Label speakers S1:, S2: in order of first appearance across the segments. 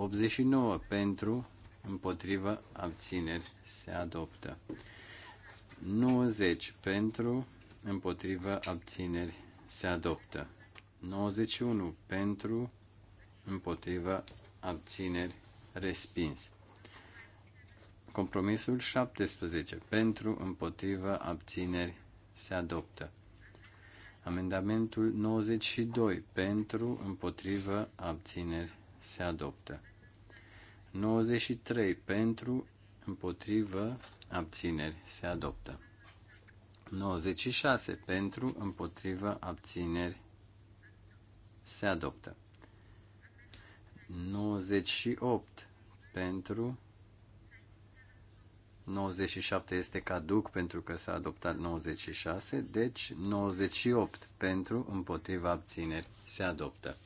S1: 89 pentru, împotrivă, abțineri, se adoptă. 90 pentru, împotrivă, abțineri, se adoptă. 91 pentru, împotrivă, abțineri, respins. Compromisul 17 pentru, împotrivă, abțineri, se adoptă. Amendamentul 92 pentru, împotrivă, abțineri, se adoptă. 93 pentru, împotrivă, abțineri, se adoptă. 96 pentru, împotrivă, abțineri, se adoptă. 98 pentru, 97 este caduc pentru că s-a adoptat 96, deci 98 pentru, împotriva abțineri, se adoptă.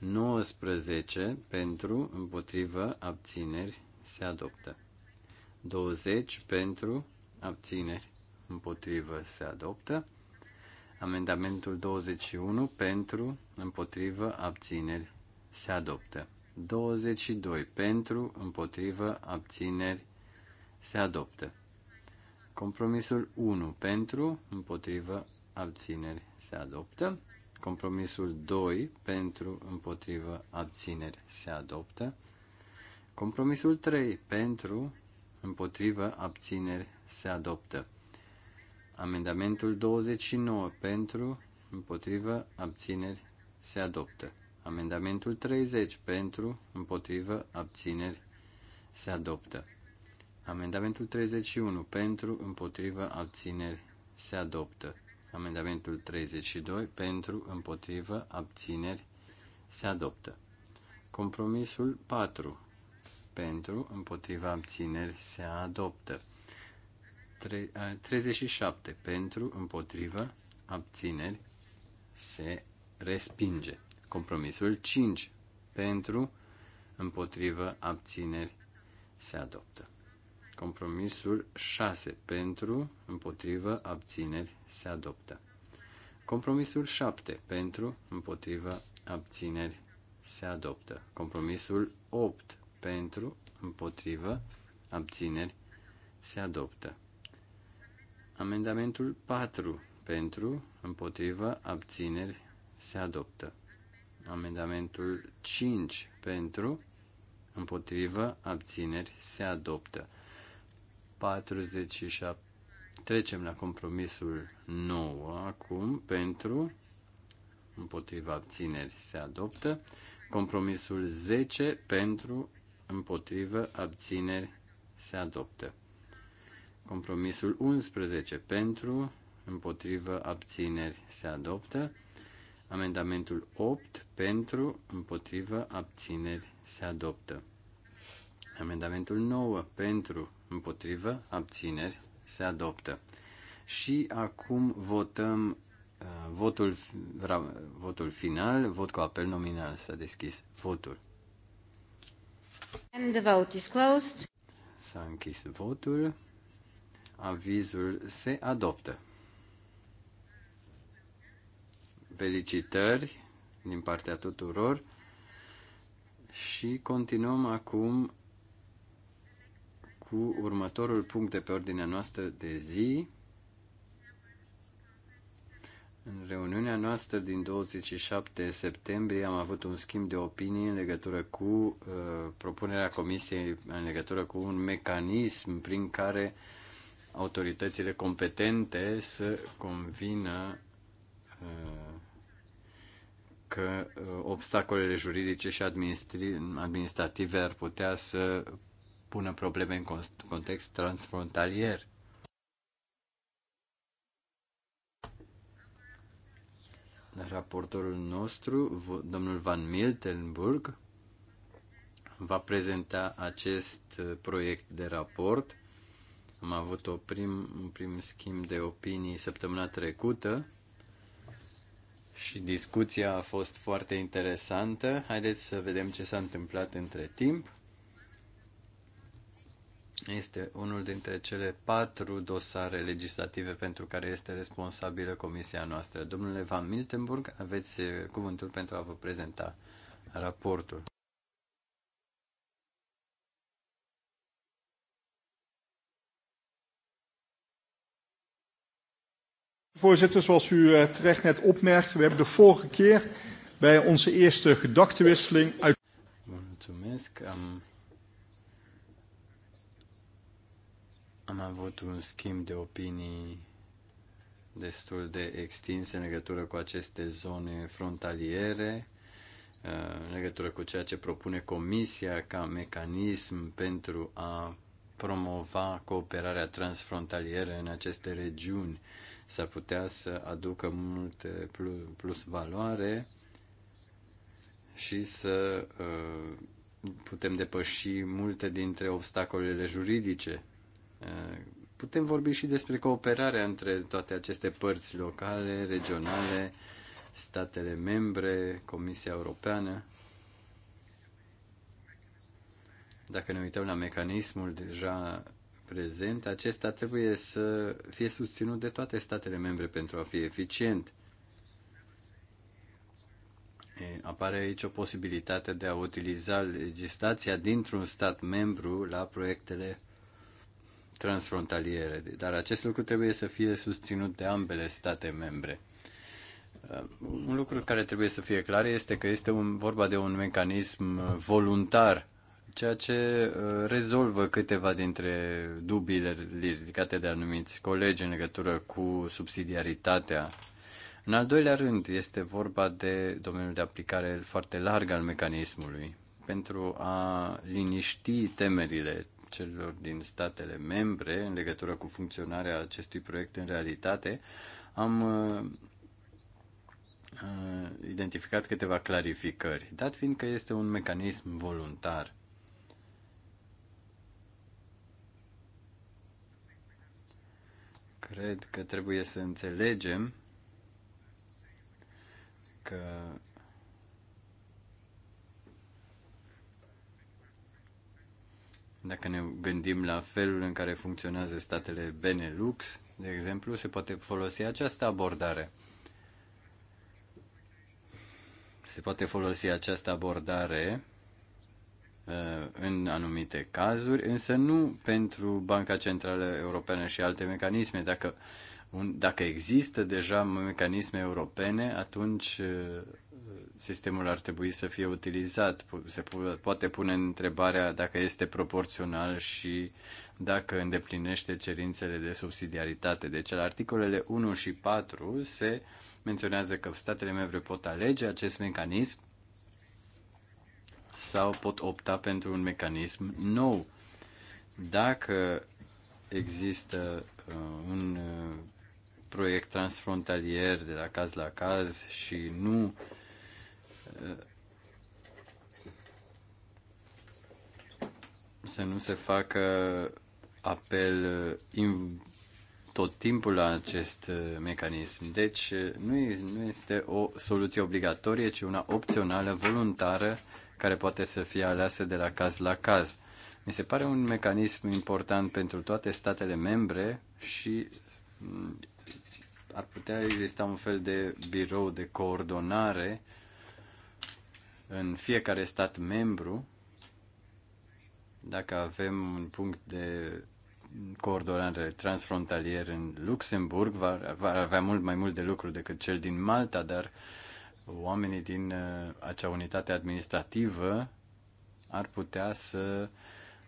S1: 19 pentru, împotrivă, abțineri, se adoptă. 20 pentru, abțineri, împotrivă, se adoptă. Amendamentul 21 pentru, împotrivă, abțineri, se adoptă. 22 pentru, împotrivă, abțineri, se adoptă. Compromisul 1 pentru, împotrivă, abțineri, se adoptă. Compromisul 2 pentru împotrivă abțineri se adoptă. Compromisul 3 pentru împotrivă abțineri se adoptă. Amendamentul 29 pentru împotrivă abțineri se adoptă. Amendamentul 30 pentru împotrivă abțineri se adoptă. Amendamentul 31 pentru împotrivă abțineri se adoptă. Amendamentul 32 pentru, împotrivă, abțineri se adoptă. Compromisul 4 pentru, împotriva abțineri se adoptă. 37 pentru, împotriva abțineri se respinge. Compromisul 5 pentru, împotriva abțineri se adoptă. Compromisul 6 pentru, împotrivă, abțineri se adoptă. Compromisul 7 pentru, împotrivă, abțineri se adoptă. Compromisul 8 pentru, împotrivă, abțineri se adoptă. Amendamentul 4 pentru, împotrivă, abțineri se adoptă. Amendamentul 5 pentru, împotrivă, abțineri se adoptă. 47. Trecem la compromisul 9 acum pentru împotriva abțineri se adoptă. Compromisul 10 pentru împotrivă abțineri se adoptă. Compromisul 11 pentru împotrivă abțineri se adoptă. Amendamentul 8 pentru împotrivă abțineri se adoptă. Amendamentul 9 pentru împotrivă, abțineri, se adoptă. Și acum votăm uh, votul, ra, votul final, vot cu apel nominal. S-a deschis votul.
S2: And the vote is closed.
S1: S-a închis votul. Avizul se adoptă. Felicitări din partea tuturor și continuăm acum cu următorul punct de pe ordinea noastră de zi. În reuniunea noastră din 27 septembrie am avut un schimb de opinii în legătură cu uh, propunerea Comisiei, în legătură cu un mecanism prin care autoritățile competente să convină uh, că uh, obstacolele juridice și administrative ar putea să pună probleme în context transfrontalier. Raportorul nostru, domnul Van Miltenburg, va prezenta acest uh, proiect de raport. Am avut o prim, un prim schimb de opinii săptămâna trecută și discuția a fost foarte interesantă. Haideți să vedem ce s-a întâmplat între timp este unul dintre cele patru dosare legislative pentru care este responsabilă comisia noastră. Domnule Van Miltenburg, aveți eh, cuvântul pentru a vă prezenta raportul.
S2: Voorzitter, zoals u eh, terecht net opmerkt, we hebben de vorige keer bij onze eerste gedachtewisseling uit.
S1: Mulțumesc. Am avut un schimb de opinii destul de extins în legătură cu aceste zone frontaliere, uh, în legătură cu ceea ce propune Comisia ca mecanism pentru a promova cooperarea transfrontalieră în aceste regiuni. S-ar putea să aducă mult plus valoare și să uh, putem depăși multe dintre obstacolele juridice Putem vorbi și despre cooperarea între toate aceste părți locale, regionale, statele membre, Comisia Europeană. Dacă ne uităm la mecanismul deja prezent, acesta trebuie să fie susținut de toate statele membre pentru a fi eficient. Apare aici o posibilitate de a utiliza legislația dintr-un stat membru la proiectele transfrontaliere, dar acest lucru trebuie să fie susținut de ambele state membre. Un lucru care trebuie să fie clar este că este un, vorba de un mecanism voluntar, ceea ce uh, rezolvă câteva dintre dubiile ridicate de anumiți colegi în legătură cu subsidiaritatea. În al doilea rând, este vorba de domeniul de aplicare foarte larg al mecanismului pentru a liniști temerile celor din statele membre în legătură cu funcționarea acestui proiect în realitate, am uh, uh, identificat câteva clarificări, dat fiind că este un mecanism voluntar. Cred că trebuie să înțelegem că Dacă ne gândim la felul în care funcționează statele Benelux, de exemplu, se poate folosi această abordare. Se poate folosi această abordare uh, în anumite cazuri, însă nu pentru Banca Centrală Europeană și alte mecanisme. Dacă, un, dacă există deja mecanisme europene, atunci uh, sistemul ar trebui să fie utilizat. Se poate pune întrebarea dacă este proporțional și dacă îndeplinește cerințele de subsidiaritate. Deci, la articolele 1 și 4 se menționează că statele membre pot alege acest mecanism sau pot opta pentru un mecanism nou. Dacă există uh, un uh, proiect transfrontalier de la caz la caz și nu uh, să nu se facă apel uh, tot timpul la acest uh, mecanism. Deci uh, nu este o soluție obligatorie, ci una opțională, voluntară, care poate să fie aleasă de la caz la caz. Mi se pare un mecanism important pentru toate statele membre și mm, ar putea exista un fel de birou de coordonare în fiecare stat membru, dacă avem un punct de coordonare transfrontalier în Luxemburg, va, va avea mult mai mult de lucru decât cel din Malta, dar oamenii din uh, acea unitate administrativă ar putea să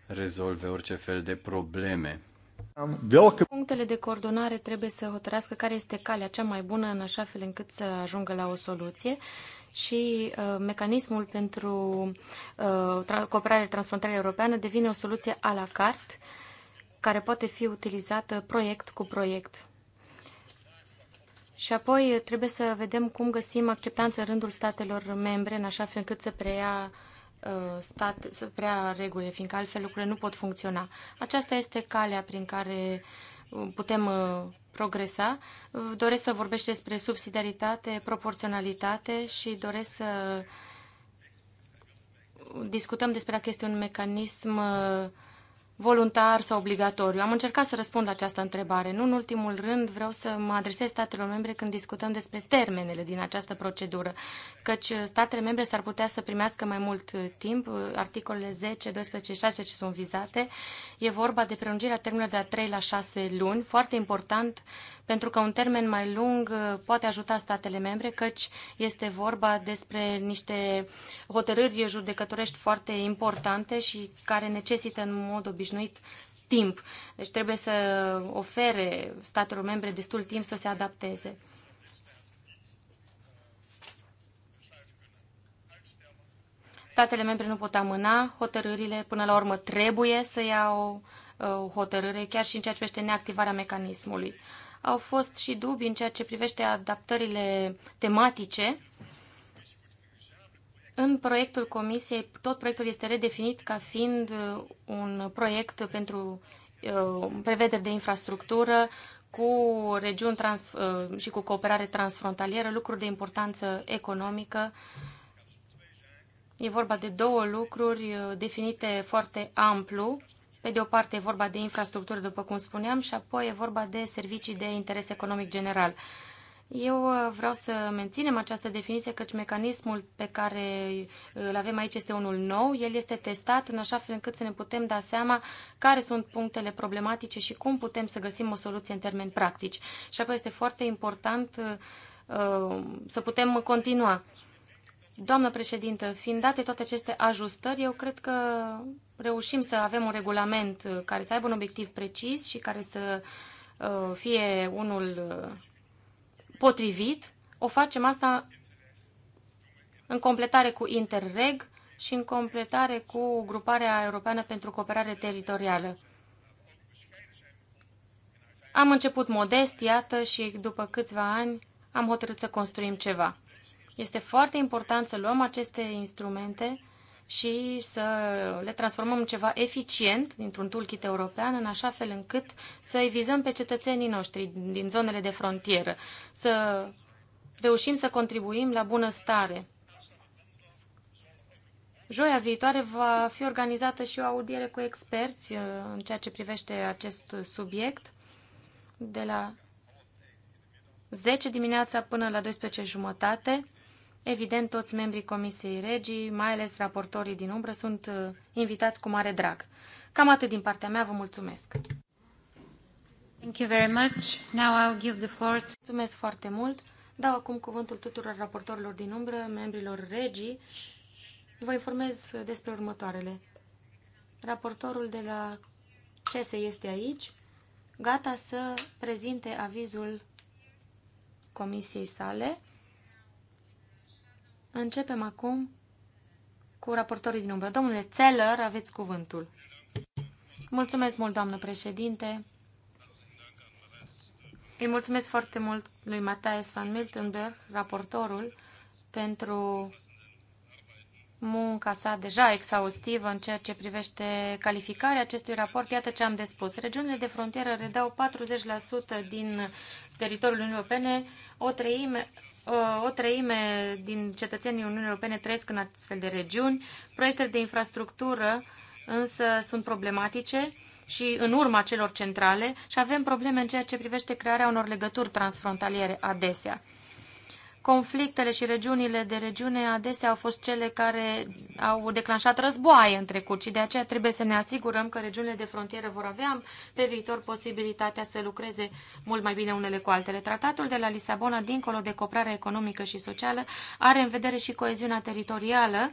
S1: rezolve orice fel de probleme
S2: Punctele de coordonare trebuie să hotărească care este calea cea mai bună în așa fel încât să ajungă la o soluție și uh, mecanismul pentru uh, tra cooperare transfrontalieră europeană devine o soluție a la carte care poate fi utilizată proiect cu proiect. Și apoi trebuie să vedem cum găsim acceptanță în rândul statelor membre în așa fel încât să preia uh, Uh, stat, să prea regulile, fiindcă altfel lucrurile nu pot funcționa. Aceasta este calea prin care uh, putem uh, progresa. Doresc să vorbesc despre subsidiaritate, proporționalitate și doresc să discutăm despre a este un mecanism uh, voluntar sau obligatoriu? Am încercat să răspund la această întrebare. Nu în ultimul rând vreau să mă adresez statelor membre când discutăm despre termenele din această procedură, căci statele membre s-ar putea să primească mai mult timp. Articolele 10, 12 și 16 sunt vizate. E vorba de prelungirea termenului de la 3 la 6 luni, foarte important pentru că un termen mai lung uh, poate ajuta statele membre, căci este vorba despre niște hotărâri judecătorești foarte importante și care necesită în mod obișnuit timp. Deci trebuie să ofere statelor membre destul timp să se adapteze. Statele membre nu pot amâna hotărârile, până la urmă trebuie să ia o, uh, o hotărâre, chiar și în ceea ce privește neactivarea mecanismului. Au fost și dubii în ceea ce privește adaptările tematice. În proiectul comisiei, tot proiectul este redefinit ca fiind uh, un proiect pentru uh, prevederi de infrastructură cu regiuni trans, uh, și cu cooperare transfrontalieră, lucruri de importanță economică. E vorba de două lucruri definite foarte amplu pe de o parte e vorba de infrastructură, după cum spuneam, și apoi e vorba de servicii de interes economic general. Eu uh, vreau să menținem această definiție, căci mecanismul pe care uh, îl avem aici este unul nou. El este testat în așa fel încât să ne putem da seama care sunt punctele problematice și cum putem să găsim o soluție în termeni practici. Și apoi este foarte important uh, să putem continua. Doamnă președintă, fiind date toate aceste ajustări, eu cred că reușim să avem un regulament care să aibă un obiectiv precis și care să uh, fie unul uh, potrivit. O facem asta în completare cu Interreg și în completare cu Gruparea Europeană pentru Cooperare Teritorială. Am început modest, iată, și după câțiva ani am hotărât să construim ceva. Este foarte important să luăm aceste instrumente și să le transformăm în ceva eficient dintr-un toolkit european, în așa fel încât să-i vizăm pe cetățenii noștri din zonele de frontieră, să reușim să contribuim la bunăstare. Joia viitoare va fi organizată și o audiere cu experți uh, în ceea ce privește acest subiect de la 10 dimineața până la 12 jumătate. Evident, toți membrii Comisiei Regii, mai ales raportorii din umbră, sunt uh, invitați cu mare drag. Cam atât din partea mea, vă mulțumesc. Thank you very much. Now I'll give the floor to... Mulțumesc foarte mult. Dau acum cuvântul tuturor raportorilor din umbră, membrilor Regii. Vă informez despre următoarele. Raportorul de la CESE este aici, gata să prezinte avizul comisiei sale. Începem acum cu raportorii din umbră. Domnule Țeller, aveți cuvântul. Mulțumesc mult, doamnă președinte. Îi mulțumesc foarte mult lui Matthias van Miltenberg, raportorul, pentru munca sa deja exhaustivă în ceea ce privește calificarea acestui raport. Iată ce am de spus. Regiunile de frontieră redau 40% din teritoriul Uniunii Europene, o treime, o treime din cetățenii Uniunii Europene trăiesc în astfel de regiuni. Proiectele de infrastructură însă sunt problematice și în urma celor centrale și avem probleme în ceea ce privește crearea unor legături transfrontaliere adesea conflictele și regiunile de regiune adesea au fost cele care au declanșat războaie în trecut și de aceea trebuie să ne asigurăm că regiunile de frontieră vor avea pe viitor posibilitatea să lucreze mult mai bine unele cu altele. Tratatul de la Lisabona, dincolo de coprarea economică și socială, are în vedere și coeziunea teritorială,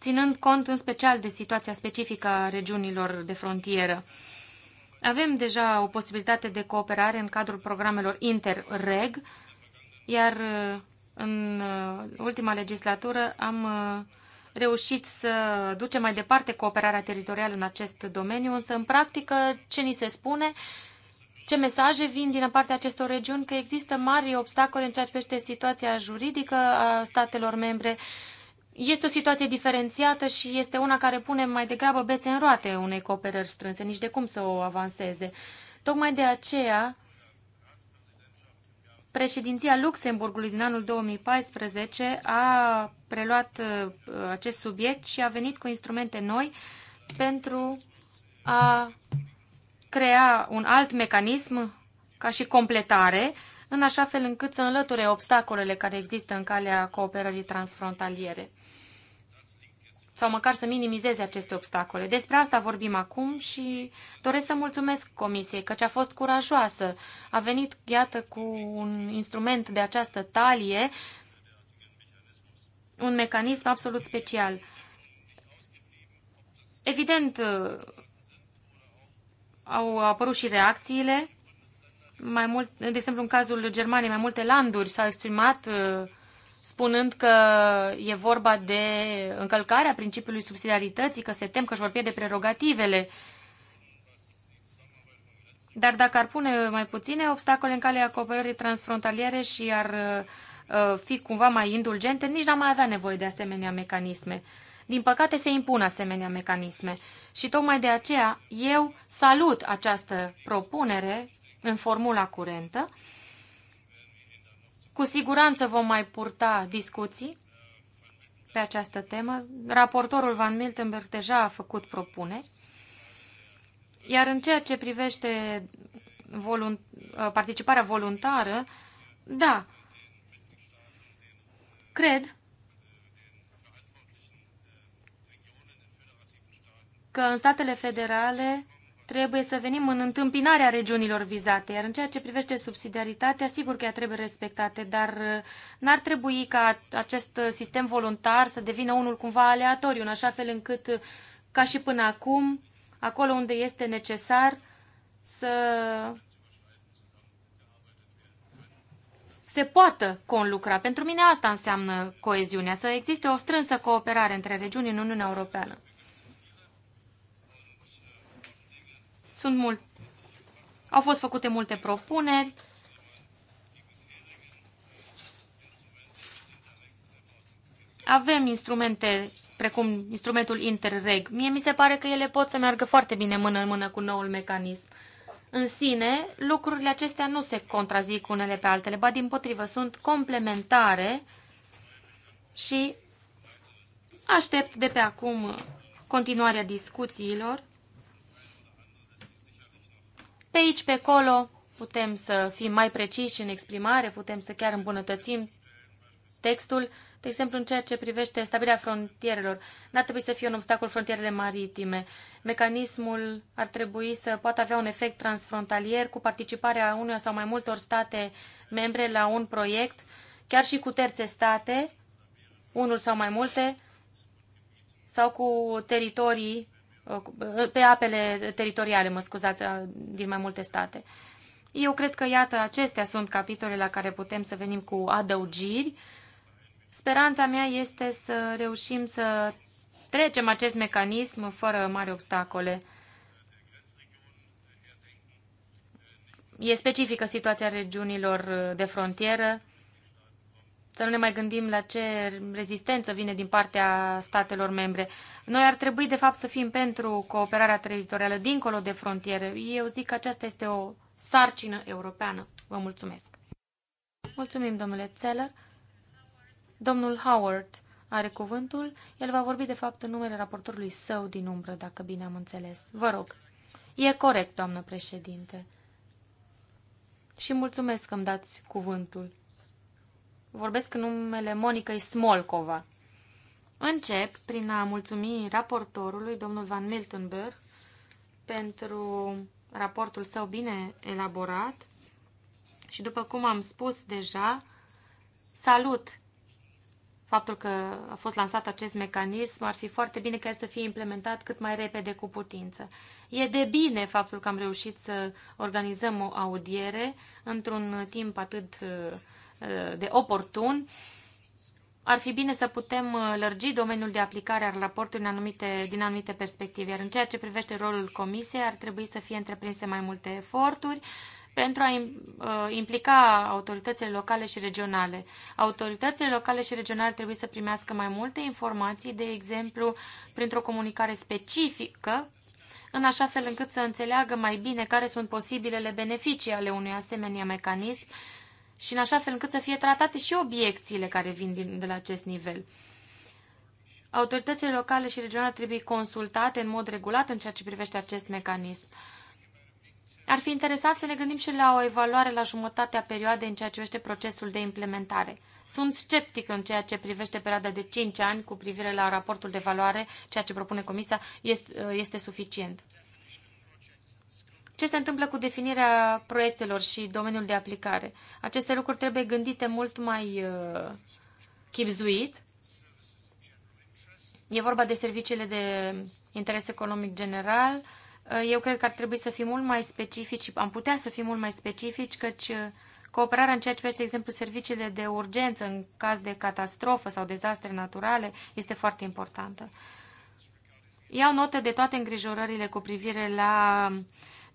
S2: ținând cont în special de situația specifică a regiunilor de frontieră. Avem deja o posibilitate de cooperare în cadrul programelor Interreg, iar uh, în uh, ultima legislatură am uh, reușit să ducem mai departe cooperarea teritorială în acest domeniu, însă în practică ce ni se spune, ce mesaje vin din partea acestor regiuni, că există mari obstacole în ceea ce privește situația juridică a statelor membre. Este o situație diferențiată și este una care pune mai degrabă bețe în roate unei cooperări strânse, nici de cum să o avanseze. Tocmai de aceea Președinția Luxemburgului din anul 2014 a preluat uh, acest subiect și a venit cu instrumente noi pentru a crea un alt mecanism ca și completare, în așa fel încât să înlăture obstacolele care există în calea cooperării transfrontaliere sau măcar să minimizeze aceste obstacole. Despre asta vorbim acum și doresc să mulțumesc Comisiei, căci a fost curajoasă. A venit, iată, cu un instrument de această talie, un mecanism absolut special. Evident, uh, au apărut și reacțiile. Mai mult, de exemplu, în cazul Germaniei, mai multe landuri s-au exprimat uh, spunând că e vorba de încălcarea principiului subsidiarității, că se tem că își vor pierde prerogativele. Dar dacă ar pune mai puține obstacole în calea cooperării transfrontaliere și ar uh, fi cumva mai indulgente, nici n-am mai avea nevoie de asemenea mecanisme. Din păcate se impun asemenea mecanisme și tocmai de aceea eu salut această propunere în formula curentă cu siguranță vom mai purta discuții pe această temă. Raportorul Van Miltenberg deja a făcut propuneri. Iar în ceea ce privește volunt uh, participarea voluntară, da, cred că în statele federale trebuie să venim în întâmpinarea regiunilor vizate, iar în ceea ce privește subsidiaritatea, sigur că ea trebuie respectate, dar uh, n-ar trebui ca acest uh, sistem voluntar să devină unul cumva aleatoriu, în așa fel încât, uh, ca și până acum, acolo unde este necesar, să se poată conlucra. Pentru mine asta înseamnă coeziunea, să existe o strânsă cooperare între regiuni în Uniunea Europeană. Sunt mult... Au fost făcute multe propuneri. Avem instrumente precum instrumentul Interreg. Mie mi se pare că ele pot să meargă foarte bine mână în mână cu noul mecanism. În sine, lucrurile acestea nu se contrazic unele pe altele, ba din potrivă, sunt complementare și aștept de pe acum continuarea discuțiilor pe aici, pe acolo, putem să fim mai preciși în exprimare, putem să chiar îmbunătățim textul, de exemplu, în ceea ce privește stabilirea frontierelor. N-ar trebui să fie un obstacol frontierele maritime. Mecanismul ar trebui să poată avea un efect transfrontalier cu participarea unuia sau mai multor state membre la un proiect, chiar și cu terțe state, unul sau mai multe, sau cu teritorii Uh, pe apele teritoriale, mă scuzați, uh, din mai multe state. Eu cred că, iată, acestea sunt capitolele la care putem să venim cu adăugiri. Speranța mea este să reușim să trecem acest mecanism fără mari obstacole. E specifică situația regiunilor de frontieră să nu ne mai gândim la ce rezistență vine din partea statelor membre. Noi ar trebui, de fapt, să fim pentru cooperarea teritorială dincolo de frontiere. Eu zic că aceasta este o sarcină europeană. Vă mulțumesc! Mulțumim, domnule Zeller. Domnul Howard are cuvântul. El va vorbi, de fapt, în numele raportorului său din umbră, dacă bine am înțeles. Vă rog. E corect, doamnă președinte. Și mulțumesc că îmi dați cuvântul vorbesc în numele Monicăi Smolcova. Încep prin a mulțumi raportorului, domnul Van Miltenberg, pentru raportul său bine elaborat și după cum am spus deja, salut faptul că a fost lansat acest mecanism, ar fi foarte bine ca el să fie implementat cât mai repede cu putință. E de bine faptul că am reușit să organizăm o audiere într-un timp atât de oportun. Ar fi bine să putem uh, lărgi domeniul de aplicare al raportului în anumite, din anumite perspective, iar în ceea ce privește rolul comisiei ar trebui să fie întreprinse mai multe eforturi pentru a uh, implica autoritățile locale și regionale. Autoritățile locale și regionale trebuie să primească mai multe informații, de exemplu, printr-o comunicare specifică, în așa fel încât să înțeleagă mai bine care sunt posibilele beneficii ale unui asemenea mecanism și în așa fel încât să fie tratate și obiecțiile care vin din, de la acest nivel. Autoritățile locale și regionale trebuie consultate în mod regulat în ceea ce privește acest mecanism. Ar fi interesant să ne gândim și la o evaluare la jumătatea perioadei în ceea ce privește procesul de implementare. Sunt sceptic în ceea ce privește perioada de 5 ani cu privire la raportul de valoare, ceea ce propune Comisia este, este suficient. Ce se întâmplă cu definirea proiectelor și domeniul de aplicare? Aceste lucruri trebuie gândite mult mai uh, chipzuit. E vorba de serviciile de interes economic general. Uh, eu cred că ar trebui să fim mult mai specifici și am putea să fim mult mai specifici, căci uh, cooperarea în ceea ce privește, de exemplu, serviciile de urgență în caz de catastrofă sau dezastre naturale este foarte importantă. Iau notă de toate îngrijorările cu privire la uh,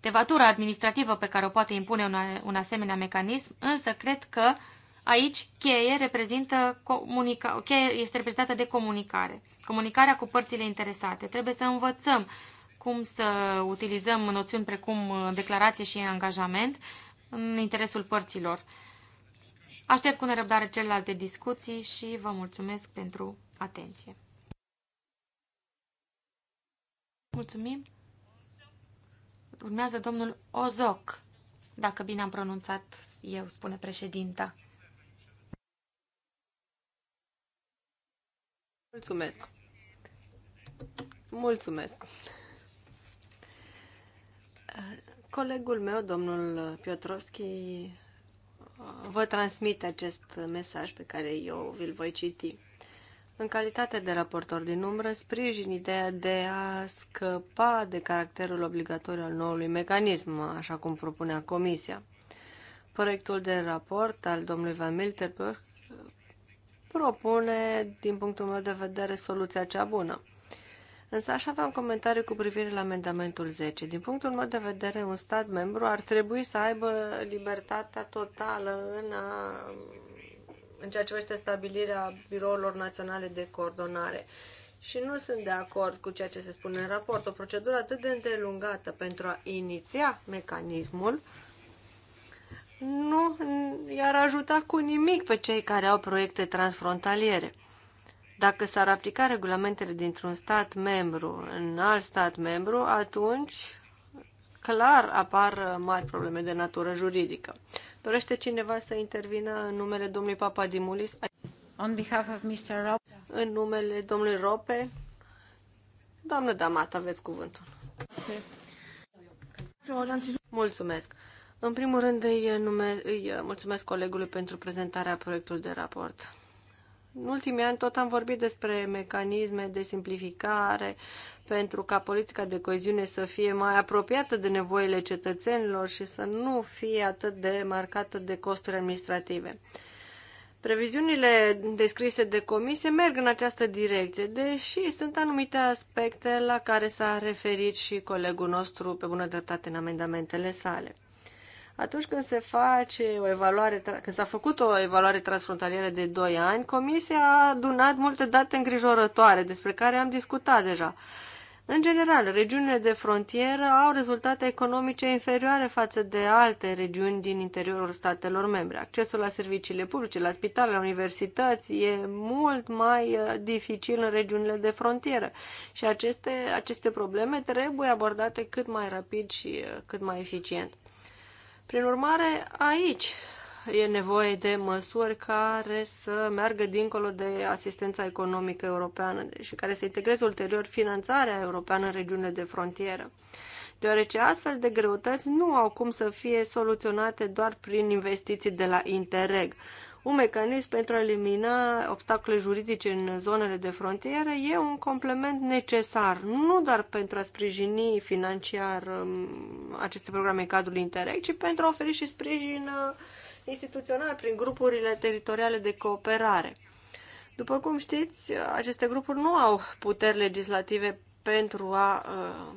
S2: Tevatura administrativă pe care o poate impune un, un asemenea mecanism, însă cred că aici cheie, reprezintă comunica, cheie este reprezentată de comunicare. Comunicarea cu părțile interesate. Trebuie să învățăm cum să utilizăm noțiuni precum uh, declarație și angajament în interesul părților. Aștept cu nerăbdare celelalte discuții și vă mulțumesc pentru atenție. Mulțumim! Urmează domnul Ozoc, dacă bine am pronunțat eu, spune președinta.
S3: Mulțumesc. Mulțumesc. Colegul meu, domnul Piotrovski, vă transmite acest mesaj pe care eu vi-l voi citi. În calitate de raportor din umbră, sprijin ideea de a scăpa de caracterul obligatoriu al noului mecanism, așa cum propunea Comisia. Proiectul de raport al domnului Van Milterburg propune, din punctul meu de vedere, soluția cea bună. Însă aș avea un comentariu cu privire la amendamentul 10. Din punctul meu de vedere, un stat membru ar trebui să aibă libertatea totală în a în ceea ce privește stabilirea birourilor naționale de coordonare. Și nu sunt de acord cu ceea ce se spune în raport. O procedură atât de îndelungată pentru a iniția mecanismul nu i-ar ajuta cu nimic pe cei care au proiecte transfrontaliere. Dacă s-ar aplica regulamentele dintr-un stat membru în alt stat membru, atunci clar apar mari probleme de natură juridică. Dorește cineva să intervină în numele domnului Papadimulis? On behalf of Mr. Rope. În numele domnului Rope. Doamnă Damat, aveți cuvântul. Mulțumesc. În primul rând îi, nume, îi mulțumesc colegului pentru prezentarea proiectului de raport. În ultimii ani tot am vorbit despre mecanisme de simplificare pentru ca politica de coeziune să fie mai apropiată de nevoile cetățenilor și să nu fie atât de marcată de costuri administrative. Previziunile descrise de comisie merg în această direcție, deși sunt anumite aspecte la care s-a referit și colegul nostru pe bună dreptate în amendamentele sale. Atunci când se face o evaluare, când s-a făcut o evaluare transfrontalieră de 2 ani, Comisia a adunat multe date îngrijorătoare despre care am discutat deja. În general, regiunile de frontieră au rezultate economice inferioare față de alte regiuni din interiorul statelor membre. Accesul la serviciile publice, la spitale, la universități e mult mai uh, dificil în regiunile de frontieră și aceste, aceste probleme trebuie abordate cât mai rapid și uh, cât mai eficient. Prin urmare, aici e nevoie de măsuri care să meargă dincolo de asistența economică europeană și care să integreze ulterior finanțarea europeană în regiunile de frontieră. Deoarece astfel de greutăți nu au cum să fie soluționate doar prin investiții de la Interreg un mecanism pentru a elimina obstacole juridice în zonele de frontieră e un complement necesar, nu doar pentru a sprijini financiar um, aceste programe cadrul Interreg, ci pentru a oferi și sprijin uh, instituțional prin grupurile teritoriale de cooperare. După cum știți, aceste grupuri nu au puteri legislative pentru a uh,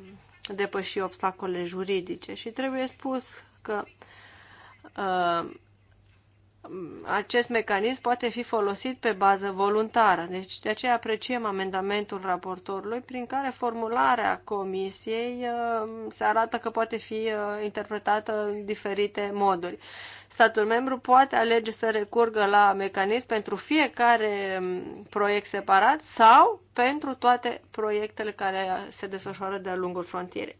S3: depăși obstacole juridice și trebuie spus că uh, acest mecanism poate fi folosit pe bază voluntară. Deci de aceea apreciem amendamentul raportorului prin care formularea comisiei uh, se arată că poate fi uh, interpretată în diferite moduri. Statul membru poate alege să recurgă la mecanism pentru fiecare um, proiect separat sau pentru toate proiectele care se desfășoară de-a lungul frontierei.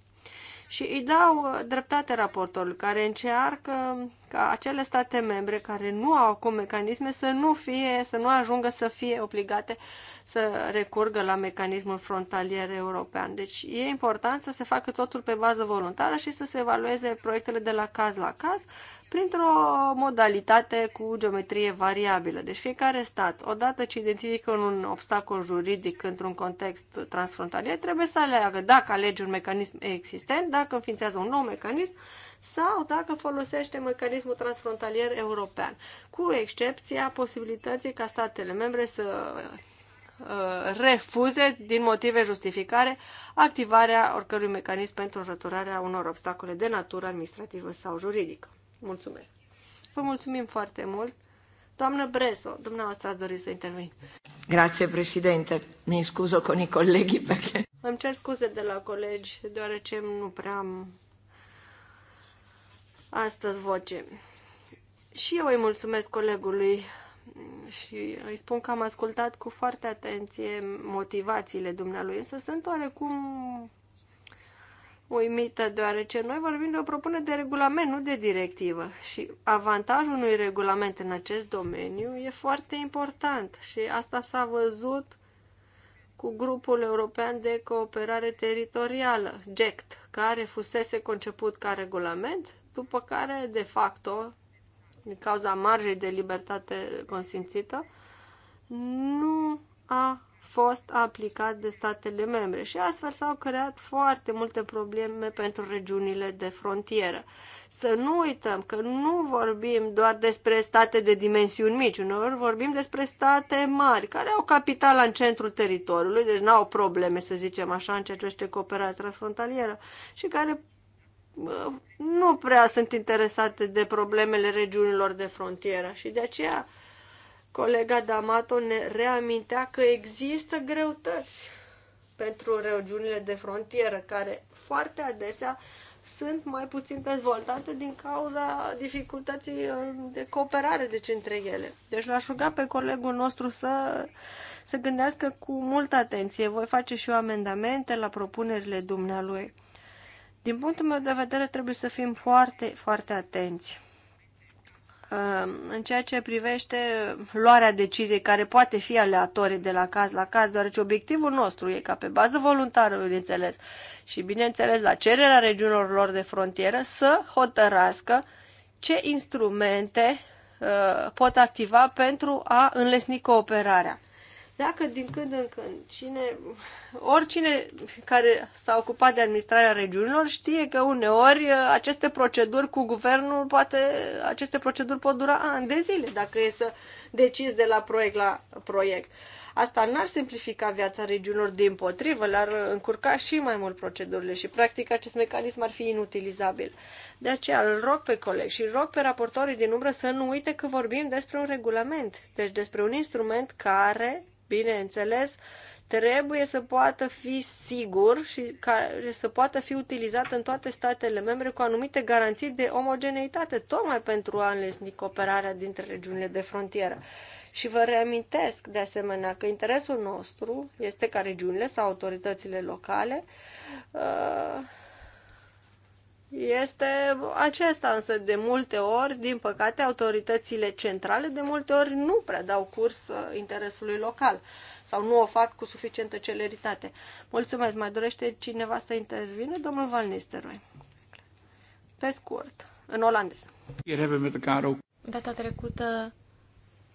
S3: Și îi dau uh, dreptate raportorului care încearcă ca acele state membre care nu au acum mecanisme să nu fie, să nu ajungă să fie obligate să recurgă la mecanismul frontalier european. Deci e important să se facă totul pe bază voluntară și să se evalueze proiectele de la caz la caz printr-o modalitate cu geometrie variabilă. Deci fiecare stat, odată ce identifică un obstacol juridic într-un context transfrontalier, trebuie să aleagă dacă alege un mecanism existent, dacă înființează un nou mecanism sau dacă folosește mecanismul transfrontalier european, cu excepția posibilității ca statele membre să uh, refuze din motive justificare activarea oricărui mecanism pentru răturarea unor obstacole de natură administrativă sau juridică. Mulțumesc. Vă mulțumim foarte mult. Doamnă Breso, dumneavoastră ați dorit să intervin. Grazie, președinte. Mi scuzo cu i colleghi perché... Îmi cer scuze de la colegi, deoarece nu prea am astăzi voce. Și eu îi mulțumesc colegului și îi spun că am ascultat cu foarte atenție motivațiile dumnealui, însă sunt oarecum uimită, deoarece noi vorbim de o propunere de regulament, nu de directivă. Și avantajul unui regulament în acest domeniu e foarte important și asta s-a văzut cu grupul european de cooperare teritorială, GECT, care fusese conceput ca regulament, după care, de facto, din cauza marjei de libertate consimțită, nu a fost aplicat de statele membre și astfel s-au creat foarte multe probleme pentru regiunile de frontieră. Să nu uităm că nu vorbim doar despre state de dimensiuni mici, uneori vorbim despre state mari, care au capitala în centrul teritoriului, deci nu au probleme, să zicem așa, în ceea ce este cooperarea transfrontalieră și care uh, nu prea sunt interesate de problemele regiunilor de frontieră și de aceea Colega D'Amato ne reamintea că există greutăți pentru regiunile de frontieră, care foarte adesea sunt mai puțin dezvoltate din cauza dificultății uh, de cooperare deci între ele. Deci l-aș ruga pe colegul nostru să se gândească cu multă atenție. Voi face și eu amendamente la propunerile dumnealui. Din punctul meu de vedere trebuie să fim foarte, foarte atenți. Ehm, în ceea ce privește luarea deciziei care poate fi aleatorie de la caz la caz, deoarece obiectivul nostru e ca pe bază voluntară, bineînțeles, și bineînțeles la cererea regiunilor lor de frontieră să hotărască ce instrumente ehm, pot activa pentru a înlesni cooperarea. Dacă din când în când cine, oricine care s-a ocupat de administrarea regiunilor știe că uneori uh, aceste proceduri cu guvernul, poate aceste proceduri pot dura ani de zile dacă e să decizi de la proiect la proiect. Asta n-ar simplifica viața regiunilor din potrivă, le-ar încurca și mai mult procedurile și, practic, acest mecanism ar fi inutilizabil. De aceea îl rog pe coleg și rog pe raportorii din umbră să nu uite că vorbim despre un regulament, deci despre un instrument care bineînțeles, trebuie să poată fi sigur și care să poată fi utilizat în toate statele membre cu anumite garanții de omogeneitate, tocmai pentru a înlesni cooperarea dintre regiunile de frontieră. Și vă reamintesc, de asemenea, că interesul nostru este ca regiunile sau autoritățile locale uh, este acesta, însă de multe ori, din păcate, autoritățile centrale de multe ori nu prea dau curs uh, interesului local sau nu o fac cu suficientă celeritate. Mulțumesc, mai dorește cineva să intervine? Domnul Van Nistelrooy. Pe scurt, în olandez.
S2: Data trecută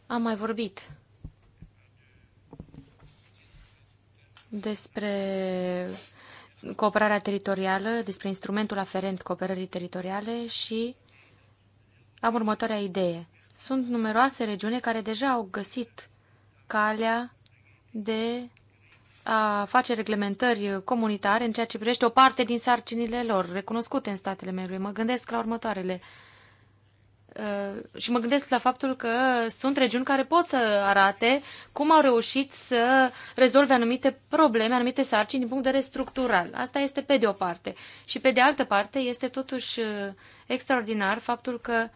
S2: am mai vorbit despre cooperarea teritorială, despre instrumentul aferent cooperării teritoriale și am următoarea idee. Sunt numeroase regiuni care deja au găsit calea de a face reglementări comunitare în ceea ce privește o parte din sarcinile lor, recunoscute în statele membre. Mă gândesc la următoarele. Uh, și mă gândesc la faptul că sunt regiuni care pot să arate cum au reușit să rezolve anumite probleme, anumite sarcini din punct de vedere structural. Asta este pe de o parte. Și pe de altă parte este totuși uh, extraordinar faptul că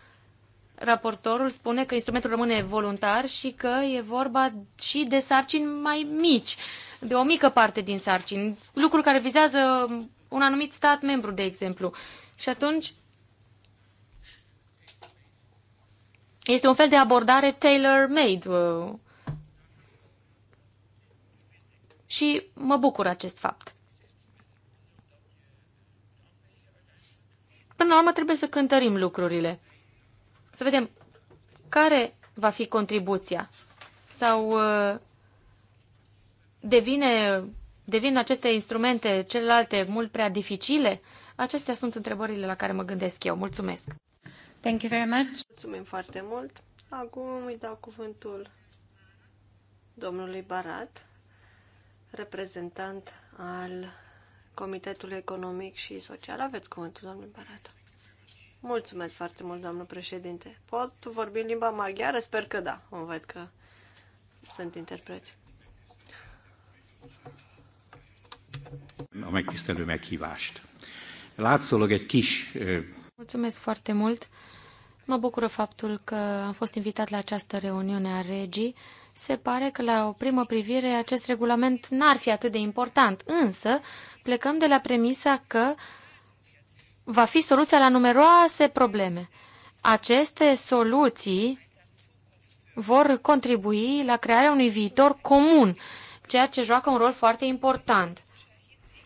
S2: raportorul spune că instrumentul rămâne voluntar și că e vorba și de sarcini mai mici, de o mică parte din sarcini, lucruri care vizează un anumit stat membru, de exemplu. Și atunci Este un fel de abordare tailor-made. Uh, și mă bucur acest fapt. Până la urmă trebuie să cântărim lucrurile. Să vedem care va fi contribuția sau uh, devine, devin aceste instrumente celelalte mult prea dificile? Acestea sunt întrebările la care mă gândesc eu. Mulțumesc! Thank you very much.
S3: Mulțumim foarte mult. Acum îi dau cuvântul domnului Barat, reprezentant al Comitetului Economic și Social. Aveți cuvântul, domnul Barat. Mulțumesc foarte mult, domnul președinte. Pot vorbi în limba maghiară? Sper că da. O văd că sunt
S2: interpreți. Mulțumesc foarte mult. Mă bucură faptul că am fost invitat la această reuniune a regii. Se pare că la o primă privire acest regulament n-ar fi atât de important, însă plecăm de la premisa că va fi soluția la numeroase probleme. Aceste soluții vor contribui la crearea unui viitor comun, ceea ce joacă un rol foarte important.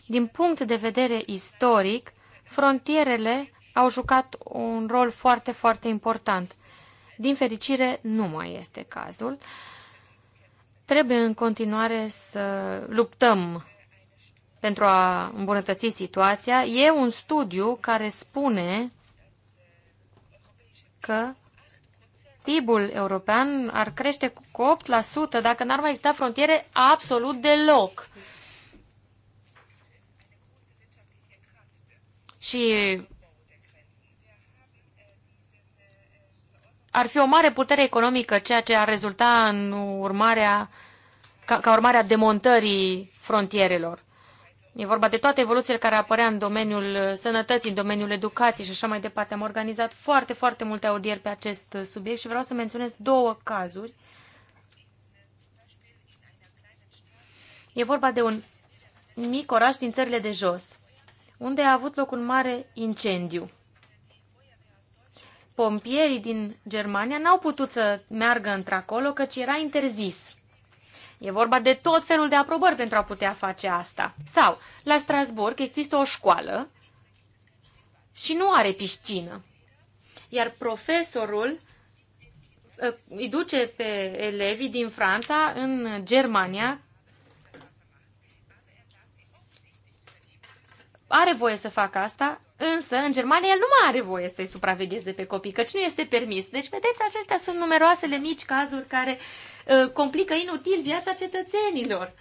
S2: Din punct de vedere istoric, frontierele au jucat un rol foarte, foarte important. Din fericire, nu mai este cazul. Trebuie în continuare să luptăm pentru a îmbunătăți situația. E un studiu care spune că PIB-ul european ar crește cu 8% dacă n-ar mai exista frontiere absolut deloc. Și ar fi o mare putere economică, ceea ce ar rezulta în urmarea, ca, ca urmarea demontării frontierelor. E vorba de toate evoluțiile care apărea în domeniul sănătății, în domeniul educației și așa mai departe. Am organizat foarte, foarte multe audieri pe acest subiect și vreau să menționez două cazuri. E vorba de un mic oraș din țările de jos, unde a avut loc un mare incendiu pompierii din Germania n-au putut să meargă într-acolo, căci era interzis. E vorba de tot felul de aprobări pentru a putea face asta. Sau, la Strasburg există o școală și nu are piscină. Iar profesorul ă, îi duce pe elevii din Franța în Germania are voie să facă asta, însă în Germania el nu mai are voie să-i supravegheze pe copii, căci nu este permis. Deci, vedeți, acestea sunt numeroasele mici cazuri care uh, complică inutil viața cetățenilor.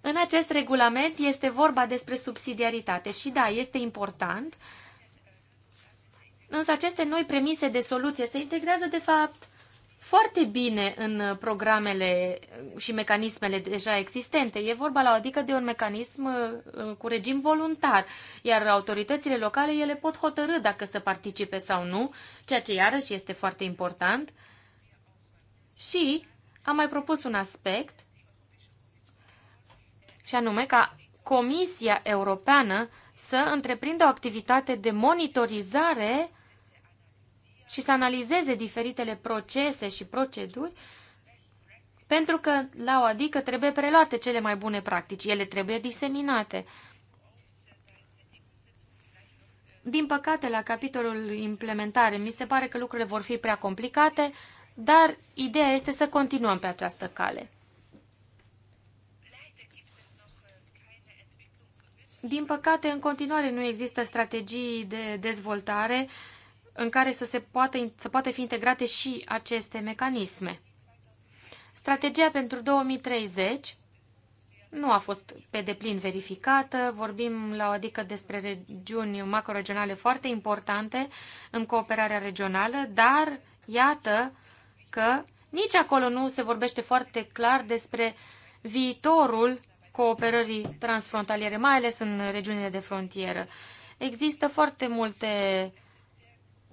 S2: În acest regulament este vorba despre subsidiaritate și da, este important, însă aceste noi premise de soluție se integrează de fapt foarte bine în programele și mecanismele deja existente. E vorba la adică de un mecanism uh, uh, cu regim voluntar, iar autoritățile locale ele pot hotărâ dacă să participe sau nu, ceea ce iarăși este foarte important. Și am mai propus un aspect, și anume ca Comisia Europeană să întreprindă o activitate de monitorizare și să analizeze diferitele procese și proceduri, pentru că la o adică trebuie preluate cele mai bune practici, ele trebuie diseminate. Din păcate, la capitolul implementare, mi se pare că lucrurile vor fi prea complicate, dar ideea este să continuăm pe această cale. Din păcate, în continuare nu există strategii de dezvoltare uh, în care să, se poată, să poată fi integrate și aceste mecanisme. Strategia pentru 2030 nu a fost pe deplin verificată, vorbim la o adică despre regiuni macroregionale foarte importante în cooperarea regională, dar iată că nici acolo nu se vorbește foarte clar despre viitorul cooperării transfrontaliere, mai ales în regiunile de frontieră. Există foarte multe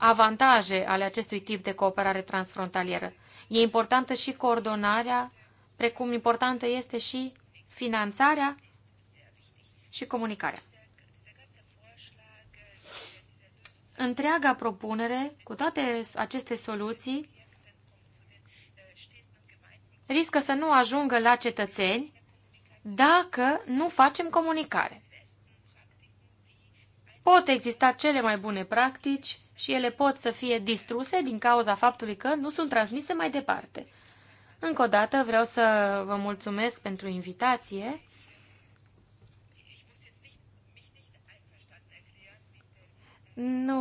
S2: avantaje ale acestui tip de cooperare transfrontalieră. E importantă și coordonarea, precum importantă este și finanțarea și comunicarea. Întreaga propunere, cu toate aceste soluții, riscă să nu ajungă la cetățeni dacă nu facem comunicare. Pot exista cele mai bune practici și ele pot să fie distruse din cauza faptului că nu sunt transmise mai departe. Încă o dată vreau să vă mulțumesc pentru invitație. Nu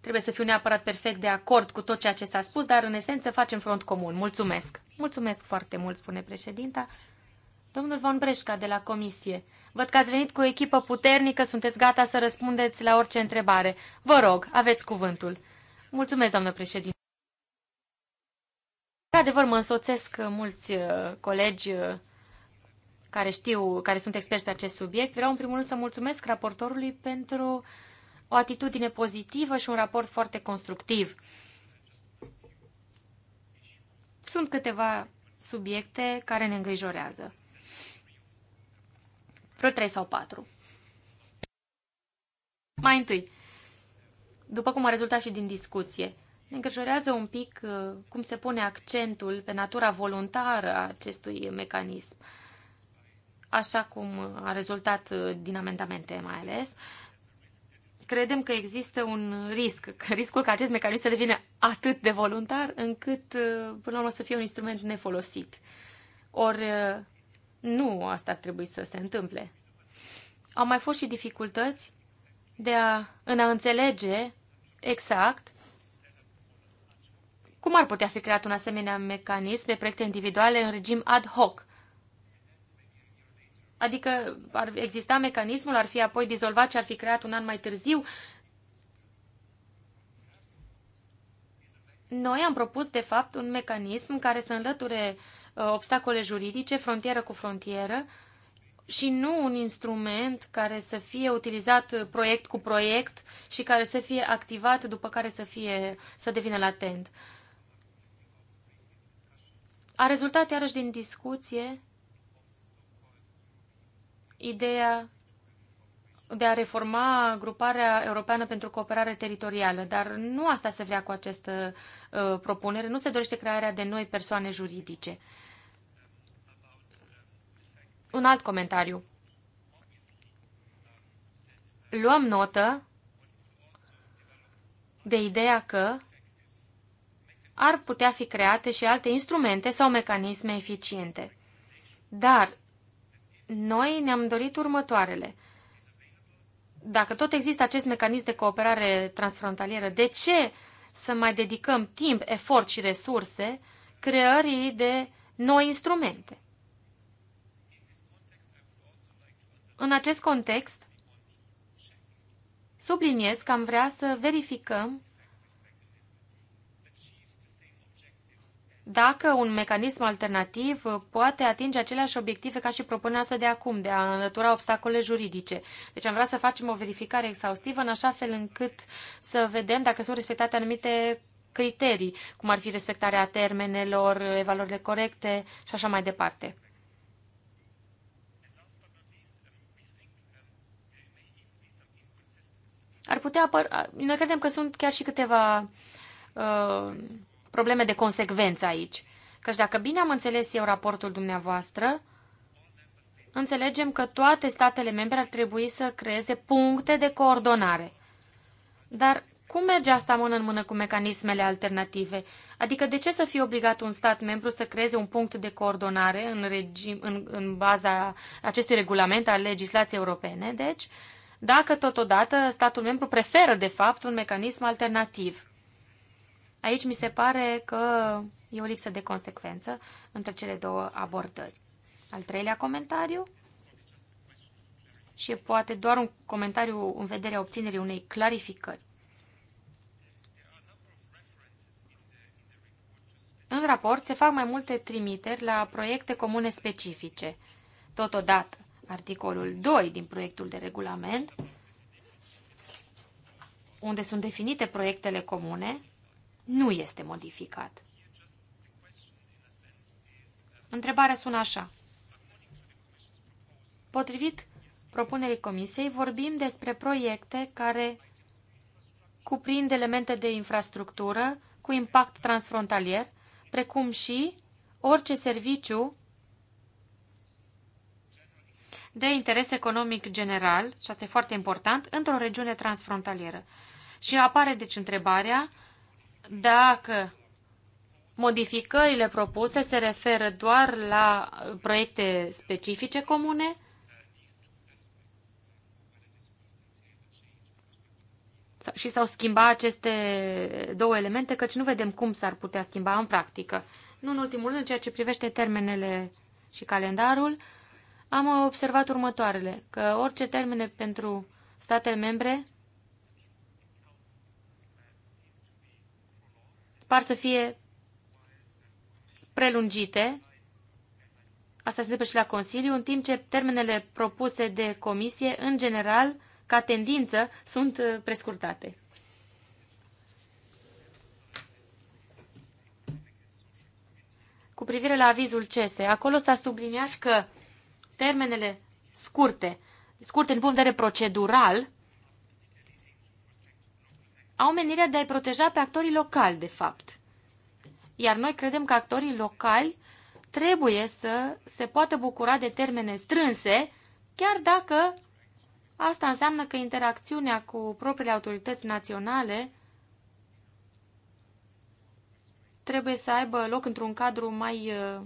S2: trebuie să fiu neapărat perfect de acord cu tot ceea ce s-a spus, dar în esență facem front comun. Mulțumesc! Mulțumesc foarte mult, spune președinta. Domnul Von Breșca de la Comisie, Văd că ați venit cu o echipă puternică, sunteți gata să răspundeți la orice întrebare. Vă rog, aveți cuvântul. Mulțumesc, doamnă președinte. Într-adevăr, mă însoțesc mulți uh, colegi uh, care știu, care sunt experți pe acest subiect. Vreau, în primul rând, să mulțumesc raportorului pentru o atitudine pozitivă și un raport foarte constructiv. Sunt câteva subiecte care ne îngrijorează. Vreo 3 sau 4. Mai întâi, după cum a rezultat și din discuție, ne îngrijorează un pic uh, cum se pune accentul pe natura voluntară a acestui mecanism, așa cum a rezultat uh, din amendamente mai ales. Credem că există un risc, riscul ca acest mecanism să devină atât de voluntar încât uh, până la urmă să fie un instrument nefolosit. Ori nu asta ar trebui să se întâmple. Au mai fost și dificultăți de a, în a înțelege exact cum ar putea fi creat un asemenea mecanism de proiecte individuale în regim ad hoc. Adică ar exista mecanismul, ar fi apoi dizolvat și ar fi creat un an mai târziu. Noi am propus, de fapt, un mecanism care să înlăture uh, Uh, obstacole juridice, frontieră cu frontieră, și nu un instrument care să fie utilizat proiect cu proiect și care să fie activat după care să, fie, să devină latent. A rezultat iarăși din discuție ideea de a reforma gruparea europeană pentru cooperare teritorială, dar nu asta se vrea cu această uh, propunere, nu se dorește crearea de noi persoane juridice. Un alt comentariu. Luăm notă de ideea că ar putea fi create și alte instrumente sau mecanisme eficiente. Dar noi ne-am dorit următoarele. Dacă tot există acest mecanism de cooperare transfrontalieră, de ce să mai dedicăm timp, efort și resurse creării de noi instrumente? În acest context, subliniez că am vrea să verificăm dacă un mecanism alternativ poate atinge aceleași obiective ca și propunerea asta de acum, de a înlătura obstacole juridice. Deci am vrea să facem o verificare exhaustivă în așa fel încât să vedem dacă sunt respectate anumite criterii, cum ar fi respectarea termenelor, evaluările corecte și așa mai departe. ar putea apăr... Noi credem că sunt chiar și câteva uh, probleme de consecvență aici. Căci dacă bine am înțeles eu raportul dumneavoastră, înțelegem că toate statele membre ar trebui să creeze puncte de coordonare. Dar cum merge asta mână în mână cu mecanismele alternative? Adică de ce să fie obligat un stat membru să creeze un punct de coordonare în, regim, în, în baza acestui regulament al legislației europene, deci, dacă totodată statul membru preferă, de fapt, un mecanism alternativ. Aici mi se pare că e o lipsă de consecvență între cele două abordări. Al treilea comentariu și poate doar un comentariu în vederea obținerii unei clarificări. În raport se fac mai multe trimiteri la proiecte comune specifice. Totodată, articolul 2 din proiectul de regulament, unde sunt definite proiectele comune, nu este modificat. Întrebarea sună așa. Potrivit propunerii Comisiei, vorbim despre proiecte care cuprind elemente de infrastructură cu impact transfrontalier, precum și orice serviciu de interes economic general, și asta e foarte important, într-o regiune transfrontalieră. Și apare deci întrebarea dacă modificările propuse se referă doar la uh, proiecte specifice comune și s-au schimbat aceste două elemente, căci nu vedem cum s-ar putea schimba în practică. Nu în ultimul rând, în ceea ce privește termenele și calendarul, am observat următoarele, că orice termene pentru statele membre par să fie prelungite, asta se întâmplă și la Consiliu, în timp ce termenele propuse de comisie, în general, ca tendință, sunt uh, prescurtate. Cu privire la avizul CESE, acolo s-a subliniat că termenele scurte, scurte din punct de vedere procedural, au menirea de a-i proteja pe actorii locali, de fapt. Iar noi credem că actorii locali trebuie să se poată bucura de termene strânse, chiar dacă asta înseamnă că interacțiunea cu propriile autorități naționale trebuie să aibă loc într-un cadru mai uh,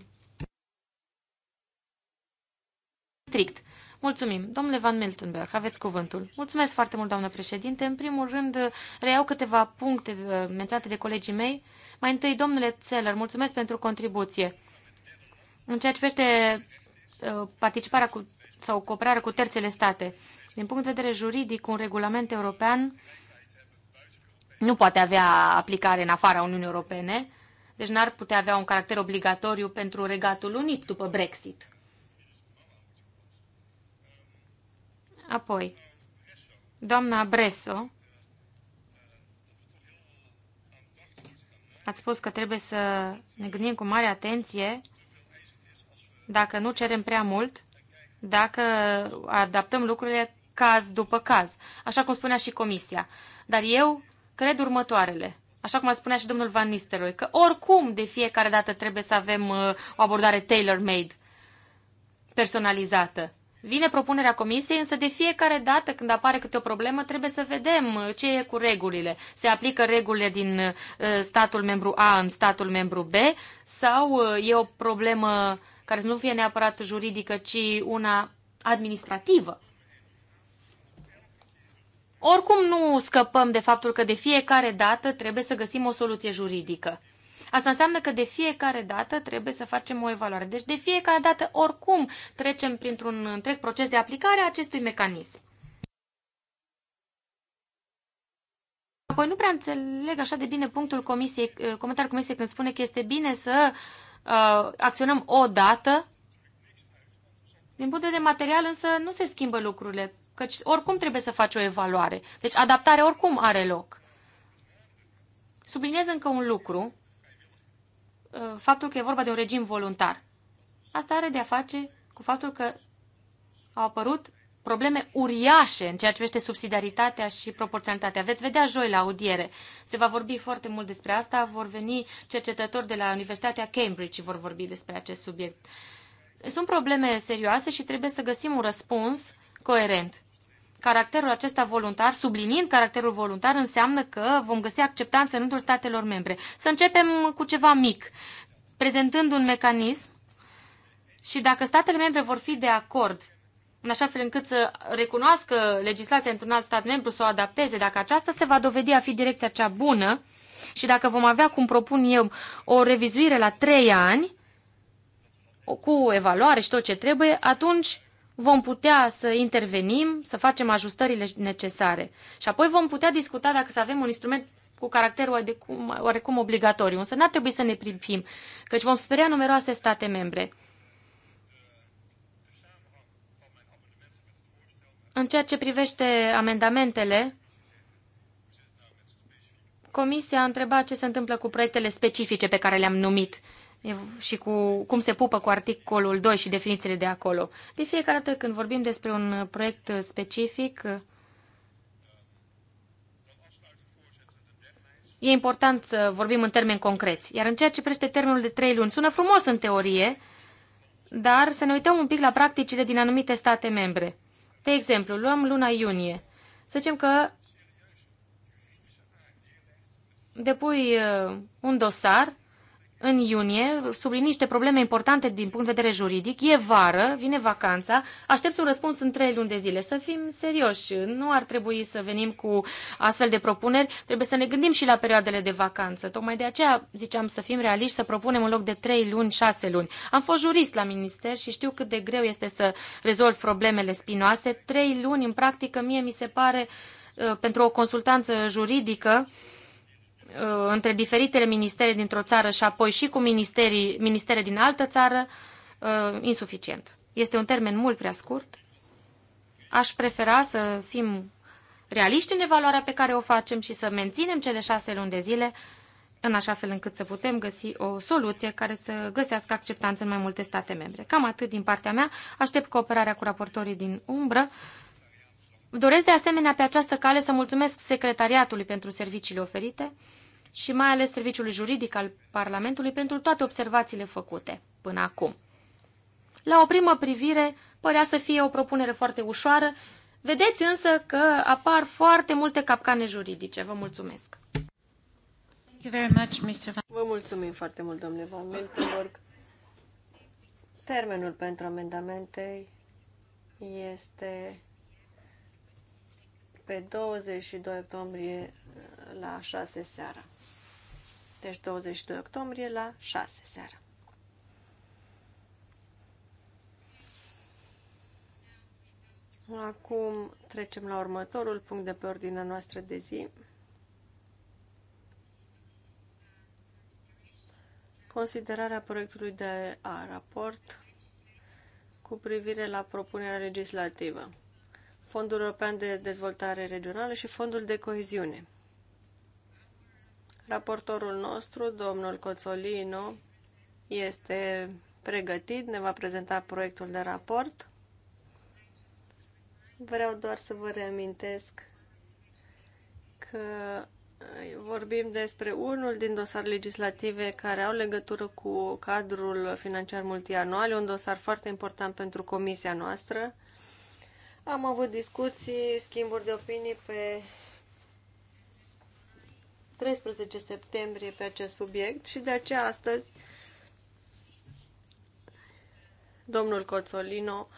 S2: strict. Mulțumim. Domnule Van Miltenberg, aveți cuvântul. Mulțumesc foarte mult, doamnă președinte. În primul rând, reiau câteva puncte uh, menționate de colegii mei. Mai întâi, domnule Țeller, mulțumesc pentru contribuție. În ceea ce privește uh, participarea cu, sau cooperarea cu terțele state, din punct de vedere juridic, un regulament european nu poate avea aplicare în afara Uniunii Europene, deci n-ar putea avea un caracter obligatoriu pentru Regatul Unit după Brexit. Apoi, doamna Bresso, ați spus că trebuie să ne gândim cu mare atenție dacă nu cerem prea mult, dacă adaptăm lucrurile caz după caz, așa cum spunea și comisia. Dar eu cred următoarele, așa cum a spunea și domnul Van Nistelrooy, că oricum de fiecare dată trebuie să avem uh, o abordare tailor-made, personalizată. Vine propunerea comisiei, însă de fiecare dată când apare câte o problemă, trebuie să vedem uh, ce e cu regulile. Se aplică regulile din uh, statul membru A în statul membru B sau uh, e o problemă care să nu fie neapărat juridică, ci una administrativă? Oricum nu scăpăm de faptul că de fiecare dată trebuie să găsim o soluție juridică. Asta înseamnă că de fiecare dată trebuie să facem o evaluare. Deci de fiecare dată, oricum, trecem printr-un întreg proces de aplicare a acestui mecanism. Apoi nu prea înțeleg așa de bine punctul comisiei, eh, comentariul comisiei când spune că este bine să uh, acționăm o dată. Din punct de vedere material însă nu se schimbă lucrurile, căci oricum trebuie să faci o evaluare. Deci adaptare oricum are loc. Subliniez încă un lucru Uh, faptul că e vorba de un regim voluntar. Asta are de a face cu faptul că au apărut probleme uriașe în ceea ce privește subsidiaritatea și proporționalitatea. Veți vedea joi la audiere. Se va vorbi foarte mult despre asta. Vor veni cercetători de la Universitatea Cambridge și vor vorbi despre acest subiect. Sunt probleme serioase și trebuie să găsim un răspuns coerent caracterul acesta voluntar, subliniind caracterul voluntar, înseamnă că vom găsi acceptanță în rândul statelor membre. Să începem cu ceva mic, prezentând un mecanism și dacă statele membre vor fi de acord în așa fel încât să recunoască legislația într-un alt stat membru, să o adapteze, dacă aceasta se va dovedi a fi direcția cea bună și dacă vom avea, cum propun eu, o revizuire la trei ani, cu evaluare și tot ce trebuie, atunci vom putea să intervenim, să facem ajustările necesare. Și apoi vom putea discuta dacă să avem un instrument cu caracter oarecum, oarecum obligatoriu. Însă n-ar trebui să ne pripim, căci vom speria numeroase state membre. În ceea ce privește amendamentele, Comisia a întrebat ce se întâmplă cu proiectele specifice pe care le-am numit și cu cum se pupă cu articolul 2 și definițiile de acolo. De fiecare dată când vorbim despre un proiect specific, e important să vorbim în termeni concreți. Iar în ceea ce prește termenul de 3 luni, sună frumos în teorie, dar să ne uităm un pic la practicile din anumite state membre. De exemplu, luăm luna iunie. Să zicem că depui uh, un dosar în iunie, sub niște probleme importante din punct de vedere juridic. E vară, vine vacanța, aștept un răspuns în trei luni de zile. Să fim serioși, nu ar trebui să venim cu astfel de propuneri, trebuie să ne gândim și la perioadele de vacanță. Tocmai de aceea ziceam să fim realiști, să propunem în loc de trei luni, șase luni. Am fost jurist la minister și știu cât de greu este să rezolv problemele spinoase. Trei luni, în practică, mie mi se pare, uh, pentru o consultanță juridică, Uh, între diferitele ministere dintr-o țară și apoi și cu ministerii, ministere din altă țară, uh, insuficient. Este un termen mult prea scurt. Aș prefera să fim realiști în evaluarea pe care o facem și să menținem cele șase luni de zile în așa fel încât să putem găsi o soluție care să găsească acceptanță în mai multe state membre. Cam atât din partea mea. Aștept cooperarea cu raportorii din umbră. Doresc de asemenea pe această cale să mulțumesc secretariatului pentru serviciile oferite și mai ales Serviciului Juridic al Parlamentului pentru toate observațiile făcute până acum. La o primă privire, părea să fie o propunere foarte ușoară, vedeți însă că apar foarte multe capcane juridice. Vă mulțumesc!
S3: Vă mulțumim foarte mult, domnule Van Miltenburg. Termenul pentru amendamente este pe 22 octombrie la 6 seara. Deci 22 octombrie la 6 seara. Acum trecem la următorul punct de pe ordinea noastră de zi. Considerarea proiectului de a, raport cu privire la propunerea legislativă. Fondul European de Dezvoltare Regională și Fondul de Coeziune. Raportorul nostru, domnul Coțolino, este pregătit, ne va prezenta proiectul de raport. Vreau doar să vă reamintesc că vorbim despre unul din dosar legislative care au legătură cu cadrul financiar multianual, un dosar foarte important pentru comisia noastră. Am avut discuții, schimburi de opinii pe 13 septembrie pe acest subiect și de aceea astăzi domnul Coțolino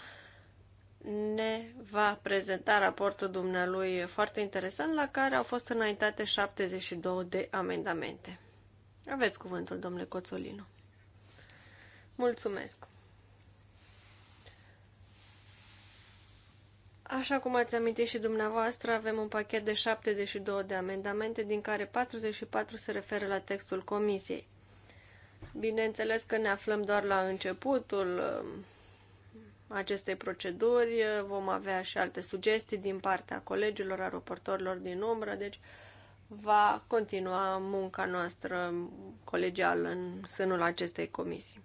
S3: ne va prezenta raportul dumnealui foarte interesant la care au fost înaintate 72 de amendamente. Aveți cuvântul, domnule Coțolino. Mulțumesc! Așa cum ați amintit și dumneavoastră, avem un pachet de 72 de amendamente, din care 44 se referă la textul comisiei. Bineînțeles că ne aflăm doar la începutul um, acestei proceduri, vom avea și alte sugestii din partea colegilor, a raportorilor din umbră, deci va continua munca noastră colegială în sânul acestei comisii.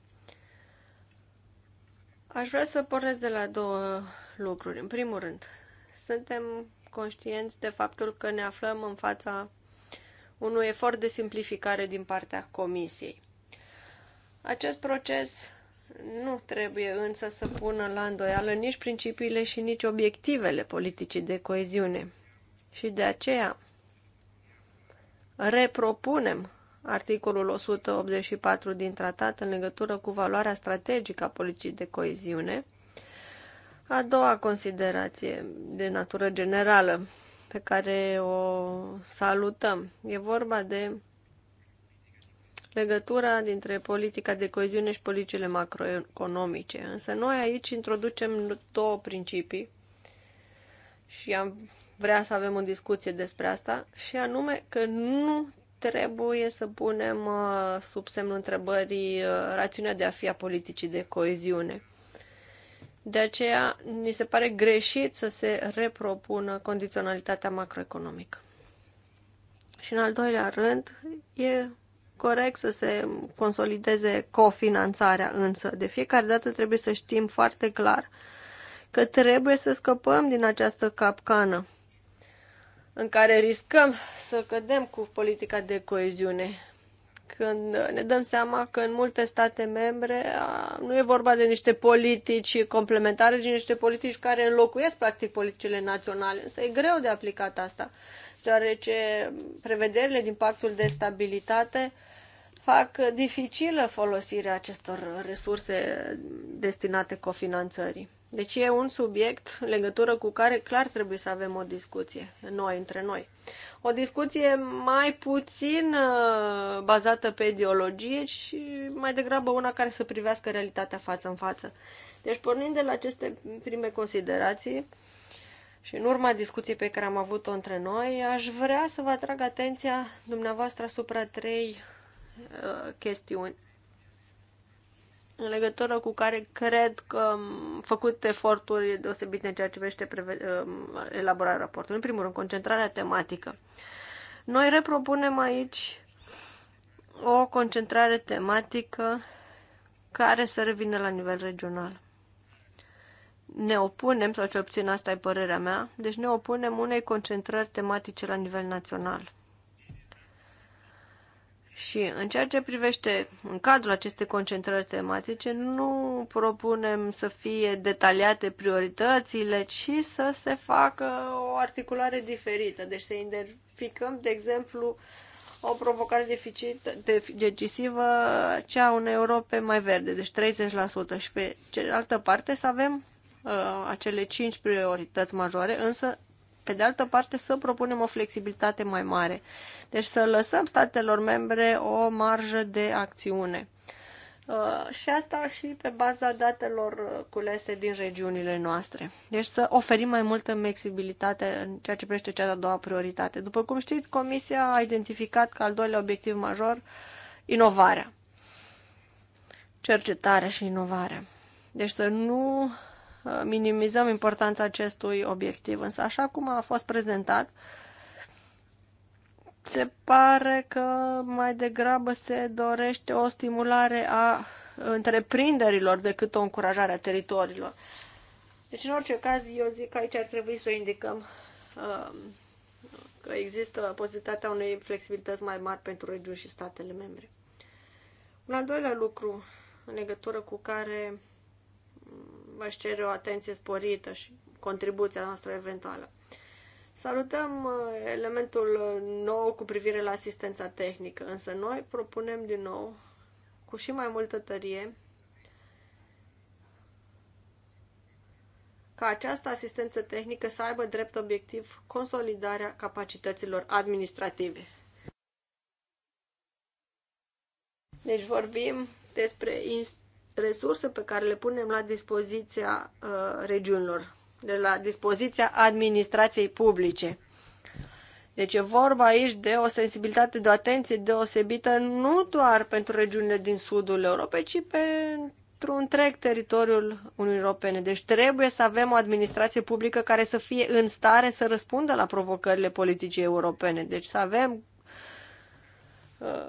S3: Aș vrea să pornesc de la două lucruri. În primul rând, suntem conștienți de faptul că ne aflăm în fața unui efort de simplificare din partea Comisiei. Acest proces nu trebuie însă să pună la îndoială nici principiile și nici obiectivele politicii de coeziune. Și de aceea repropunem articolul 184 din tratat în legătură cu valoarea strategică a politicii de coeziune. A doua considerație de natură generală pe care o salutăm e vorba de legătura dintre politica de coeziune și politicile macroeconomice. Însă noi aici introducem două principii și am vrea să avem o discuție despre asta, și anume că nu trebuie să punem uh, sub semnul întrebării uh, rațiunea de a fi a politicii de coeziune. De aceea, ni se pare greșit să se repropună condiționalitatea macroeconomică. Și în al doilea rând, e corect să se consolideze cofinanțarea, însă de fiecare dată trebuie să știm foarte clar că trebuie să scăpăm din această capcană în care riscăm să cădem cu politica de coeziune. Când ne dăm seama că în multe state membre nu e vorba de niște politici complementare, ci niște politici care înlocuiesc practic politicile naționale. Însă e greu de aplicat asta, deoarece prevederile din pactul de stabilitate fac dificilă folosirea acestor resurse destinate cofinanțării. Deci e un subiect în legătură cu care clar trebuie să avem o discuție noi, între noi. O discuție mai puțin uh, bazată pe ideologie și mai degrabă una care să privească realitatea față în față. Deci pornind de la aceste prime considerații și în urma discuției pe care am avut-o între noi, aș vrea să vă atrag atenția dumneavoastră asupra trei uh, chestiuni în legătură cu care cred că am făcut eforturi deosebite în ceea ce privește um, elaborarea raportului. În primul rând, concentrarea tematică. Noi repropunem aici o concentrare tematică care să revină la nivel regional. Ne opunem, sau ce obțin asta e părerea mea, deci ne opunem unei concentrări tematice la nivel național. Și în ceea ce privește în cadrul acestei concentrări tematice, nu propunem să fie detaliate prioritățile, ci să se facă o articulare diferită. Deci să identificăm, de exemplu, o provocare deficit, decisivă, cea unei Europe mai verde, deci 30%. Și pe cealaltă parte să avem uh, acele 5 priorități majore, însă pe de altă parte să propunem o flexibilitate mai mare. Deci să lăsăm statelor membre o marjă de acțiune. Uh, și asta și pe baza datelor culese din regiunile noastre. Deci să oferim mai multă flexibilitate în ceea ce privește cea de-a doua prioritate. După cum știți, Comisia a identificat ca al doilea obiectiv major inovarea. Cercetarea și inovarea. Deci să nu minimizăm importanța acestui obiectiv. Însă, așa cum a fost prezentat, se pare că mai degrabă se dorește o stimulare a întreprinderilor decât o încurajare a teritoriilor. Deci, în orice caz, eu zic că aici ar trebui să indicăm um, că există posibilitatea unei flexibilități mai mari pentru regiuni și statele membre. Un al doilea lucru în legătură cu care își cere o atenție sporită și contribuția noastră eventuală. Salutăm uh, elementul nou cu privire la asistența tehnică, însă noi propunem din nou, cu și mai multă tărie, ca această asistență tehnică să aibă drept obiectiv consolidarea capacităților administrative. Deci vorbim despre resurse pe care le punem la dispoziția uh, regiunilor, de la dispoziția administrației publice. Deci e vorba aici de o sensibilitate, de o atenție deosebită nu doar pentru regiunile din sudul Europei, ci pentru întreg teritoriul Uniunii Europene. Deci trebuie să avem o administrație publică care să fie în stare să răspundă la provocările politicii europene. Deci să avem uh,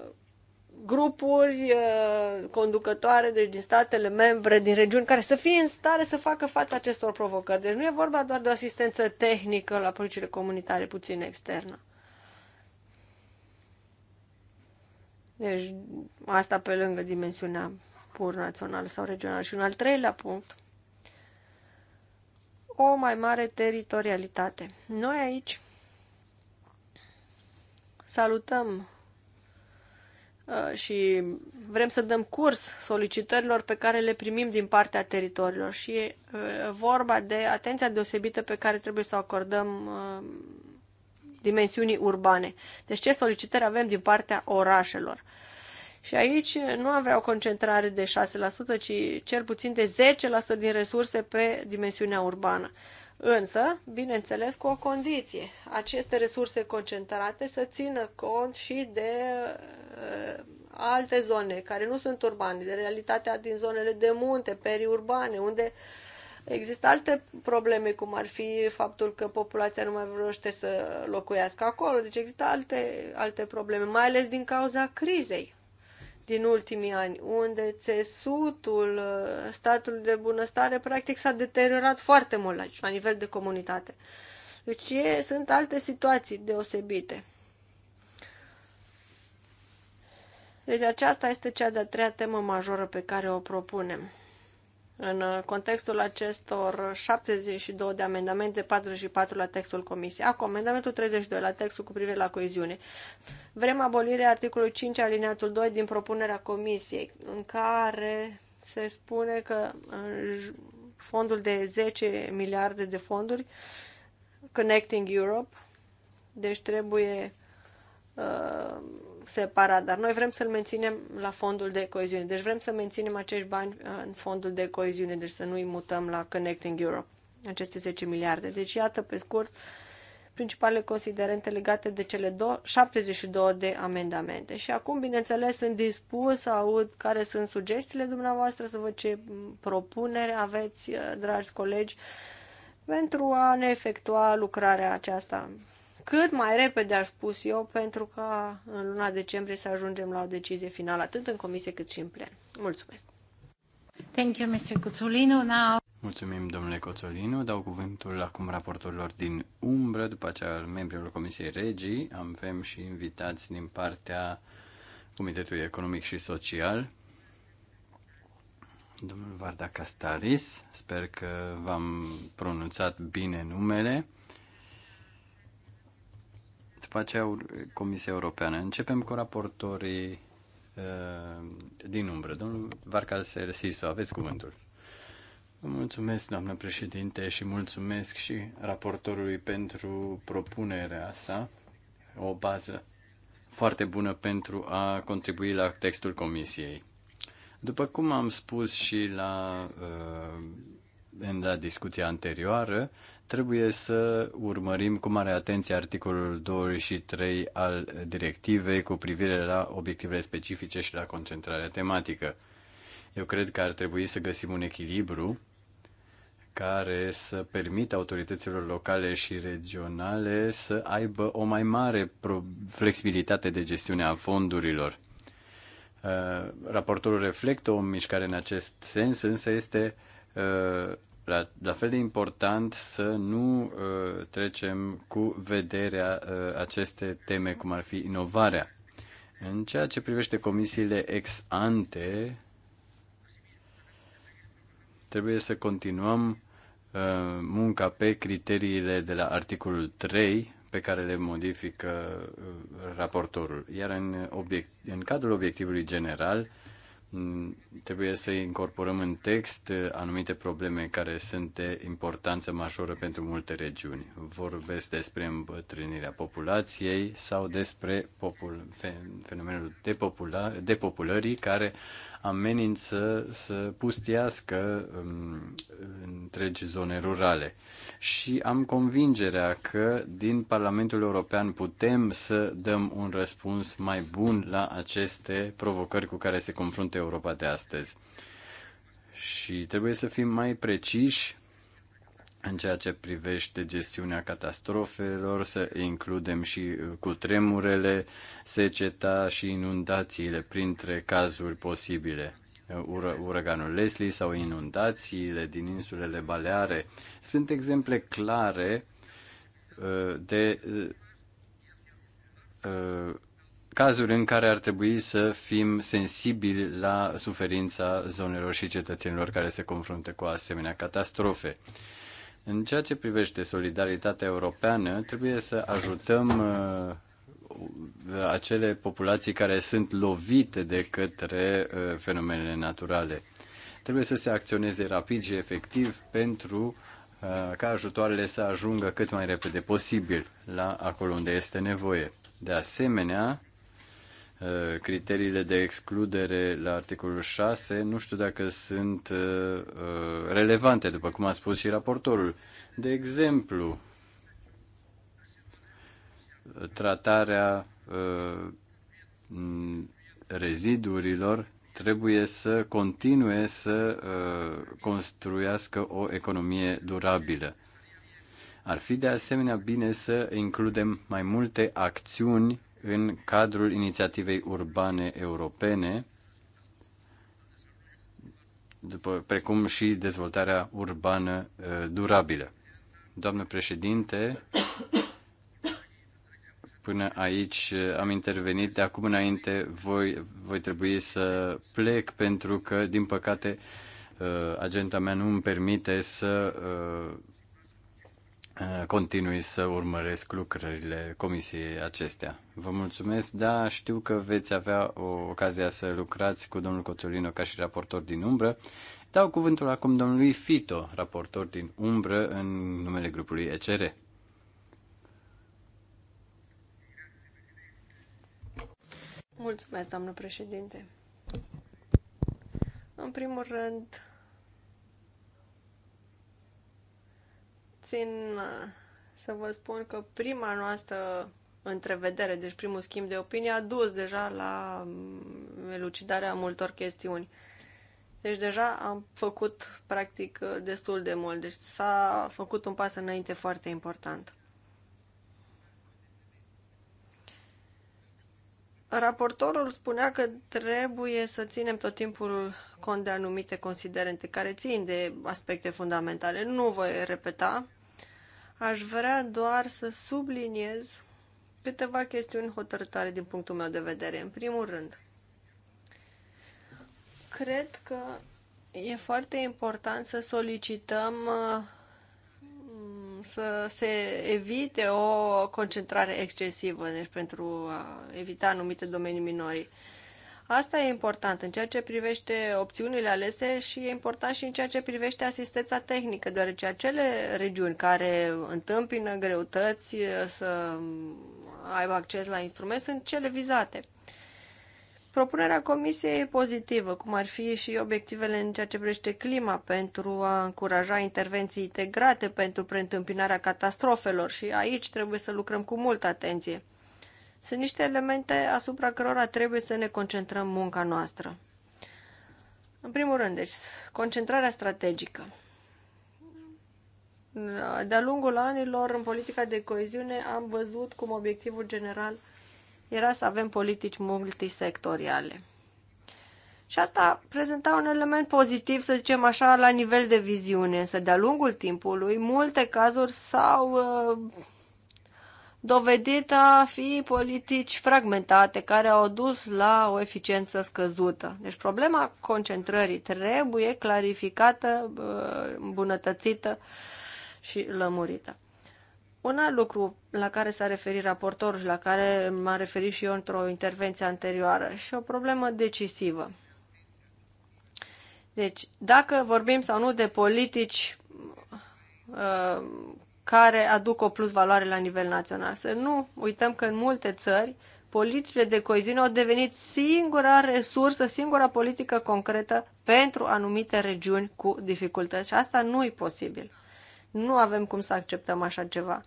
S3: grupuri uh, conducătoare, deci din statele membre, din regiuni, care să fie în stare să facă față acestor provocări. Deci nu e vorba doar de o asistență tehnică la politicile comunitare, puțin externă. Deci asta pe lângă dimensiunea pur națională sau regională. Și un al treilea punct, o mai mare teritorialitate. Noi aici salutăm Uh, și vrem să dăm curs solicitărilor pe care le primim din partea teritoriilor și e uh, vorba de atenția deosebită pe care trebuie să o acordăm uh, dimensiunii urbane. Deci ce solicitări avem din partea orașelor? Și aici nu am vrea o concentrare de 6%, ci cel puțin de 10% din resurse pe dimensiunea urbană. Însă, bineînțeles, cu o condiție. Aceste resurse concentrate să țină cont și de uh, alte zone care nu sunt urbane, de realitatea din zonele de munte, periurbane, unde există alte probleme, cum ar fi faptul că populația nu mai vrește să locuiască acolo. Deci există alte, alte probleme, mai ales din cauza crizei din ultimii ani, unde țesutul statului de bunăstare practic s-a deteriorat foarte mult la, la nivel de comunitate. Deci e, sunt alte situații deosebite. Deci aceasta este cea de-a treia temă majoră pe care o propunem. În uh, contextul acestor 72 de amendamente, 44 la textul comisiei. Acum, amendamentul 32 la textul cu privire la coeziune. Vrem abolirea articolului 5 alineatul 2 din propunerea comisiei, în care se spune că uh, fondul de 10 miliarde de fonduri, Connecting Europe, deci trebuie uh, separat, dar noi vrem să-l menținem la fondul de coeziune. Deci vrem să menținem acești bani uh, în fondul de coeziune, deci să nu-i mutăm la Connecting Europe, aceste 10 miliarde. Deci iată, pe scurt, principalele considerente legate de cele 72 de amendamente. Și acum, bineînțeles, sunt dispus să aud care sunt sugestiile dumneavoastră, să văd ce propunere aveți, uh, dragi colegi, pentru a ne efectua lucrarea aceasta cât mai repede, aș spus eu, pentru ca în luna decembrie să ajungem la o decizie finală, atât în comisie cât și în plen. Mulțumesc!
S2: Thank you, Mr. Cuțulino. Now...
S1: Mulțumim, domnule Coțolinu. Dau cuvântul acum raportorilor din umbră, după aceea membrilor Comisiei Regii. Avem și invitați din partea Comitetului Economic și Social. Domnul Varda Castaris, sper că v-am pronunțat bine numele aceea Comisia Europeană. Începem cu raportorii uh, din umbră. Domnul Varca Sersiso, aveți cuvântul. Mulțumesc, doamnă președinte, și mulțumesc și raportorului pentru propunerea sa, o bază foarte bună pentru a contribui la textul comisiei. După cum am spus și la, uh, în la discuția anterioară, trebuie să urmărim cu mare atenție articolul 23 al directivei cu privire la obiectivele specifice și la concentrarea tematică. Eu cred că ar trebui să găsim un echilibru care să permită autorităților locale și regionale să aibă o mai mare flexibilitate de gestiune a fondurilor. Uh, raportorul reflectă o mișcare în acest sens, însă este uh, la, la fel de important să nu uh, trecem cu vederea uh, aceste teme, cum ar fi inovarea. În ceea ce privește comisiile ex ante, trebuie să continuăm uh, munca pe criteriile de la articolul 3 pe care le modifică uh, raportorul. Iar în, obiect, în cadrul obiectivului general, uh, Mm, trebuie să incorporăm în text eh, anumite probleme care sunt de importanță majoră pentru multe regiuni. Vorbesc despre îmbătrânirea populației sau despre popul, fenomenul depopula, depopulării care amenință să pustiască um, întregi zone rurale. Și am convingerea că din Parlamentul European putem să dăm un răspuns mai bun la aceste provocări cu care se confruntă Europa de astăzi. Și trebuie să fim mai preciși în ceea ce privește gestiunea catastrofelor, să includem și cu tremurele, seceta și inundațiile printre cazuri posibile. Ur- uraganul Leslie sau inundațiile din insulele Baleare sunt exemple clare uh, de uh, uh, cazuri în care ar trebui să fim sensibili la suferința zonelor și cetățenilor care se confruntă cu asemenea catastrofe. În ceea ce privește solidaritatea europeană, trebuie să ajutăm uh, acele populații care sunt lovite de către uh, fenomenele naturale. Trebuie să se acționeze rapid și efectiv pentru uh, ca ajutoarele să ajungă cât mai repede posibil la acolo unde este nevoie. De asemenea, Uh, criteriile de excludere la articolul 6, nu știu dacă sunt uh, uh, relevante, după cum a spus și raportorul. De exemplu, tratarea rezidurilor trebuie să continue să construiască o economie durabilă. Ar fi de asemenea bine să includem mai multe acțiuni în cadrul inițiativei urbane europene, după, precum și dezvoltarea urbană uh, durabilă. Doamnă președinte, până aici uh, am intervenit, de acum înainte voi, voi trebui să plec pentru că, din păcate, uh, agenta mea nu îmi permite să Eh, continui să urmăresc lucrările comisiei acestea. Vă mulțumesc, da, știu că veți avea o ocazia să lucrați cu domnul Cotolino ca și raportor din umbră. Dau cuvântul acum domnului Fito, raportor din umbră în numele grupului ECR.
S3: Mulțumesc, doamnă președinte. În primul rând, puțin uh, să vă spun că prima noastră întrevedere, deci primul schimb de opinie, a dus deja la mm, elucidarea multor chestiuni. Deci deja am făcut practic uh, destul de mult, deci s-a făcut un pas înainte foarte important. Raportorul spunea că trebuie să ținem tot timpul cont de anumite considerente care țin de aspecte fundamentale. Nu voi repeta Aș vrea doar să subliniez câteva chestiuni hotărătoare din punctul meu de vedere. În primul rând, cred că e foarte important să solicităm uh, să se evite o concentrare excesivă, deci pentru a evita anumite domenii minorii. Asta e important în ceea ce privește opțiunile alese și e important și în ceea ce privește asistența tehnică, deoarece acele regiuni care întâmpină greutăți să aibă acces la instrument sunt cele vizate. Propunerea Comisiei e pozitivă, cum ar fi și obiectivele în ceea ce privește clima pentru a încuraja intervenții integrate pentru preîntâmpinarea catastrofelor și aici trebuie să lucrăm cu multă atenție. Sunt niște elemente asupra cărora trebuie să ne concentrăm munca noastră. În primul rând, deci, concentrarea strategică. De-a lungul anilor, în politica de coeziune, am văzut cum obiectivul general era să avem politici multisectoriale. Și asta prezenta un element pozitiv, să zicem așa, la nivel de viziune, însă de-a lungul timpului, multe cazuri s-au uh, dovedit a fi politici fragmentate care au dus la o eficiență scăzută. Deci problema concentrării trebuie clarificată, uh, îmbunătățită și lămurită. Un alt lucru la care s-a referit raportorul și la care m-am referit și eu într-o intervenție anterioară și o problemă decisivă. Deci, dacă vorbim sau nu de politici uh, care aduc o plus valoare la nivel național. Să nu uităm că în multe țări politicile de coeziune au devenit singura resursă, singura politică concretă pentru anumite regiuni cu dificultăți. Și asta nu e posibil. Nu avem cum să acceptăm așa ceva.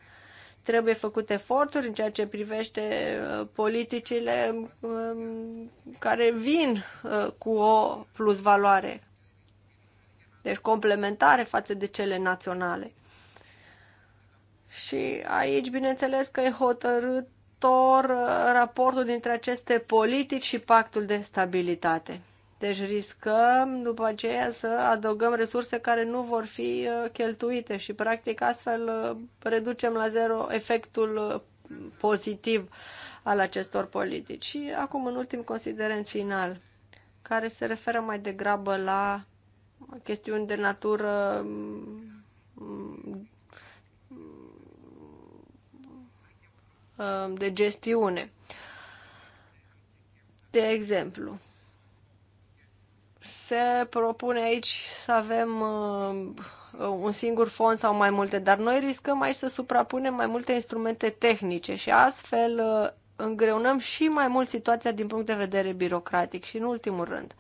S3: Trebuie făcut eforturi în ceea ce privește uh, politicile um, care vin uh, cu o plus valoare, Deci complementare față de cele naționale. Și aici, bineînțeles, că e hotărător uh, raportul dintre aceste politici și pactul de stabilitate. Deci riscăm după aceea să adăugăm resurse care nu vor fi uh, cheltuite și practic astfel uh, reducem la zero efectul pozitiv al acestor politici. Și acum un ultim considerent final, care se referă mai degrabă la chestiuni de natură mm, Um, de gestiune. De exemplu, se propune aici să avem uh, un singur fond sau mai multe, dar noi riscăm aici să suprapunem mai multe instrumente tehnice și astfel uh, îngreunăm și mai mult situația din punct de vedere birocratic și în ultimul rând.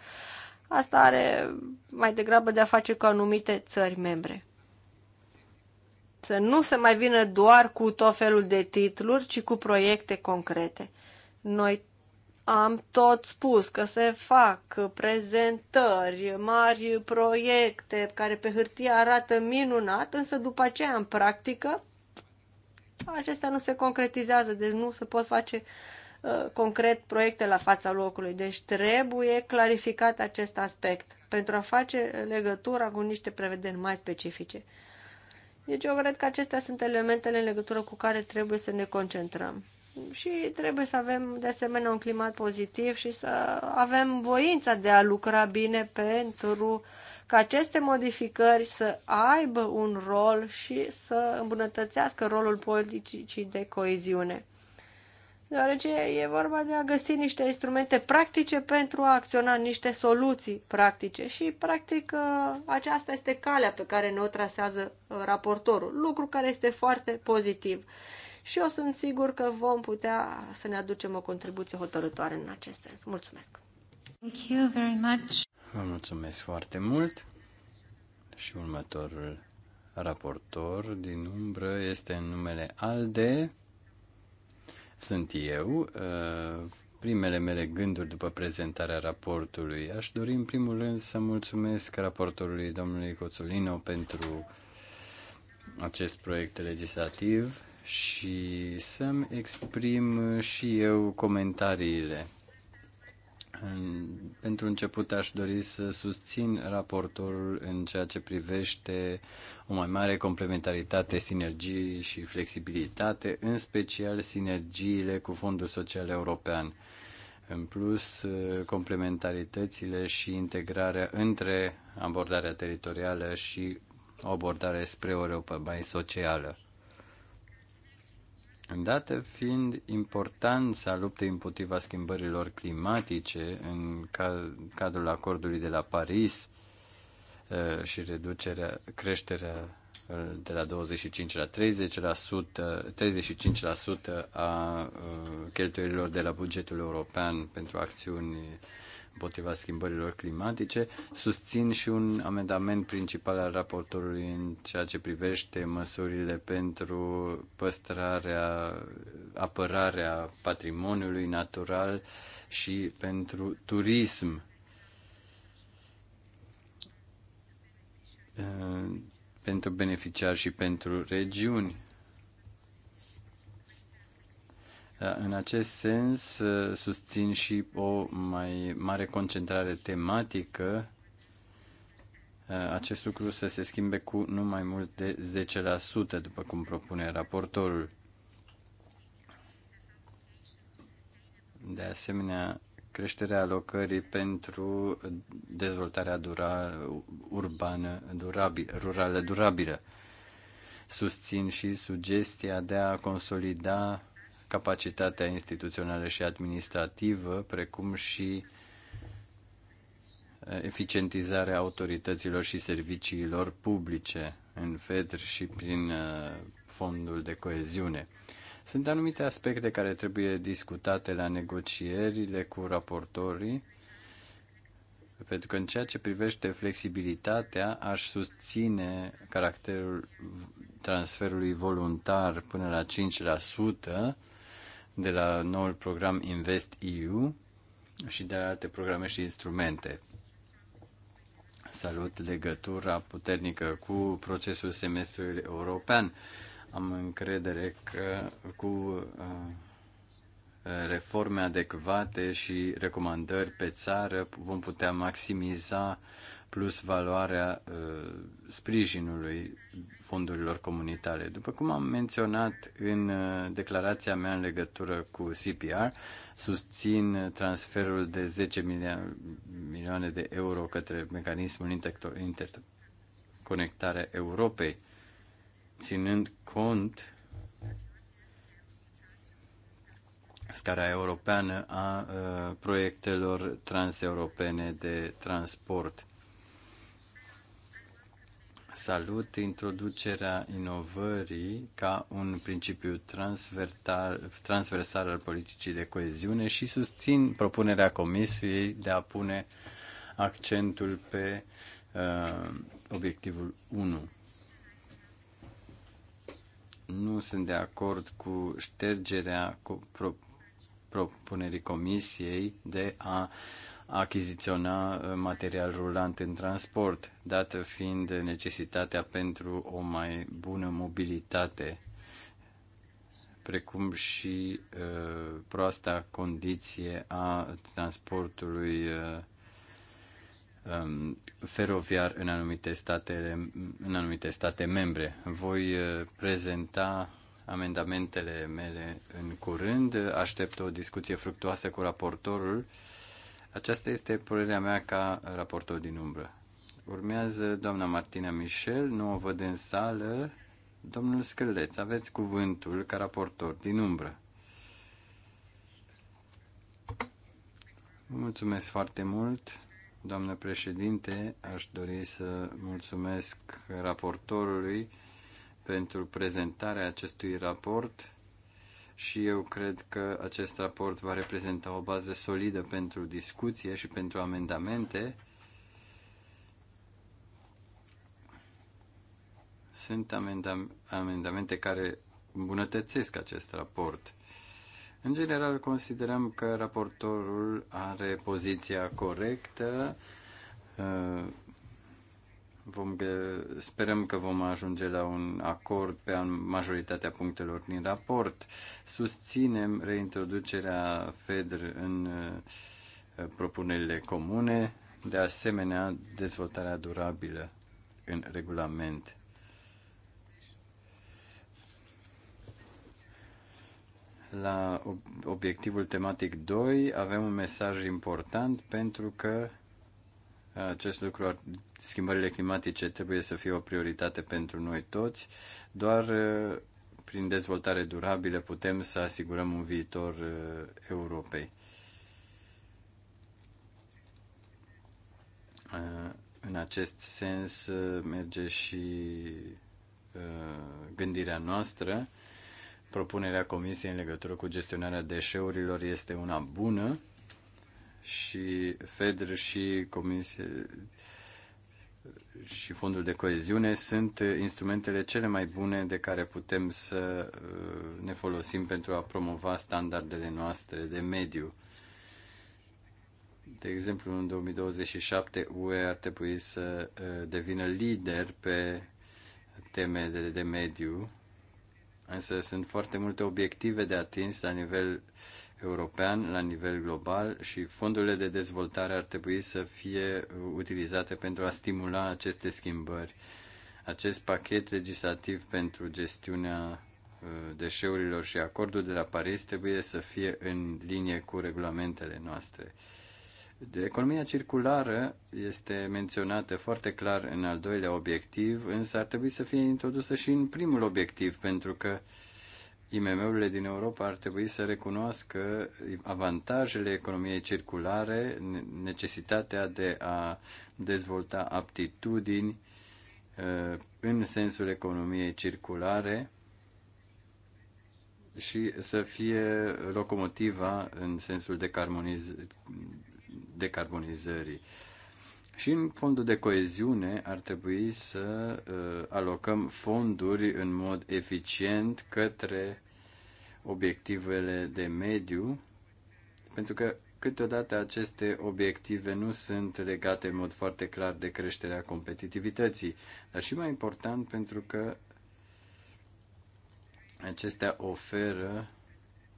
S3: Asta are mai degrabă de a face cu anumite țări membre. Să nu se mai vină doar cu tot felul de titluri, ci cu proiecte concrete. Noi am tot spus că se fac prezentări, mari proiecte care pe hârtie arată minunat, însă după aceea în practică acestea nu se concretizează, deci nu se pot face uh, concret proiecte la fața locului. Deci trebuie clarificat acest aspect pentru a face legătura cu niște prevederi mai specifice. Deci eu cred că acestea sunt elementele în legătură cu care trebuie să ne concentrăm. Și trebuie să avem de asemenea un climat pozitiv și să avem voința de a lucra bine pentru ca aceste modificări să aibă un rol și să îmbunătățească rolul politicii de coeziune deoarece e vorba de a găsi niște instrumente practice pentru a acționa niște soluții practice și, practic, ă, aceasta este calea pe care ne-o trasează ă, raportorul, lucru care este foarte pozitiv. Și eu sunt sigur că vom putea să ne aducem o contribuție hotărătoare în acest sens. Mulțumesc!
S2: Thank you very
S1: much. Vă mulțumesc foarte mult și următorul raportor din umbră este în numele ALDE, sunt eu, uh, primele mele gânduri după prezentarea raportului. Aș dori în primul rând să mulțumesc raportorului domnului Coțulino pentru acest proiect legislativ și să-mi exprim și eu comentariile pentru început aș dori să susțin raportorul în ceea ce privește o mai mare complementaritate, sinergii și flexibilitate, în special sinergiile cu Fondul Social European. În plus, complementaritățile și integrarea între abordarea teritorială și o abordare spre o Europa mai socială. Îndată fiind importanța luptei împotriva schimbărilor climatice în cadrul acordului de la Paris și reducerea, creșterea de la 25 la 30%, 35% a cheltuielilor de la bugetul european pentru acțiuni împotriva schimbărilor climatice. Susțin și un amendament principal al raportorului în ceea ce privește măsurile pentru păstrarea, apărarea patrimoniului natural și pentru turism. pentru beneficiari și pentru regiuni Da, în acest sens, ă, susțin și o mai mare concentrare tematică. Ă, acest lucru să se schimbe cu nu mai mult de 10%, după cum propune raportorul. De asemenea, creșterea alocării pentru dezvoltarea dura, urbană durabil, rurală durabilă. Susțin și sugestia de a consolida capacitatea instituțională și administrativă, precum și uh, eficientizarea autorităților și serviciilor publice în FEDR și prin uh, fondul de coeziune. Sunt anumite aspecte care trebuie discutate la negocierile cu raportorii, pentru că în ceea ce privește flexibilitatea, aș susține caracterul transferului voluntar până la de la noul program Invest EU și de la alte programe și instrumente. Salut legătura puternică cu procesul semestrului european. Am încredere că cu uh, reforme adecvate și recomandări pe țară vom putea maximiza uh, plus valoarea uh, sprijinului fondurilor comunitare. După cum am menționat în uh, declarația mea în legătură cu CPR, susțin transferul de 10 milioane de euro către mecanismul interconectare inter Europei, ținând cont scara europeană a uh, proiectelor transeuropene de transport Salut introducerea inovării ca un principiu transversal al politicii de coeziune și susțin propunerea Comisiei de a pune accentul pe uh, obiectivul 1. Nu sunt de acord cu ștergerea propunerii Comisiei de a uh, a achiziționa uh, material rulant în transport, dată fiind necesitatea pentru o mai bună mobilitate, precum și uh, proasta condiție a transportului uh, um, feroviar în anumite, statele, în anumite state membre. Voi uh, prezenta amendamentele mele în curând. Aștept o discuție fructuoasă cu raportorul aceasta este părerea mea ca raportor din umbră. Urmează doamna Martina Michel, nu o văd în sală. Domnul Scăleț, aveți cuvântul ca raportor din umbră. mulțumesc foarte mult, doamnă președinte. Aș dori să mulțumesc raportorului pentru prezentarea acestui raport și eu cred că acest raport va reprezenta o bază solidă pentru discuție și pentru amendamente. Sunt amendamente care îmbunătățesc acest raport. În general, considerăm că raportorul are poziția corectă uh, Vom sperăm că vom ajunge la un acord pe majoritatea punctelor din raport. Susținem reintroducerea FEDR în uh, propunerile comune, de asemenea dezvoltarea durabilă în regulament. La obiectivul tematic 2 avem un mesaj important pentru că acest lucru, schimbările climatice trebuie să fie o prioritate pentru noi toți. Doar uh, prin dezvoltare durabilă putem să asigurăm un viitor uh, Europei. Uh, în acest sens merge și gândirea noastră. Propunerea Comisiei în legătură cu gestionarea deșeurilor este una bună și FEDER și Comisie și Fondul de Coeziune sunt instrumentele cele mai bune de care putem să uh, ne folosim pentru a promova standardele noastre de mediu. De exemplu, în 2027 UE ar trebui să uh, devină lider pe temele de mediu, însă sunt foarte multe obiective de atins la nivel uh, european la nivel global și fondurile de dezvoltare ar trebui să fie utilizate pentru a stimula aceste schimbări. Acest pachet legislativ pentru gestiunea uh, deșeurilor și acordul de la Paris trebuie să fie în linie cu regulamentele noastre. De economia circulară este menționată foarte clar în al doilea obiectiv, însă ar trebui să fie introdusă și în primul obiectiv, pentru că uh, IMM-urile din Europa ar trebui să recunoască avantajele economiei circulare, necesitatea de a dezvolta aptitudini uh, în sensul economiei circulare și să fie locomotiva în sensul decarboniz- decarbonizării. Și în fondul de coeziune ar trebui să uh, alocăm fonduri în mod eficient către obiectivele de mediu, pentru că câteodată aceste obiective nu sunt legate în mod foarte clar de creșterea competitivității, dar și mai important pentru că acestea oferă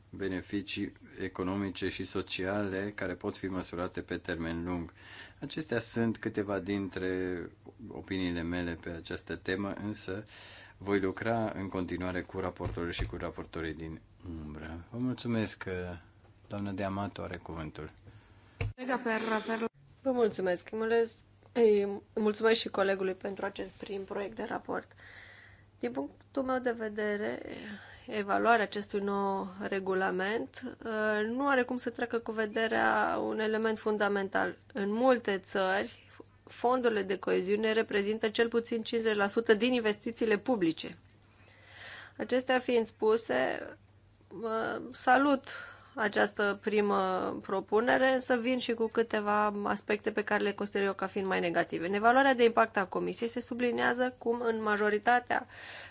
S1: beneficii economice și sociale care pot fi măsurate pe termen lung. Acestea sunt câteva dintre opiniile mele pe această temă, însă voi lucra în continuare cu raportorul și cu raportorii din umbră. Vă mulțumesc, doamnă de Amato are cuvântul.
S3: Vă mulțumesc. Îi mulțumesc și colegului pentru acest prim proiect de raport. Din punctul meu de vedere, Evaluarea acestui nou regulament uh, nu are cum să treacă cu vederea un element fundamental. În multe țări, fondurile de coeziune reprezintă cel puțin 50% din investițiile publice. Acestea fiind spuse, salut această primă propunere, însă vin și cu câteva aspecte pe care le consider eu ca fiind mai negative. În evaluarea de impact a Comisiei se subliniază cum în majoritatea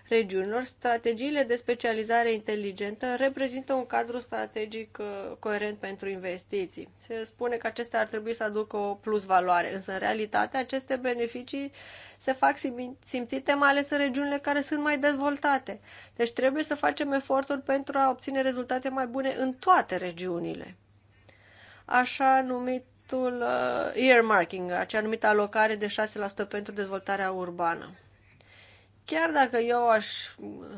S3: regiunilor, strategiile de specializare inteligentă reprezintă un cadru strategic uh, coerent pentru investiții. Se spune că acestea ar trebui să aducă o plus valoare, însă în realitate aceste beneficii se fac simțite mai ales în regiunile care sunt mai dezvoltate. Deci trebuie să facem eforturi pentru a obține rezultate mai bune în toate regiunile. Așa numit uh, earmarking, acea anumită alocare de 6% pentru dezvoltarea urbană. Chiar dacă eu aș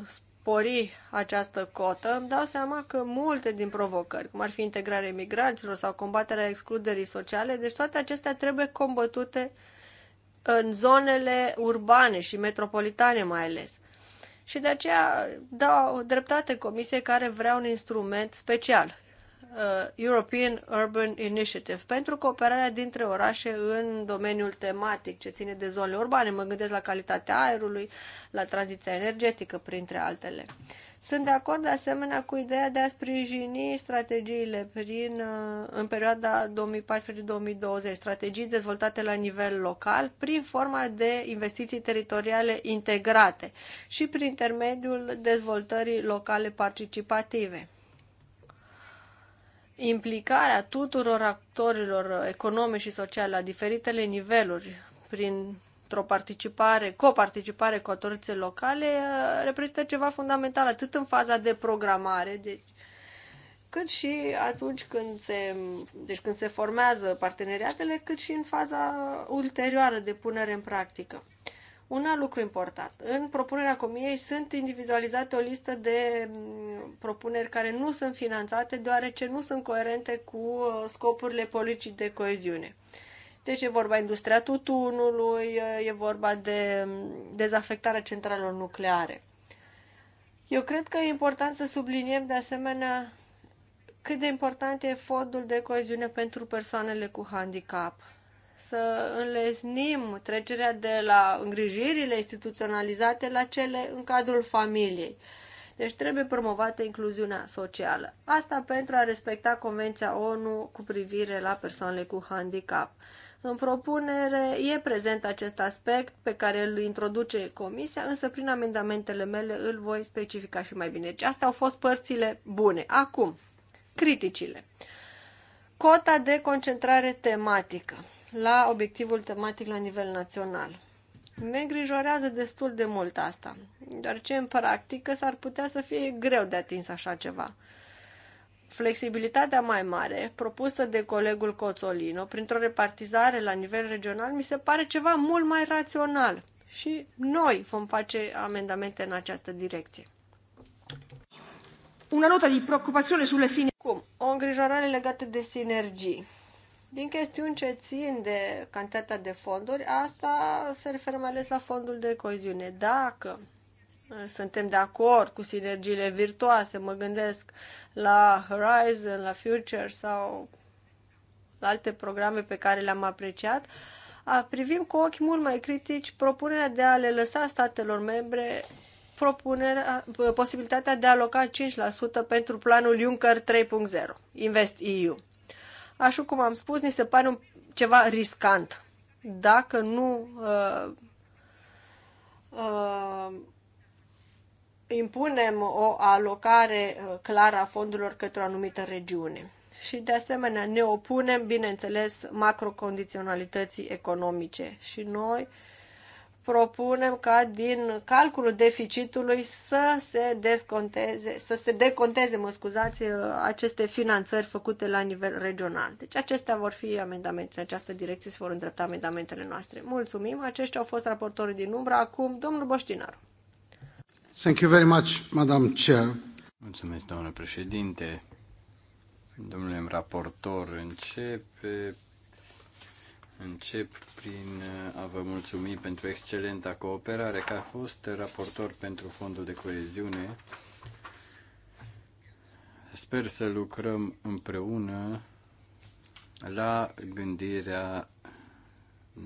S3: spori această cotă, îmi dau seama că multe din provocări, cum ar fi integrarea migranților sau combaterea excluderii sociale, deci toate acestea trebuie combătute în zonele urbane și metropolitane mai ales. Și de aceea dau dreptate comisiei care vrea un instrument special Uh, European Urban Initiative pentru cooperarea dintre orașe în domeniul tematic ce ține de zone urbane. Mă gândesc la calitatea aerului, la tranziția energetică, printre altele. Sunt de acord de asemenea cu ideea de a sprijini strategiile prin, uh, în perioada 2014-2020, strategii dezvoltate la nivel local prin forma de investiții teritoriale integrate și prin intermediul dezvoltării locale participative implicarea tuturor actorilor economici și sociali la diferitele niveluri prin o participare, coparticipare cu autoritățile locale reprezintă ceva fundamental atât în faza de programare, deci cât și atunci când se, deci când se formează parteneriatele, cât și în faza ulterioară de punere în practică. Un alt lucru important. În propunerea Comiei sunt individualizate o listă de mm, propuneri care nu sunt finanțate deoarece nu sunt coerente cu uh, scopurile politicii de coeziune. Deci e vorba industria tutunului, uh, e vorba de mm, dezafectarea centralelor nucleare. Eu cred că e important să subliniem de asemenea cât de important e fondul de coeziune pentru persoanele cu handicap să înlesnim trecerea de la îngrijirile instituționalizate la cele în cadrul familiei. Deci trebuie promovată incluziunea socială. Asta pentru a respecta Convenția ONU cu privire la persoanele cu handicap. În propunere e prezent acest aspect pe care îl introduce Comisia, însă prin amendamentele mele îl voi specifica și mai bine. Deci astea au fost părțile bune. Acum, criticile. Cota de concentrare tematică la obiectivul tematic la nivel național. Ne îngrijorează destul de mult asta, ce în practică s-ar putea să fie greu de atins așa ceva. Flexibilitatea mai mare, propusă de colegul Coțolino, printr-o repartizare la nivel regional, mi se pare ceva mult mai rațional și noi vom face amendamente în această direcție. Una notă de preocupare sulle sinergii. Cum? O îngrijorare legată de sinergii din chestiuni ce țin de cantitatea de fonduri, asta se referă mai ales la fondul de coeziune. Dacă uh, suntem de acord cu sinergiile virtuoase, mă gândesc la Horizon, la Future sau la alte programe pe care le-am apreciat, a, privim cu ochi mult mai critici propunerea de a le lăsa statelor membre propunerea, uh, posibilitatea de a aloca 5% pentru planul Juncker 3.0, Invest EU așa cum am spus, ni se pare un, ceva riscant. Dacă nu uh, uh, impunem o alocare uh, clară a fondurilor către o anumită regiune. Și de asemenea ne opunem, bineînțeles, macrocondiționalității economice și noi uh, propunem ca din calculul deficitului să se desconteze, să se deconteze, mă scuzați, aceste finanțări făcute la nivel regional. Deci acestea vor fi amendamente în această direcție, se vor îndrepta amendamentele noastre. Mulțumim, aceștia au fost raportorii din umbră. Acum, domnul Boștinar.
S1: Thank you very much, Madam Chair. Mulțumesc, domnule președinte. Domnule raportor, începe Încep prin uh, a vă mulțumi pentru excelenta cooperare că a fost raportor pentru Fondul de Coeziune. Sper să lucrăm împreună la gândirea uh,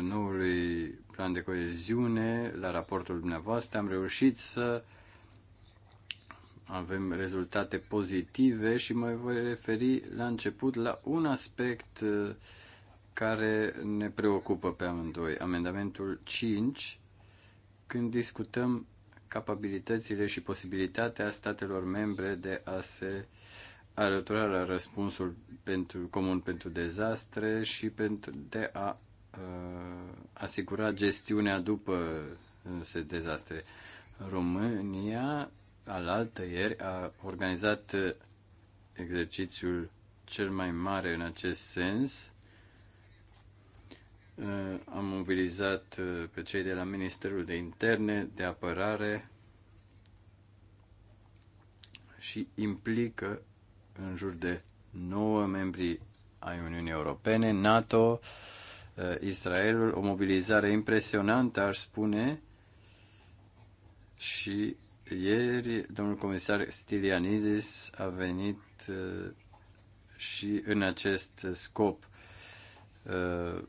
S1: noului plan de coeziune, la raportul dumneavoastră. Am reușit să avem rezultate pozitive și mă voi referi la început la un aspect uh, care ne preocupă pe amândoi, amendamentul 5, când discutăm capabilitățile și posibilitatea statelor membre de a se alătura la răspunsul pentru, comun pentru dezastre și pentru, de a uh, asigura gestiunea după uh, dezastre. România alaltă ieri a organizat uh, exercițiul cel mai mare în acest sens. Uh, am mobilizat uh, pe cei de la Ministerul de Interne, de Apărare și implică în jur de 9 membri ai Uniunii Europene, NATO, Israelul, o mobilizare impresionantă, aș spune, și ieri, domnul comisar Stilianidis a venit uh, și în acest scop. Uh,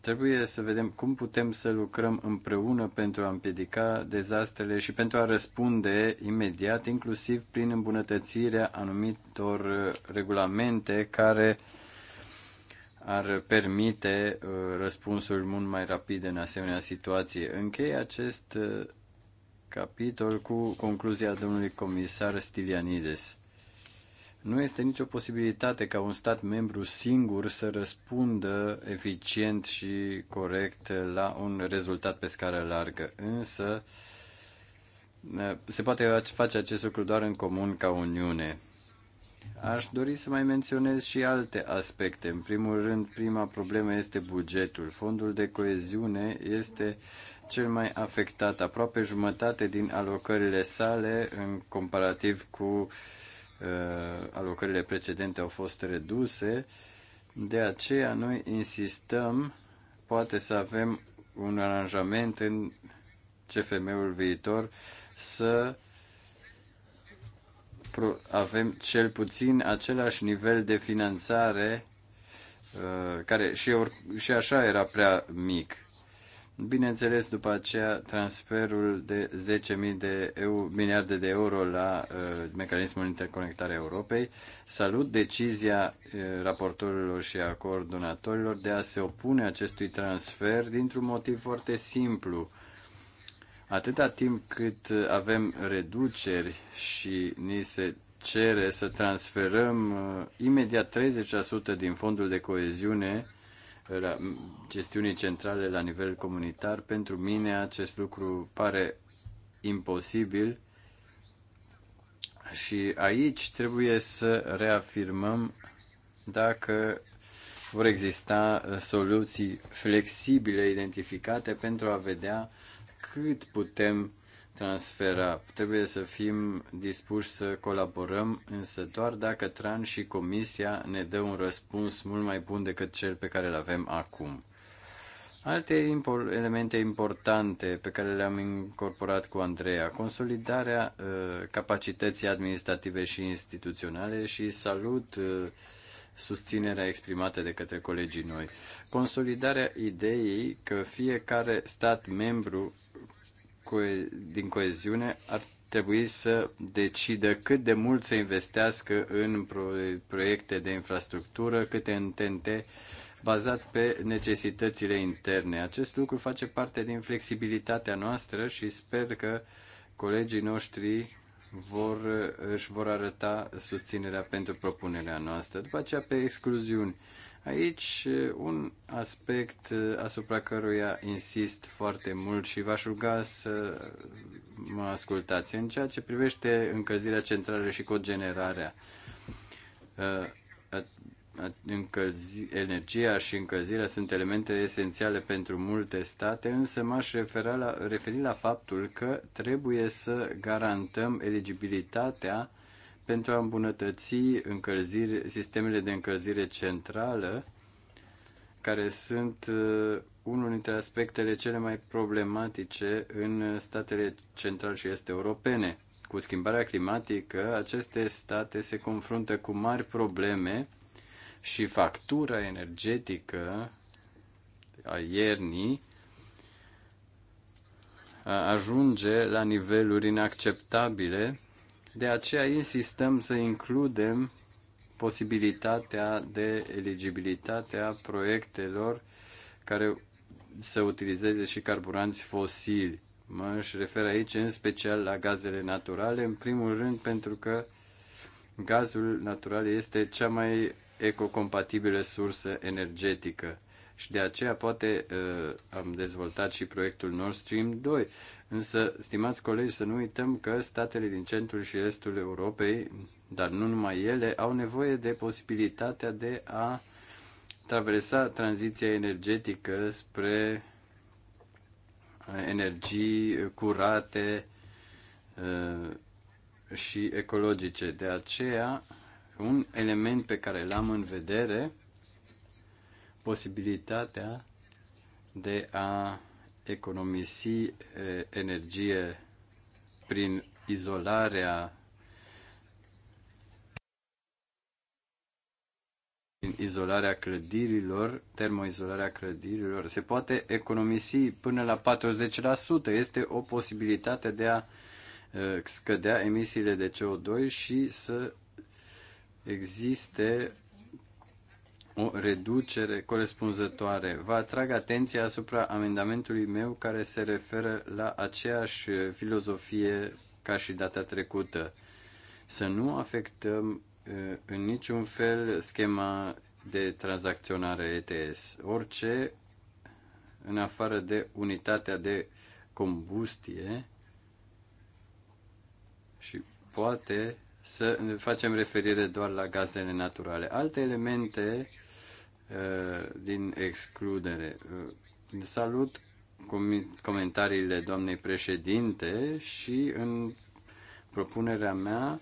S1: trebuie să vedem cum putem să lucrăm împreună pentru a împiedica dezastrele și pentru a răspunde imediat, inclusiv prin îmbunătățirea anumitor uh, regulamente care ar permite răspunsul mult mai rapid în asemenea situație. Închei acest capitol cu concluzia domnului comisar Stilianides. Nu este nicio posibilitate ca un stat membru singur să răspundă eficient și corect la un rezultat pe scară largă, însă se poate face acest lucru doar în comun ca Uniune. Aș dori să mai menționez și alte aspecte. În primul rând, prima problemă este bugetul. Fondul de coeziune este cel mai afectat, aproape jumătate din alocările sale, în comparativ cu uh, alocările precedente, au fost reduse. De aceea noi insistăm, poate să avem un aranjament în CFM-ul viitor să avem cel puțin același nivel de finanțare uh, care și, or, și așa era prea mic. Bineînțeles, după aceea, transferul de 10.000 de eu, miliarde de euro la uh, mecanismul interconectare Europei. Salut decizia uh, raportorilor și a coordonatorilor de a se opune acestui transfer dintr-un motiv foarte simplu. Atâta timp cât avem reduceri și ni se cere să transferăm uh, imediat 30% din fondul de coeziune, uh, gestiunii centrale la nivel comunitar. Pentru mine acest lucru pare imposibil și aici trebuie să reafirmăm dacă vor exista soluții flexibile identificate pentru a vedea cât putem transfera. Trebuie să fim dispuși să colaborăm, însă doar dacă Tran și Comisia ne dă un răspuns mult mai bun decât cel pe care îl avem acum. Alte impo- elemente importante pe care le-am incorporat cu Andreea, consolidarea uh, capacității administrative și instituționale și salut uh, susținerea exprimată de către colegii noi. Consolidarea ideii că fiecare stat membru din coeziune ar trebui să decidă cât de mult să investească în proiecte de infrastructură, câte în TNT, bazat pe necesitățile interne. Acest lucru face parte din flexibilitatea noastră și sper că colegii noștri vor, își vor arăta susținerea pentru propunerea noastră. După aceea, pe excluziuni. Uh, Aici uh, un aspect uh, asupra căruia insist foarte mult și v-aș ruga să mă ascultați. În ceea ce privește încălzirea centrală și cogenerarea, uh, încălzi, energia și încălzirea sunt elemente esențiale pentru multe state, însă m-aș referi la, referi la faptul că trebuie să garantăm eligibilitatea pentru a îmbunătăți încălzire, sistemele de încălzire centrală, care sunt uh, unul dintre aspectele cele mai problematice în statele central și este europene. Cu schimbarea climatică, aceste state se confruntă cu mari probleme și factura energetică a iernii ajunge la niveluri inacceptabile de aceea insistăm să includem posibilitatea de eligibilitate a proiectelor care să utilizeze și carburanți fosili. Mă își refer aici în special la gazele naturale, în primul rând pentru că gazul natural este cea mai ecocompatibilă sursă energetică și de aceea poate uh, am dezvoltat și proiectul Nord Stream 2. Însă, stimați colegi, să nu uităm că statele din centrul și estul Europei, dar nu numai ele, au nevoie de posibilitatea de a traversa tranziția energetică spre ă, energii curate ă, și ecologice. De aceea, un element pe care l-am în vedere posibilitatea de a economisi eh, energie prin izolarea prin izolarea clădirilor, termoizolarea clădirilor, se poate economisi până la 40%. Este o posibilitate de a eh, scădea emisiile de CO2 și să existe o reducere corespunzătoare. Vă atrag atenția asupra amendamentului meu care se referă la aceeași filozofie ca și data trecută. Să nu afectăm în niciun fel schema de tranzacționare ETS. Orice, în afară de unitatea de combustie și poate să facem referire doar la gazele naturale. Alte elemente Uh, din excludere. Uh, salut comentariile doamnei președinte și în propunerea mea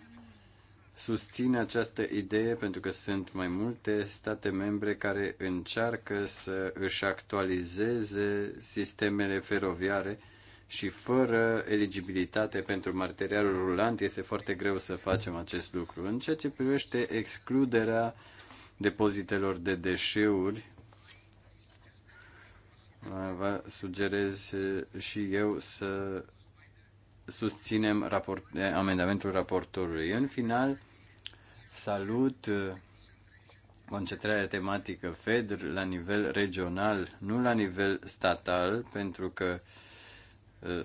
S1: susțin această idee pentru că sunt mai multe state membre care încearcă să își actualizeze sistemele feroviare și fără eligibilitate pentru materialul rulant este foarte greu să facem acest lucru. În ceea ce privește excluderea uh, depozitelor de deșeuri. Vă sugerez eh, și eu să susținem raport, eh, amendamentul raportorului. În final, salut eh, concentrarea tematică FEDR la nivel regional, nu la nivel statal, pentru că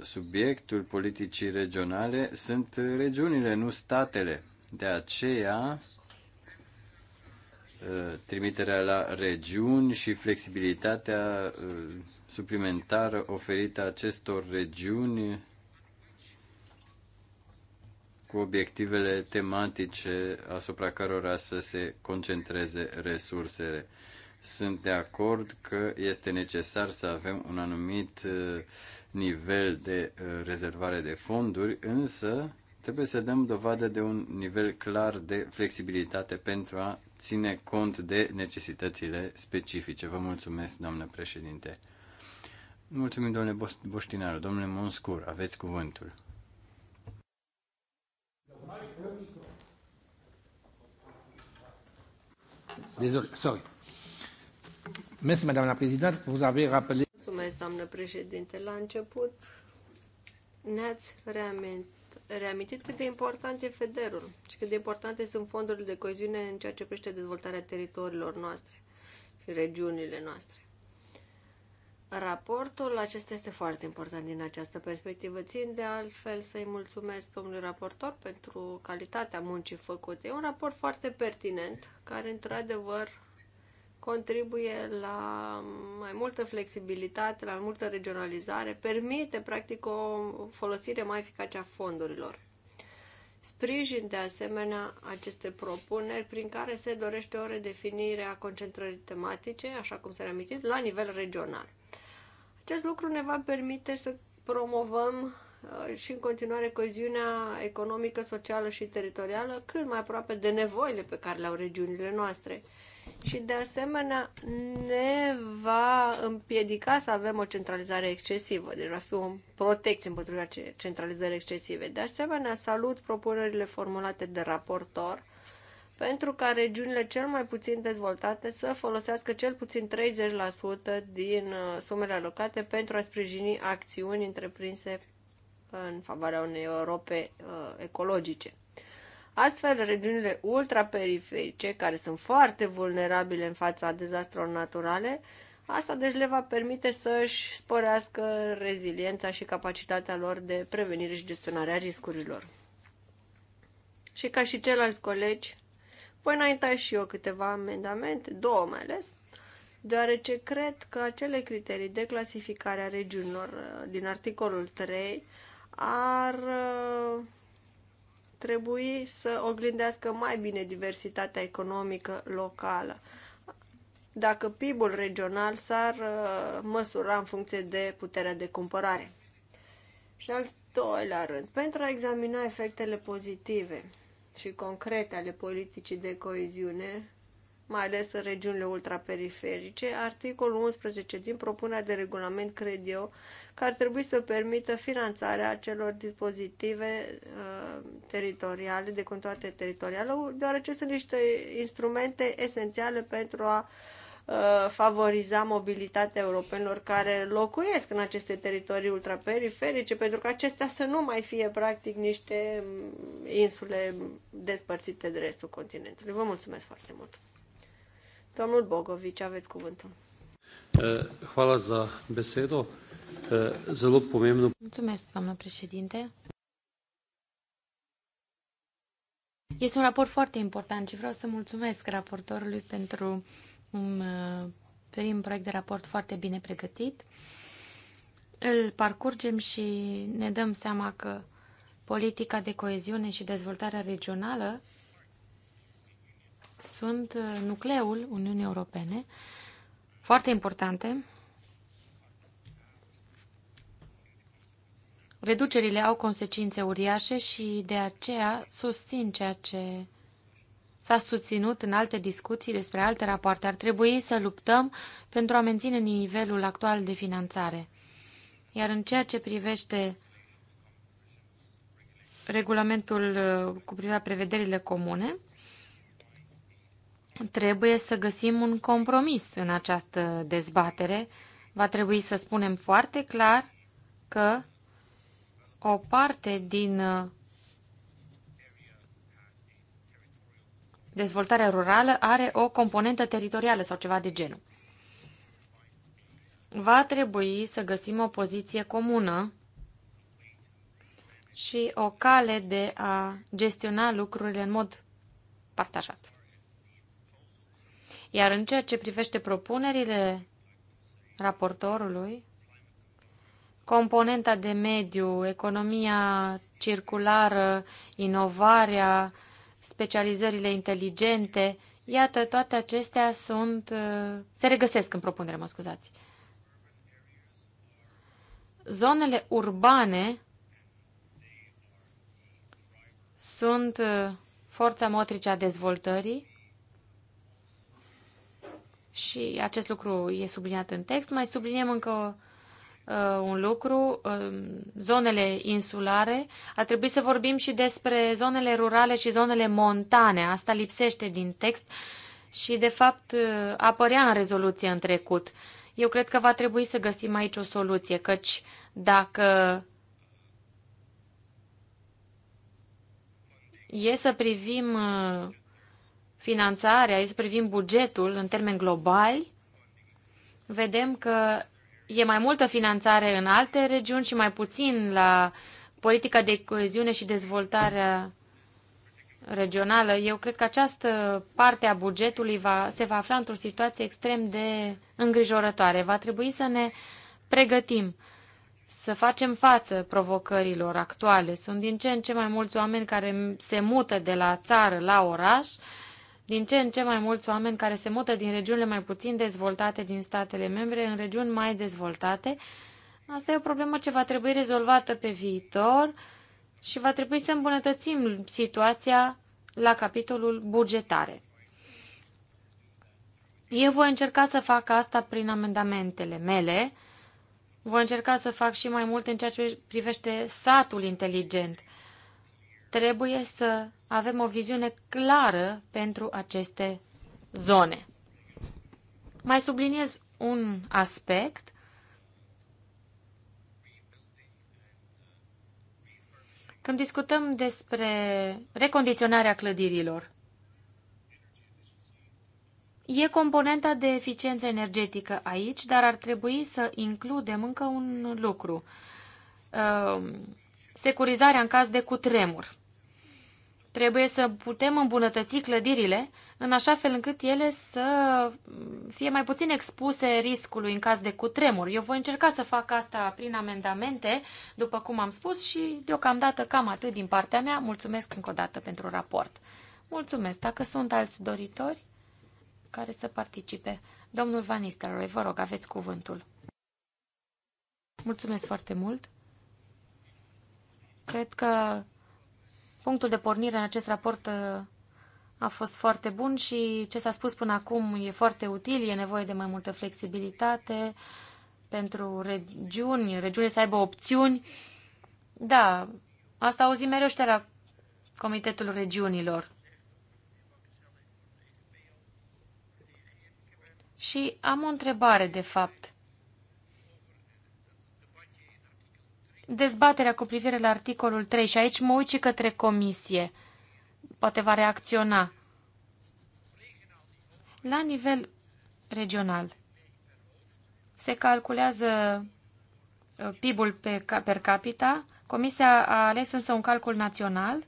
S1: subiectul politicii regionale sunt regiunile, nu statele. De aceea, trimiterea la regiuni și flexibilitatea uh, suplimentară oferită acestor regiuni cu obiectivele tematice asupra cărora să se concentreze resursele. Sunt de acord că este necesar să avem un anumit uh, nivel de uh, rezervare de fonduri, însă trebuie să dăm dovadă de un nivel clar de flexibilitate pentru a ține cont de necesitățile specifice. Vă mulțumesc, doamnă președinte. Mulțumim, domnule Boștinaru. Domnule Monscur, aveți cuvântul.
S3: Désolé, sorry. Merci, Madame la Présidente. Vous avez rappelé... Mulțumesc, doamnă președinte. La început ne-ați reamintit reamintit cât de important e federul și cât de importante sunt fondurile de coeziune în ceea ce privește dezvoltarea teritoriilor noastre și regiunile noastre. Raportul acesta este foarte important din această perspectivă. Țin de altfel să-i mulțumesc domnului raportor pentru calitatea muncii făcute. E un raport foarte pertinent care, într-adevăr, contribuie la mai multă flexibilitate, la multă regionalizare, permite practic o folosire mai eficace a fondurilor. Sprijin de asemenea aceste propuneri prin care se dorește o redefinire a concentrării tematice, așa cum s-a reamintit, la nivel regional. Acest lucru ne va permite să promovăm uh, și în continuare coziunea economică, socială și teritorială cât mai aproape de nevoile pe care le au regiunile noastre și de asemenea ne va împiedica să avem o centralizare excesivă, deci va fi o protecție împotriva centralizării excesive. De asemenea, salut propunerile formulate de raportor pentru ca regiunile cel mai puțin dezvoltate să folosească cel puțin 30% din uh, sumele alocate pentru a sprijini acțiuni întreprinse în favoarea unei Europe uh, ecologice. Astfel, regiunile ultraperiferice, care sunt foarte vulnerabile în fața dezastrelor naturale, asta deci le va permite să-și sporească reziliența și capacitatea lor de prevenire și gestionare a riscurilor. Și ca și ceilalți colegi, voi înainta și eu câteva amendamente, două mai ales, deoarece cred că acele criterii de clasificare a regiunilor uh, din articolul 3 ar uh, trebui să oglindească mai bine diversitatea economică locală. Dacă PIB-ul regional s-ar uh, măsura în funcție de puterea de cumpărare. Și al doilea rând, pentru a examina efectele pozitive și concrete ale politicii de coeziune mai ales în regiunile ultraperiferice, articolul 11 din propunerea de regulament, cred eu, că ar trebui să permită finanțarea celor dispozitive uh, teritoriale, de contoate teritoriale, deoarece sunt niște instrumente esențiale pentru a uh, favoriza mobilitatea europenilor care locuiesc în aceste teritorii ultraperiferice, pentru că acestea să nu mai fie practic niște mm, insule despărțite de restul continentului. Vă mulțumesc foarte mult!
S2: Domnul Bogovici, aveți cuvântul.
S1: Eh, hvala za besedo. Eh, zelo pomembno.
S2: Mulțumesc, doamnă președinte. Este un raport foarte important și vreau să mulțumesc raportorului pentru un eh, prim proiect de raport foarte bine pregătit. Îl parcurgem și ne dăm seama că politica de coeziune și dezvoltarea regională sunt uh, nucleul Uniunii Europene, foarte importante. Reducerile au consecințe uriașe și de aceea susțin ceea ce s-a susținut în alte discuții despre alte rapoarte. Ar trebui să luptăm pentru a menține nivelul actual de finanțare. Iar în ceea ce privește regulamentul uh, cu privire la prevederile comune, Trebuie să găsim un compromis în această dezbatere. Va trebui să spunem foarte clar că o parte din uh, dezvoltarea rurală are o componentă teritorială sau ceva de genul. Va trebui să găsim o poziție comună și o cale de a gestiona lucrurile în mod partajat. Iar în ceea ce privește propunerile raportorului, componenta de mediu, economia circulară, inovarea, specializările inteligente, iată, toate acestea sunt, uh, se regăsesc în propunere, mă scuzați. Zonele urbane sunt uh, forța motrice a dezvoltării și acest lucru e subliniat în text. Mai subliniem încă uh, un lucru, uh, zonele insulare. Ar trebui să vorbim și despre zonele rurale și zonele montane. Asta lipsește din text și, de fapt, uh, apărea în rezoluție în trecut. Eu cred că va trebui să găsim aici o soluție, căci dacă e să privim... Uh, finanțarea, aici privim bugetul în termeni globali, vedem că e mai multă finanțare în alte regiuni și mai puțin la politica de coeziune și dezvoltarea regională. Eu cred că această parte a bugetului va, se va afla într-o situație extrem de îngrijorătoare. Va trebui să ne pregătim, să facem față provocărilor actuale. Sunt din ce în ce mai mulți oameni care se mută de la țară la oraș din ce în ce mai mulți oameni care se mută din regiunile mai puțin dezvoltate din statele membre în regiuni mai dezvoltate. Asta e o problemă ce va trebui rezolvată pe viitor și va trebui să îmbunătățim situația la capitolul bugetare. Eu voi încerca să fac asta prin amendamentele mele. Voi încerca să fac și mai mult în ceea ce privește satul inteligent – trebuie să avem o viziune clară pentru aceste zone. Mai subliniez un aspect. Când discutăm despre recondiționarea clădirilor, e componenta de eficiență energetică aici, dar ar trebui să includem încă un lucru. Uh, securizarea în caz de cutremur. Trebuie să putem îmbunătăți clădirile în așa fel încât ele să fie mai puțin expuse riscului în caz de cutremur. Eu voi încerca să fac asta prin amendamente, după cum am spus, și deocamdată cam atât din partea mea. Mulțumesc încă o dată pentru raport. Mulțumesc. Dacă sunt alți doritori care să participe, domnul Van Nistelrooy, vă rog, aveți cuvântul. Mulțumesc foarte mult. Cred că punctul de pornire în acest raport uh, a fost foarte bun și ce s-a spus până acum e foarte util, e nevoie de mai multă flexibilitate pentru regiuni, regiunile să aibă opțiuni. Da, asta auzim mereu și la Comitetul Regiunilor. Și am o întrebare, de fapt. dezbaterea cu privire la articolul 3 și aici mă uit și către comisie. Poate va reacționa. La nivel regional se calculează uh, PIB-ul pe, per capita. Comisia a ales însă un calcul național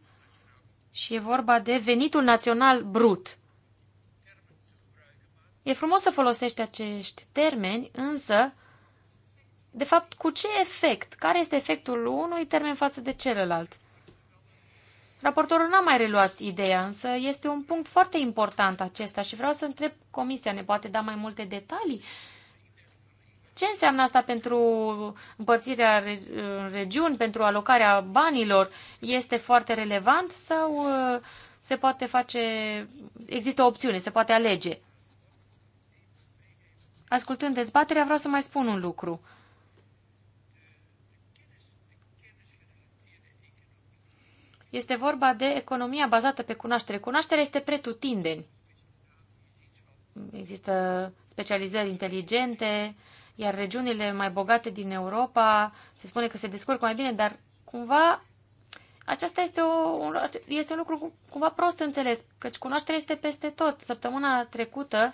S2: și e vorba de venitul național brut. E frumos să folosești acești termeni, însă de fapt, cu ce efect? Care este efectul unui termen față de celălalt? Raportorul n-a mai reluat ideea, însă este un punct foarte important acesta și vreau să întreb comisia, ne poate da mai multe detalii? Ce înseamnă asta pentru împărțirea regiuni, pentru alocarea banilor? Este foarte relevant sau uh, se poate face, există o opțiune, se poate alege? Ascultând dezbaterea, vreau să mai spun un lucru. Este vorba de economia bazată pe cunoaștere. Cunoașterea este pretutindeni. Există specializări inteligente, iar regiunile mai bogate din Europa se spune că se descurcă mai bine, dar cumva aceasta este, o, un, este un lucru cumva prost înțeles, căci cunoașterea este peste tot. Săptămâna trecută,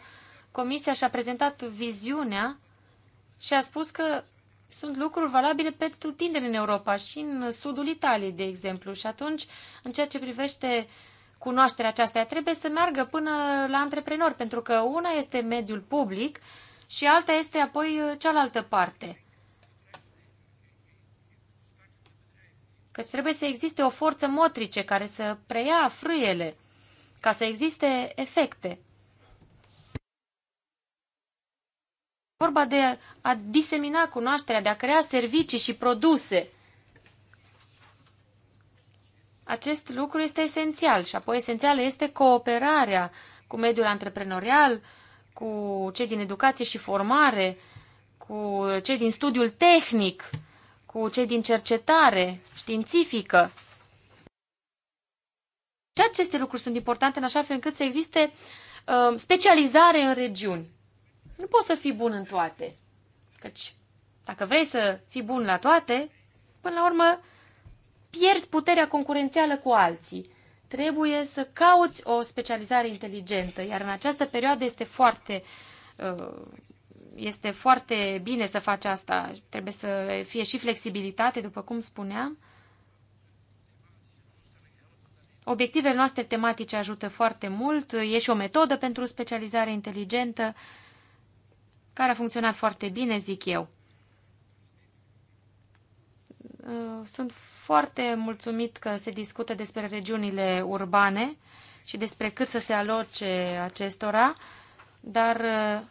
S2: Comisia și-a prezentat viziunea și a spus că sunt lucruri valabile pentru tineri în Europa și în sudul Italiei, de exemplu. Și atunci, în ceea ce privește cunoașterea aceasta, trebuie să meargă până la antreprenori, pentru că una este mediul public și alta este apoi uh, cealaltă parte. Căci trebuie să existe o forță motrice care să preia frâiele, ca să existe efecte. vorba de a disemina cunoașterea, de a crea servicii și produse. Acest lucru este esențial și apoi esențială este cooperarea cu mediul antreprenorial, cu cei din educație și formare, cu cei din studiul tehnic, cu cei din cercetare științifică. Și aceste lucruri sunt importante în așa fel încât să existe uh, specializare în regiuni nu poți să fii bun în toate. Căci dacă vrei să fii bun la toate, până la urmă pierzi puterea concurențială cu alții. Trebuie să cauți o specializare inteligentă, iar în această perioadă este foarte uh, este foarte bine să faci asta. Trebuie să fie și flexibilitate, după cum spuneam. Obiectivele noastre tematice ajută foarte mult. E și o metodă pentru specializare inteligentă care a funcționat foarte bine, zic eu. Uh, sunt foarte mulțumit că se discută despre regiunile urbane și despre cât să se aloce acestora, dar uh,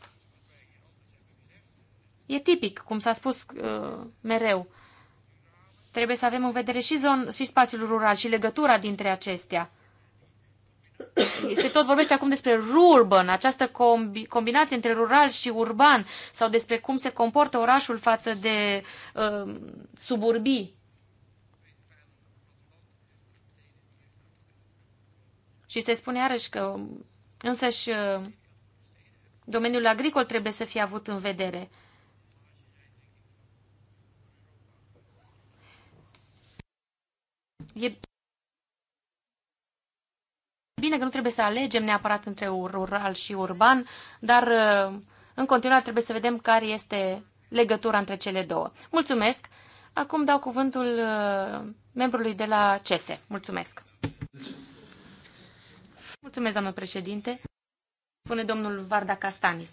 S2: e tipic, cum s-a spus uh, mereu, trebuie să avem în vedere și, zon, și spațiul rural și legătura dintre acestea se tot vorbește acum despre rurban, această combi, combinație între rural și urban, sau despre cum se comportă orașul față de uh, suburbii. Și se spune iarăși că însăși uh, domeniul agricol trebuie să fie avut în vedere. E Bine că nu trebuie să alegem neapărat între rural și urban, dar uh, în continuare trebuie să vedem care este legătura între cele două. Mulțumesc! Acum dau cuvântul uh, membrului de la CESE. Mulțumesc! Mulțumesc, doamnă președinte! Spune domnul Varda Castanis.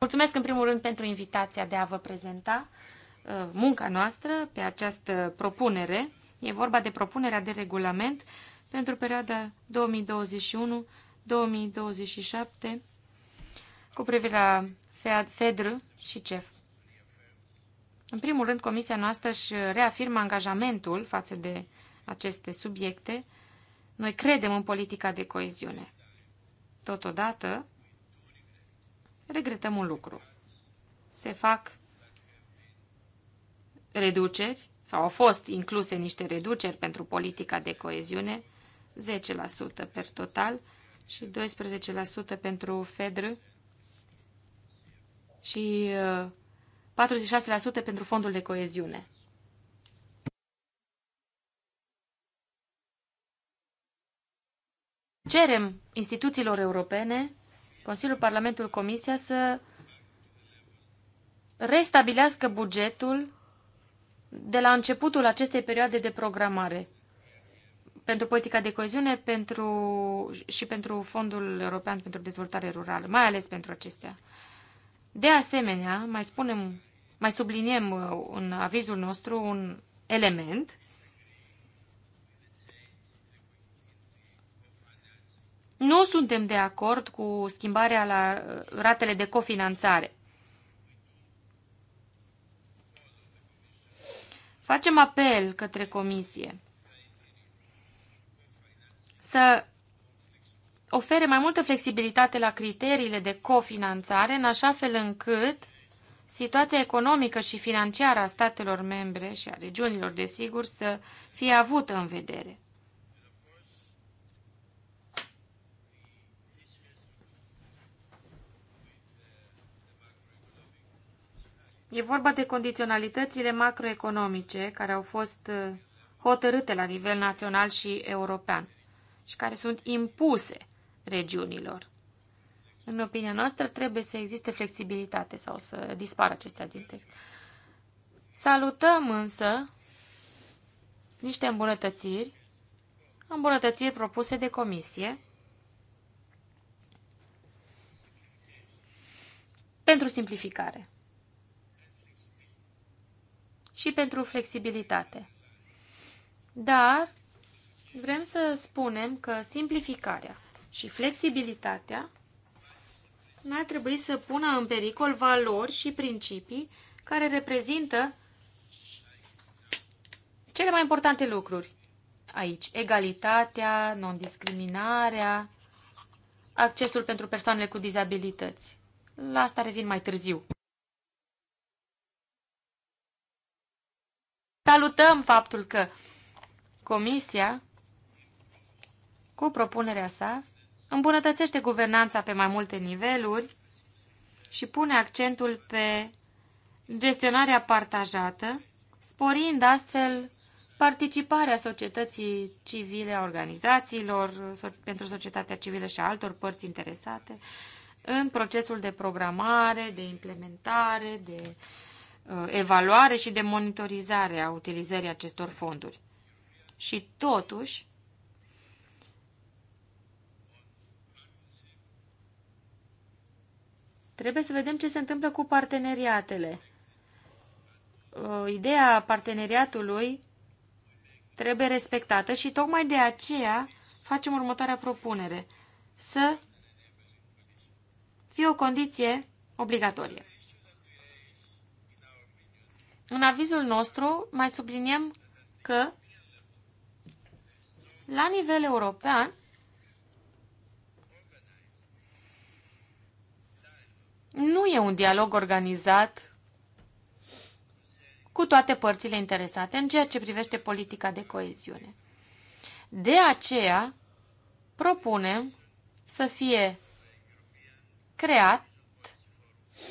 S2: Mulțumesc în primul rând pentru invitația de a vă prezenta uh, munca noastră pe această propunere. E vorba de propunerea de regulament pentru perioada 2021-2027 cu privire la FEDR și CEF. În primul rând, comisia noastră își reafirmă angajamentul față de aceste subiecte. Noi credem în politica de coeziune. Totodată, regretăm un lucru. Se fac reduceri, sau au fost incluse niște reduceri pentru politica de coeziune, 10% per total și 12% pentru FEDR și 46% uh, pentru fondul de coeziune. Cerem instituțiilor europene, Consiliul, Parlamentul, Comisia să restabilească bugetul de la începutul acestei perioade de programare pentru politica de coeziune pentru, și pentru Fondul European pentru Dezvoltare Rurală, mai ales pentru acestea. De asemenea, mai spunem, mai subliniem uh, în avizul nostru un element Nu suntem de acord cu schimbarea la uh, ratele de cofinanțare. Facem apel către comisie să ofere mai multă flexibilitate la criteriile de cofinanțare, în așa fel încât situația economică și financiară a statelor membre și a regiunilor, desigur, să fie avută în vedere. E vorba de condiționalitățile macroeconomice care au fost uh, hotărâte la nivel național și european și care sunt impuse regiunilor. În opinia noastră, trebuie să existe flexibilitate sau să dispară acestea din text. Salutăm însă niște îmbunătățiri, îmbunătățiri propuse de comisie pentru simplificare și pentru flexibilitate. Dar vrem să spunem că simplificarea și flexibilitatea n-ar trebui să pună în pericol valori și principii care reprezintă cele mai importante lucruri aici. Egalitatea, non-discriminarea, accesul pentru persoanele cu dizabilități. La asta revin mai târziu. Salutăm faptul că Comisia cu propunerea sa, îmbunătățește guvernanța pe mai multe niveluri și pune accentul pe gestionarea partajată, sporind astfel participarea societății civile, a organizațiilor pentru societatea civilă și a altor părți interesate în procesul de programare, de implementare, de uh, evaluare și de monitorizare a utilizării acestor fonduri. Și totuși, Trebuie să vedem ce se întâmplă cu parteneriatele. Uh, ideea parteneriatului trebuie respectată și tocmai de aceea facem următoarea propunere. Să fie o condiție obligatorie. În avizul nostru mai subliniem că la nivel european nu e un dialog organizat cu toate părțile interesate în ceea ce privește politica de coeziune. De aceea propunem să fie creat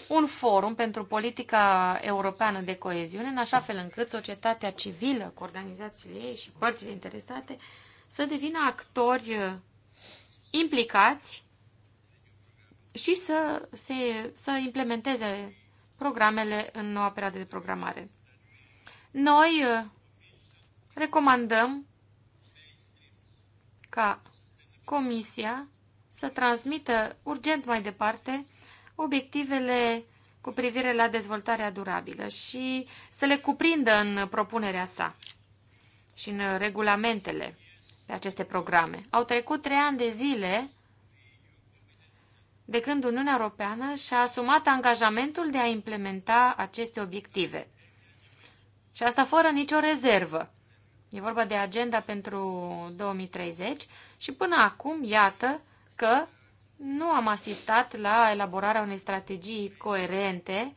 S2: un forum pentru politica europeană de coeziune, în așa fel încât societatea civilă, cu organizațiile ei și părțile interesate, să devină actori implicați și să, se, să implementeze programele în noua perioadă de programare. Noi uh, recomandăm ca Comisia să transmită urgent mai departe obiectivele cu privire la dezvoltarea durabilă și să le cuprindă în propunerea sa și în regulamentele pe aceste programe. Au trecut trei ani de zile de când Uniunea Europeană și-a asumat angajamentul de a implementa aceste obiective. Și asta fără nicio rezervă. E vorba de agenda pentru 2030 și până acum, iată că nu am asistat la elaborarea unei strategii coerente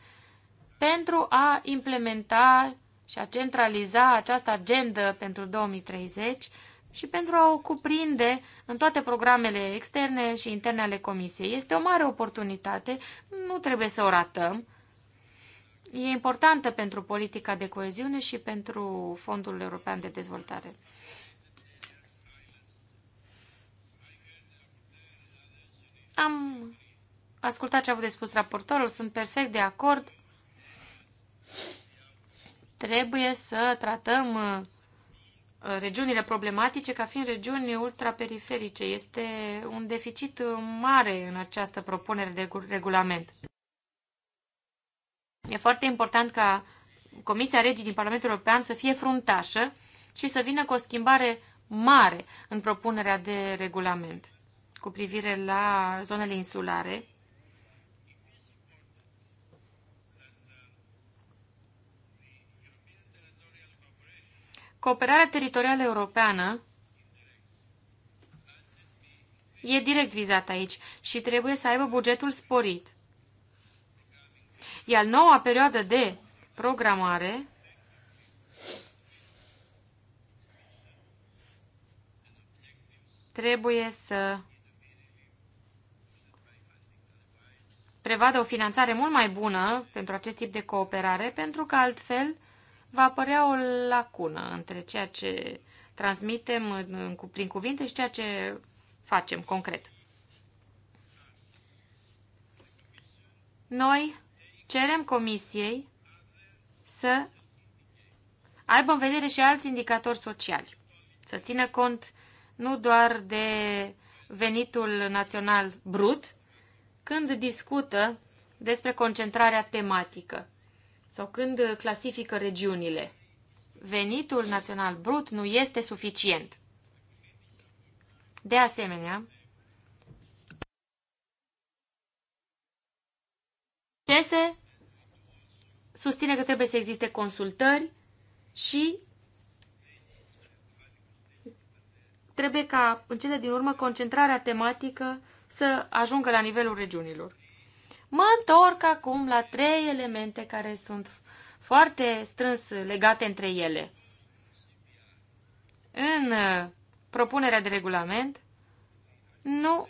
S2: pentru a implementa și a centraliza această agendă pentru 2030 și pentru a o cuprinde în toate programele externe și interne ale Comisiei. Este o mare oportunitate, nu trebuie să o ratăm. E importantă pentru politica de coeziune și pentru Fondul European de Dezvoltare. Am ascultat ce a avut de spus raportorul, sunt perfect de acord. Trebuie să tratăm uh, Uh, regiunile problematice ca fiind regiuni ultraperiferice. Este un deficit mare în această propunere de regulament. E foarte important ca Comisia Regii din Parlamentul European să fie fruntașă și să vină cu o schimbare mare în propunerea de regulament cu privire la zonele insulare Cooperarea teritorială europeană e direct vizată aici și trebuie să aibă bugetul sporit. Iar noua perioadă de programare trebuie să prevadă o finanțare mult mai bună pentru acest tip de cooperare, pentru că altfel va apărea o lacună între ceea ce transmitem în, în, prin cuvinte și ceea ce facem concret. Noi cerem comisiei să aibă în vedere și alți indicatori sociali, să țină cont nu doar de venitul național brut, când discută despre concentrarea tematică sau când clasifică regiunile. Venitul național brut nu este suficient. De asemenea, CESE susține că trebuie să existe consultări și trebuie ca, în cele din urmă, concentrarea tematică să ajungă la nivelul regiunilor. Mă întorc acum la trei elemente care sunt foarte strâns legate între ele. În uh, propunerea de regulament nu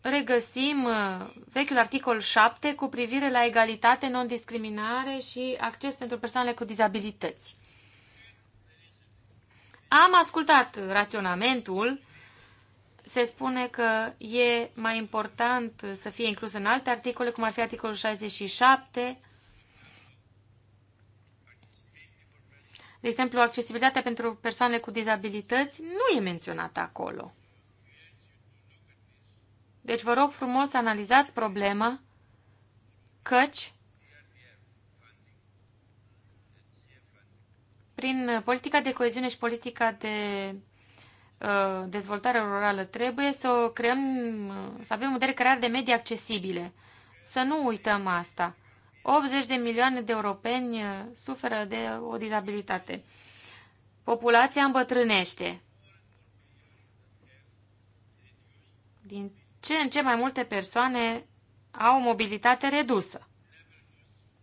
S2: regăsim uh, vechiul articol 7 cu privire la egalitate, non-discriminare și acces pentru persoanele cu dizabilități. Am ascultat raționamentul se spune că e mai important să fie inclus în alte articole, cum ar fi articolul 67, de exemplu, accesibilitatea pentru persoane cu dizabilități nu e menționată acolo. Deci vă rog frumos să analizați problema, căci prin politica de coeziune și politica de Uh, dezvoltare rurală, trebuie să o creăm, să avem o creare de medii accesibile. Să nu uităm asta. 80 de milioane de europeni uh, suferă de o dizabilitate. Populația îmbătrânește. Din ce în ce mai multe persoane au mobilitate redusă.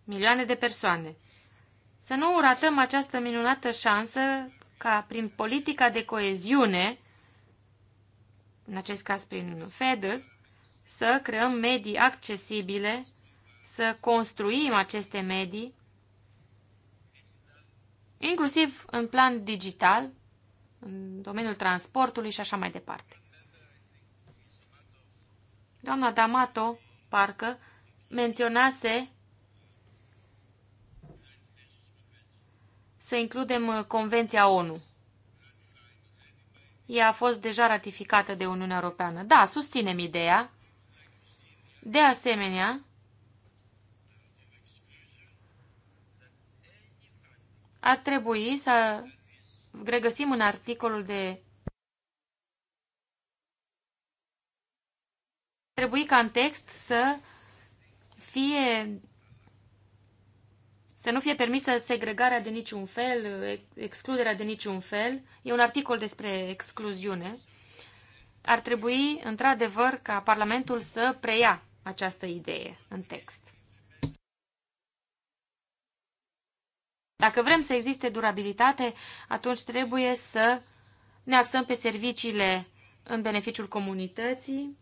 S2: Milioane de persoane. Să nu ratăm această minunată șansă ca prin politica de coeziune, în acest caz prin FEDER, să creăm medii accesibile, să construim aceste medii, inclusiv în plan digital, în domeniul transportului și așa mai departe. Doamna D'Amato, parcă, menționase să includem uh, Convenția ONU. Ea a fost deja ratificată de Uniunea Europeană. Da, susținem ideea. De asemenea, ar trebui să regăsim în articolul de trebui ca în text să fie să nu fie permisă segregarea de niciun fel, excluderea de niciun fel. E un articol despre excluziune. Ar trebui, într-adevăr, ca Parlamentul să preia această idee în text. Dacă vrem să existe durabilitate, atunci trebuie să ne axăm pe serviciile în beneficiul comunității,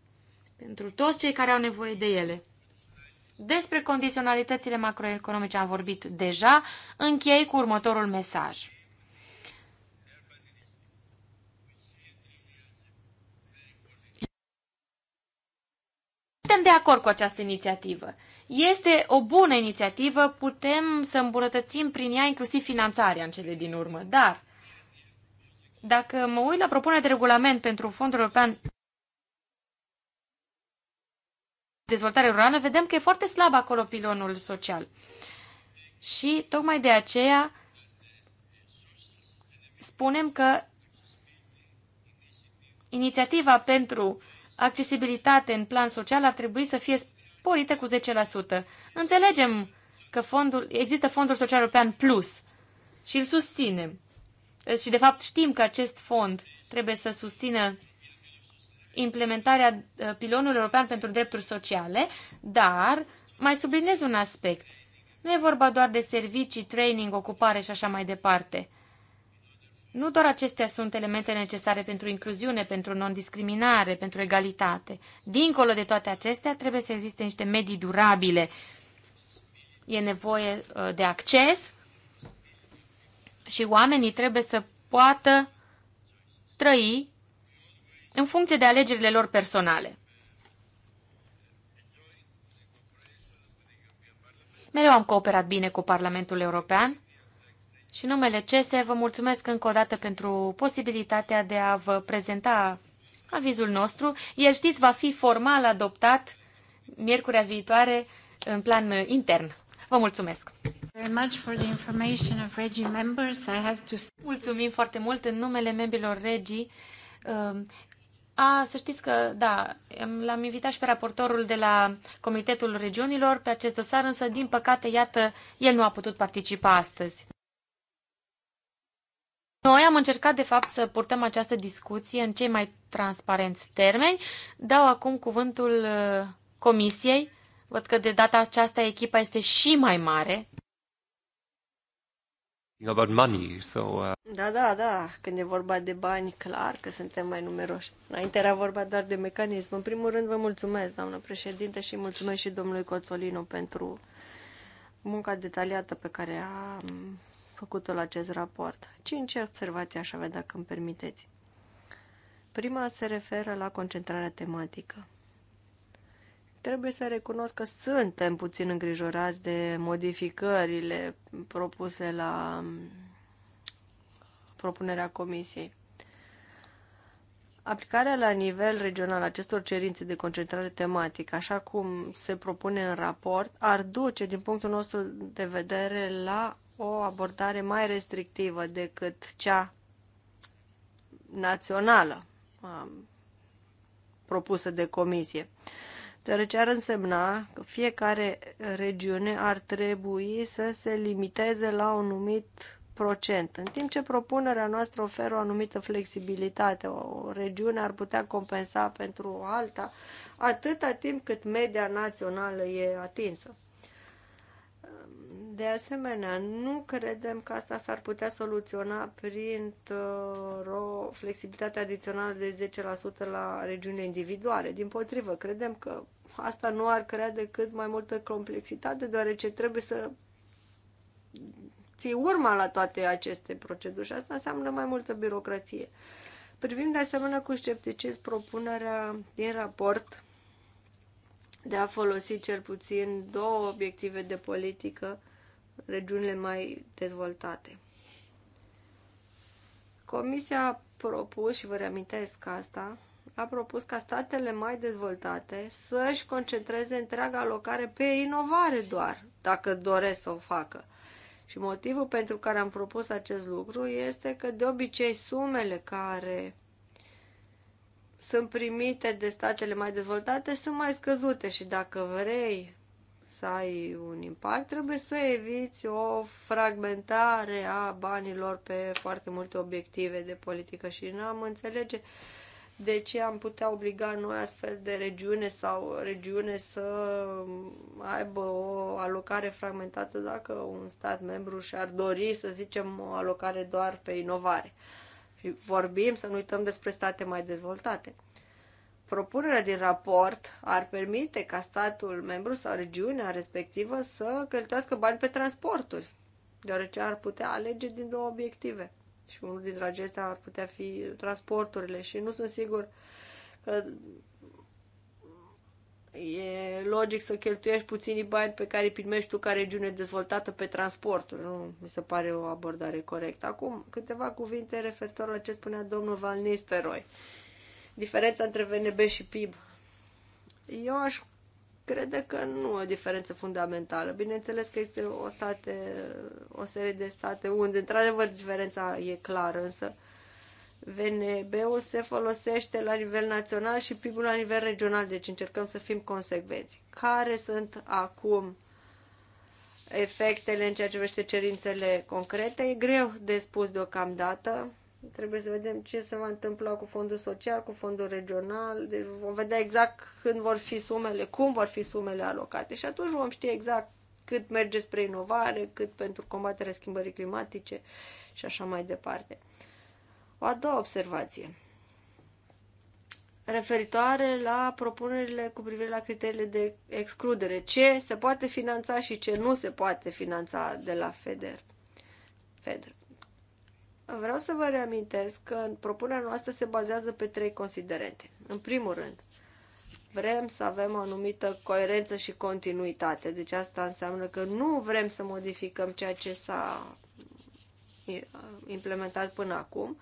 S2: pentru toți cei care au nevoie de ele. Despre condiționalitățile macroeconomice am vorbit deja. Închei cu următorul mesaj. Suntem de acord cu această inițiativă. Este o bună inițiativă, putem să îmbunătățim prin ea inclusiv finanțarea în cele din urmă, dar dacă mă uit la propunerea de regulament pentru Fondul European dezvoltare rurală, vedem că e foarte slab acolo pilonul social. Și tocmai de aceea spunem că inițiativa pentru accesibilitate în plan social ar trebui să fie sporită cu 10%. Înțelegem că fondul, există Fondul Social European Plus și îl susținem. Și de fapt știm că acest fond trebuie să susțină implementarea uh, pilonului european pentru drepturi sociale, dar mai subliniez un aspect. Nu e vorba doar de servicii, training, ocupare și așa mai departe. Nu doar acestea sunt elemente necesare pentru incluziune, pentru non-discriminare, pentru egalitate. Dincolo de toate acestea, trebuie să existe niște medii durabile. E nevoie uh, de acces și oamenii trebuie să poată trăi în funcție de alegerile lor personale. Mereu am cooperat bine cu Parlamentul European și numele CESE vă mulțumesc încă o dată pentru posibilitatea de a vă prezenta avizul nostru. El, știți, va fi formal adoptat miercurea viitoare în plan intern. Vă mulțumesc! Mulțumim foarte mult în numele membrilor regii. A, să știți că, da, l-am invitat și pe raportorul de la Comitetul Regiunilor pe acest dosar, însă, din păcate, iată, el nu a putut participa astăzi. Noi am încercat, de fapt, să purtăm această discuție în cei mai transparenți termeni. Dau acum cuvântul uh, comisiei. Văd că de data aceasta echipa este și mai mare
S3: you know, about money, so... Uh...
S2: Da, da, da, când e vorba de bani, clar că suntem mai
S3: numeroși. Înainte era vorba doar de mecanism. În primul rând vă mulțumesc, doamnă președinte, și mulțumesc și domnului Coțolino pentru munca detaliată pe care a făcut-o la acest raport. Cinci observații aș avea, dacă îmi permiteți. Prima se referă la concentrarea tematică. Trebuie să recunosc că suntem puțin îngrijorați de modificările propuse la mm, propunerea Comisiei. Aplicarea la nivel regional acestor cerințe de concentrare tematică, așa cum se propune în raport, ar duce, din punctul nostru de vedere, la o abordare mai restrictivă decât cea națională propusă de comisie. Uh, deoarece ar însemna că fiecare regiune ar trebui să se limiteze la un numit procent, în timp ce propunerea noastră oferă o anumită flexibilitate. O regiune ar putea compensa pentru alta atâta timp cât media națională e atinsă. De asemenea, nu credem că asta s-ar putea soluționa printr-o flexibilitate adițională de 10% la regiunile individuale. Din potrivă, credem că asta nu ar crea decât mai multă complexitate, deoarece trebuie să ții urma la toate aceste proceduri și asta înseamnă mai multă birocrație. Privim de asemenea cu scepticism propunerea din raport de a folosi cel puțin două obiective de politică regiunile mai dezvoltate. Comisia a propus, și vă reamintesc asta, a propus ca statele mai dezvoltate să-și concentreze întreaga alocare pe inovare doar, dacă doresc să o facă. Și motivul pentru care am propus acest lucru este că de obicei sumele care sunt primite de statele mai dezvoltate sunt mai scăzute și dacă vrei să ai un impact, trebuie să eviți o fragmentare a banilor pe foarte multe obiective de politică și nu am înțelege de ce am putea obliga noi astfel de regiune sau regiune să aibă o alocare fragmentată dacă un stat membru și-ar dori, să zicem, o alocare doar pe inovare. Și vorbim, să nu uităm despre state mai dezvoltate propunerea din raport ar permite ca statul membru sau regiunea respectivă să cheltuiască bani pe transporturi, deoarece ar putea alege din două obiective. Și unul dintre acestea ar putea fi transporturile și nu sunt sigur că e logic să cheltuiești puținii bani pe care îi primești tu ca regiune dezvoltată pe transporturi. Nu mi se pare o abordare corectă. Acum, câteva cuvinte referitor la ce spunea domnul Val Nisteroi. Uh, diferența între VNB și PIB. Eu aș crede că nu o diferență fundamentală. Bineînțeles că este o, state, o serie de state unde, într-adevăr, diferența e clară, însă VNB-ul se folosește la nivel național și PIB-ul la nivel regional, deci încercăm să fim consecvenți. Care sunt acum efectele în ceea ce vește cerințele concrete? E greu de spus deocamdată. Trebuie să vedem ce se va întâmpla cu fondul social, cu fondul regional. Deci vom vedea exact când vor fi sumele, cum vor fi sumele alocate și atunci vom ști exact cât merge spre inovare, cât pentru combaterea schimbării climatice și așa mai departe. O a doua observație referitoare la propunerile cu privire la criteriile de excludere. Ce se poate finanța și ce nu se poate finanța de la FEDER. FEDER. Vreau să vă reamintesc că propunerea noastră se bazează pe trei considerente. În primul rând, vrem să avem o anumită coerență și continuitate. Deci asta înseamnă că nu vrem să modificăm ceea ce s-a implementat până acum.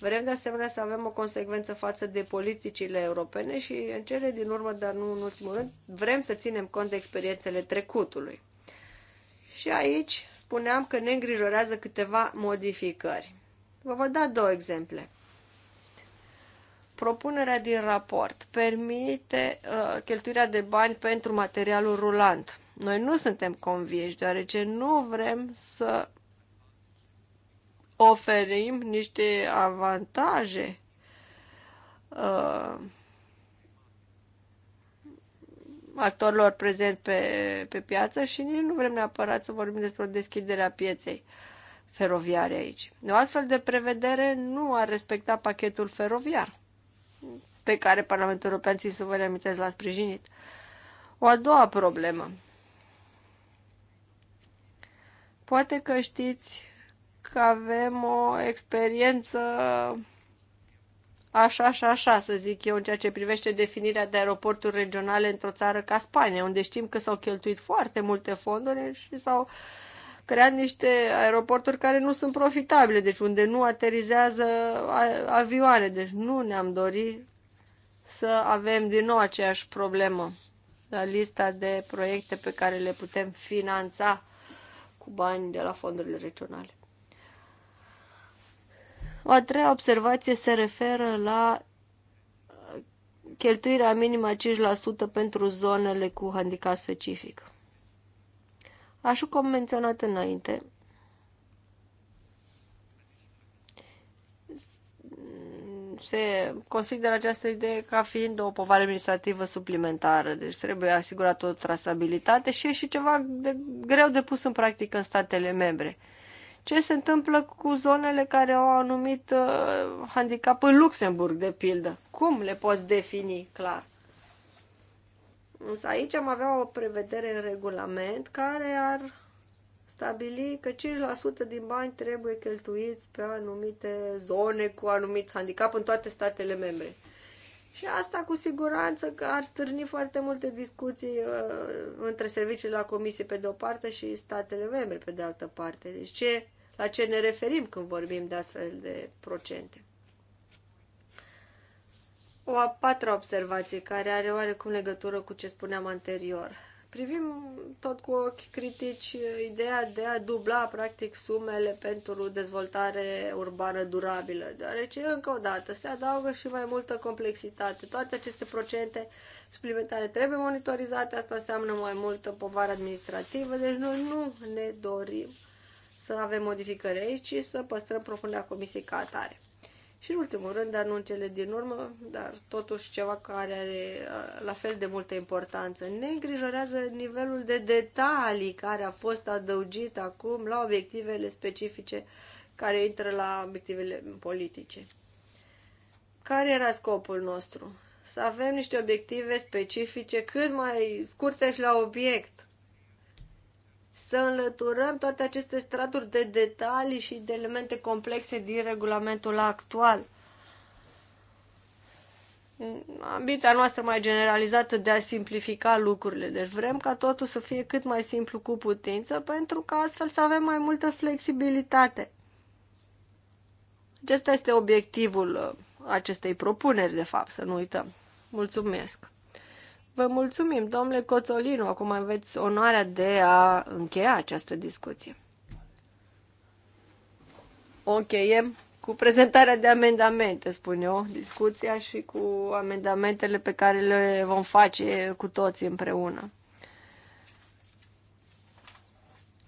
S3: Vrem de asemenea să avem o consecvență față de politicile europene și în cele din urmă, dar nu în ultimul rând, vrem să ținem cont de experiențele trecutului. Și aici spuneam că ne îngrijorează câteva modificări. Vă voi da două exemple. Propunerea din raport permite uh, cheltuirea de bani pentru materialul rulant. Noi nu suntem convinși, deoarece nu vrem să oferim niște avantaje uh, actorilor prezent pe, pe piață și nici nu vrem neapărat să vorbim despre deschiderea pieței. Uh, feroviare aici. O astfel de prevedere nu ar respecta pachetul feroviar pe care Parlamentul European, ți să vă reamintesc, l-a sprijinit. O a doua problemă. Poate că știți că avem o experiență așa și așa, să zic eu, în ceea ce privește definirea de aeroporturi regionale într-o țară ca Spania, unde știm că s-au cheltuit foarte multe fonduri și s-au uh, creat niște aeroporturi care nu sunt profitabile, deci unde nu aterizează avioane. Deci nu ne-am dorit să avem din nou aceeași problemă la lista de proiecte pe care le putem finanța cu bani de la fondurile regionale. O a treia observație se referă la cheltuirea minimă 5% pentru zonele cu handicap specific. Așa cum am menționat înainte, se consideră această idee ca fiind o povară administrativă suplimentară, deci trebuie asigurată o trasabilitate și e și ceva de, greu de pus în practică în statele membre. Ce se întâmplă cu zonele care au anumit uh, handicap în Luxemburg, de pildă? Cum le poți defini clar? Însă aici am avea o prevedere în regulament care ar stabili că 5% din bani trebuie cheltuiți pe anumite zone cu anumit handicap în toate statele membre. Și asta cu siguranță că ar stârni foarte multe discuții uh, între serviciile la comisie pe de o parte și statele membre pe de altă parte. Deci ce, la ce ne referim când vorbim de astfel de procente? O a patra observație care are oarecum legătură cu ce spuneam anterior. Privim tot cu ochi critici ideea de a dubla practic sumele pentru dezvoltare urbană durabilă, deoarece încă o dată se adaugă și mai multă complexitate. Toate aceste procente suplimentare trebuie monitorizate, asta înseamnă mai multă povară administrativă, deci noi nu ne dorim să avem modificări aici, ci să păstrăm propunerea comisiei ca atare. Și în ultimul rând, dar nu în cele din urmă, dar totuși ceva care are la fel de multă importanță. Ne îngrijorează nivelul de detalii care a fost adăugit acum la obiectivele specifice care intră la obiectivele politice. Care era scopul nostru? Să avem niște obiective specifice cât mai scurte și la obiect, să înlăturăm toate aceste straturi de detalii și de elemente complexe din regulamentul actual. Ambiția noastră mai generalizată de a simplifica lucrurile. Deci vrem ca totul să fie cât mai simplu cu putință pentru ca astfel să avem mai multă flexibilitate. Acesta este obiectivul uh, acestei propuneri, de fapt, să nu uităm. Mulțumesc! Vă mulțumim, domnule Coțolinu. Acum aveți onoarea de a încheia această discuție. O încheiem cu prezentarea de amendamente, spun eu, discuția și cu amendamentele pe care le vom face cu toții împreună.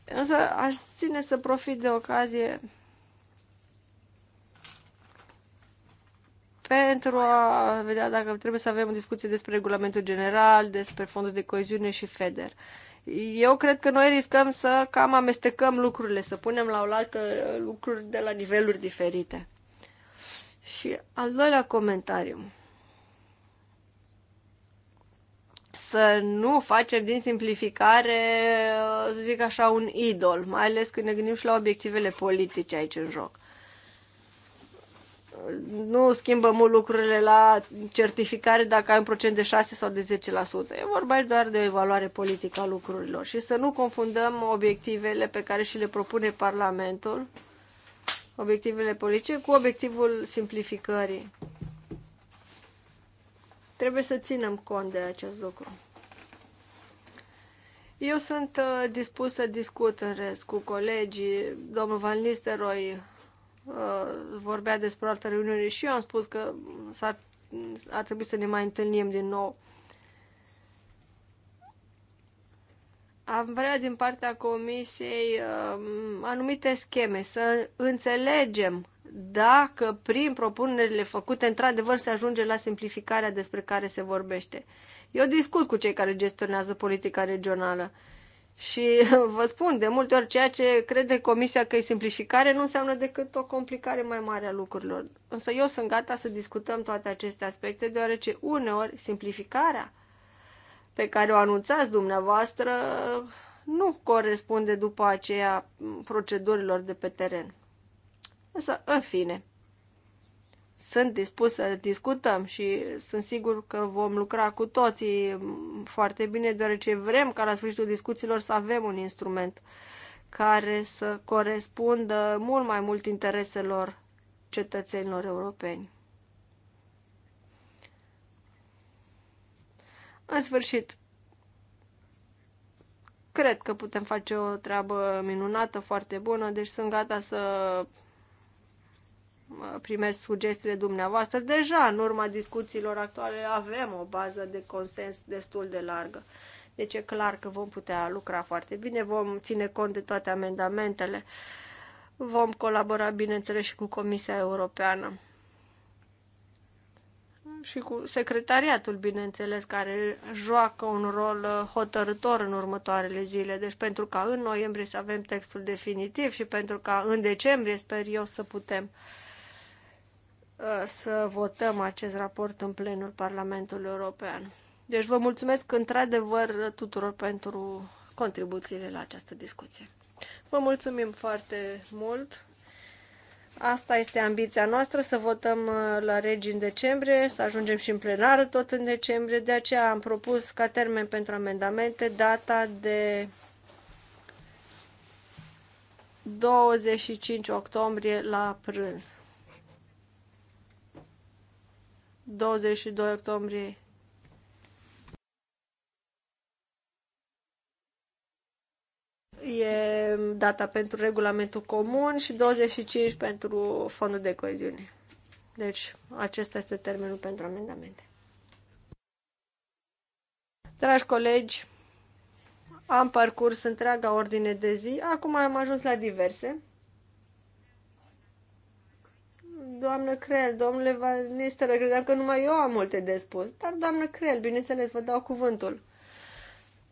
S3: Însă aș ține să profit de ocazie pentru a vedea dacă trebuie să avem o discuție despre regulamentul general, despre fondul de coeziune și FEDER. Eu cred că noi riscăm să cam amestecăm lucrurile, să punem la oaltă lucruri de la niveluri diferite. Și al doilea comentariu. Să nu facem din simplificare, să zic așa, un idol, mai ales când ne gândim și la obiectivele politice aici în joc nu schimbă mult lucrurile la certificare dacă ai un procent de 6 sau de 10%. E vorba aici doar de o evaluare politică a lucrurilor și să nu confundăm obiectivele pe care și le propune Parlamentul, obiectivele politice, cu obiectivul simplificării. Trebuie să ținem cont de acest lucru. Eu sunt uh, dispus să discut în rest cu colegii, domnul Van Nistelrooy, uh, vorbea despre o altă reuniune și eu am spus că ar ar trebui să ne mai întâlnim din nou. Am vrea din partea comisiei uh, anumite scheme, să înțelegem dacă prin propunerile făcute, într-adevăr, se ajunge la simplificarea despre care se vorbește. Eu discut cu cei care gestionează politica regională. Uh, și vă spun, de multe ori ceea ce crede comisia că e simplificare nu înseamnă decât o complicare mai mare a lucrurilor. Însă eu sunt gata să discutăm toate aceste aspecte, deoarece uneori simplificarea pe care o anunțați dumneavoastră nu corespunde după aceea procedurilor de pe teren. Însă, în fine, sunt dispus să discutăm și sunt sigur că vom lucra cu toții foarte bine, deoarece vrem ca la sfârșitul discuțiilor să avem un instrument care să corespundă mult mai mult intereselor cetățenilor europeni. În sfârșit, cred că putem face o treabă minunată, foarte bună, deci sunt gata să primesc sugestiile dumneavoastră. Deja, în urma discuțiilor actuale, avem o bază de consens destul de largă. Deci e clar că vom putea lucra foarte bine, vom ține cont de toate amendamentele, vom colabora, bineînțeles, și cu Comisia Europeană și cu secretariatul, bineînțeles, care joacă un rol uh, hotărător în următoarele zile. Deci pentru ca în noiembrie să avem textul definitiv și pentru ca în decembrie, sper eu, să putem uh, Uh, să votăm acest raport în plenul Parlamentului European. Deci vă mulțumesc într-adevăr tuturor pentru contribuțiile la această discuție. Vă mulțumim foarte mult! Asta este ambiția noastră, să votăm uh, la regi în decembrie, să ajungem și în plenară tot în decembrie. De aceea am propus ca termen pentru amendamente data de 25 octombrie la prânz. 22 octombrie. E data pentru regulamentul comun și 25 pentru fondul de coeziune. Deci, acesta este termenul pentru amendamente. Dragi colegi, am parcurs întreaga ordine de zi. Acum am ajuns la diverse doamnă Crel, domnule Van credeam că numai eu am multe de spus. Dar, doamnă Crel, bineînțeles, vă dau cuvântul.